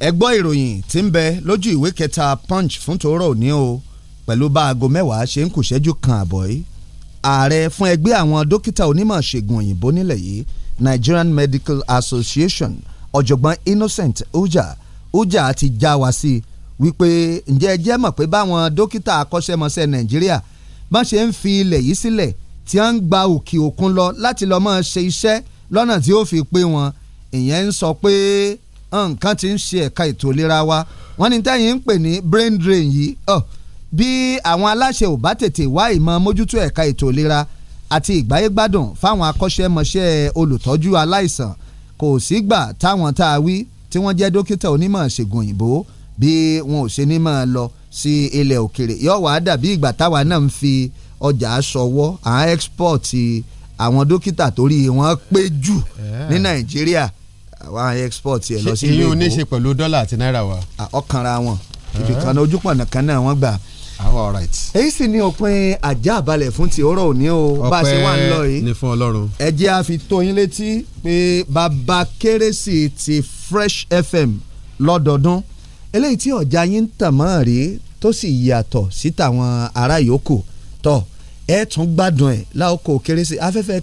ẹ gbọ́ ìròyìn tí ń bẹ lójú ìwé kẹta punch fún tòórọ́ òní o pẹ̀lú bá aago mẹ́wàá ṣe ń kù ṣẹ́jú kan àbọ̀ yìí ààrẹ fún ẹgbẹ́ àwọn dókítà onímọ̀ ṣègùn òyìnbó nílẹ̀ yìí Nigerian Medical Association ọ̀jọ̀gbọ́n Innocent Uja Uja ti já wa sí i wípé ǹjẹ́ ẹ jẹ́ mọ̀ pé báwọn dókítà akọ́ṣẹ́mọṣẹ́ Nàìjíríà bá ṣe ń fi ilẹ̀ yìí sílẹ̀ tí wọ́n ń gba òkè òkun lọ láti lọ́ọ́ máa ṣe iṣẹ́ lọ́nà tí ó fi pé wọn ìyẹn ń sọ pé nǹkan tí ń ṣe ẹ̀ka ètò ìlera wa wọ́n ní tẹ́yìn ń pè ní brain drain yìí oh, bí àwọn aláṣẹ ò bá tètè wá ìmọ̀ mójútó ẹ̀ka ètò ìlera àti ìgbáyégbádùn fáwọn akọ́ṣẹ́mọṣẹ́ olùtọ́jú aláìsàn kò sígbà táwọn tá a wí tí wọ́n jẹ́ dókítà onímọ̀ ṣègùn òyìnbó bí wọn ò ṣe ní máa lọ sí ilẹ̀ òkèrè yóò wá dàbí ìgbà táwa náà ń fi ọjà ṣọwọ́ à ń export àwọn dókítà torí wọn pé jù ní eh. Nàìjíríà wá export yẹ lọ sí ilé ìbò. èyí ò ní ṣe pẹ̀lú dọ́là àti náírà wa. ọkànra wọn ibìkan náà ojúpọ̀nà kan náà wọ́n gbà. Ah, all right. èyí sì ni òpin ajá àbálẹ̀ fún ti ọ̀rọ̀ òní o bá a ṣe wà ń lọ yìí. ọpẹ́ ni fún Ọlọ́run. ẹ a fi tó yín létí pé bàbá kérésì ti Fresh FM lọ́dọọdún eléyìí tí ọ̀já yín ń tàn mọ́ rí tó sì yàtọ̀ sí tàwọn ará yòókù tọ̀ ẹ tún gbádùn ẹ̀ láòkó kérésì afẹ́fẹ́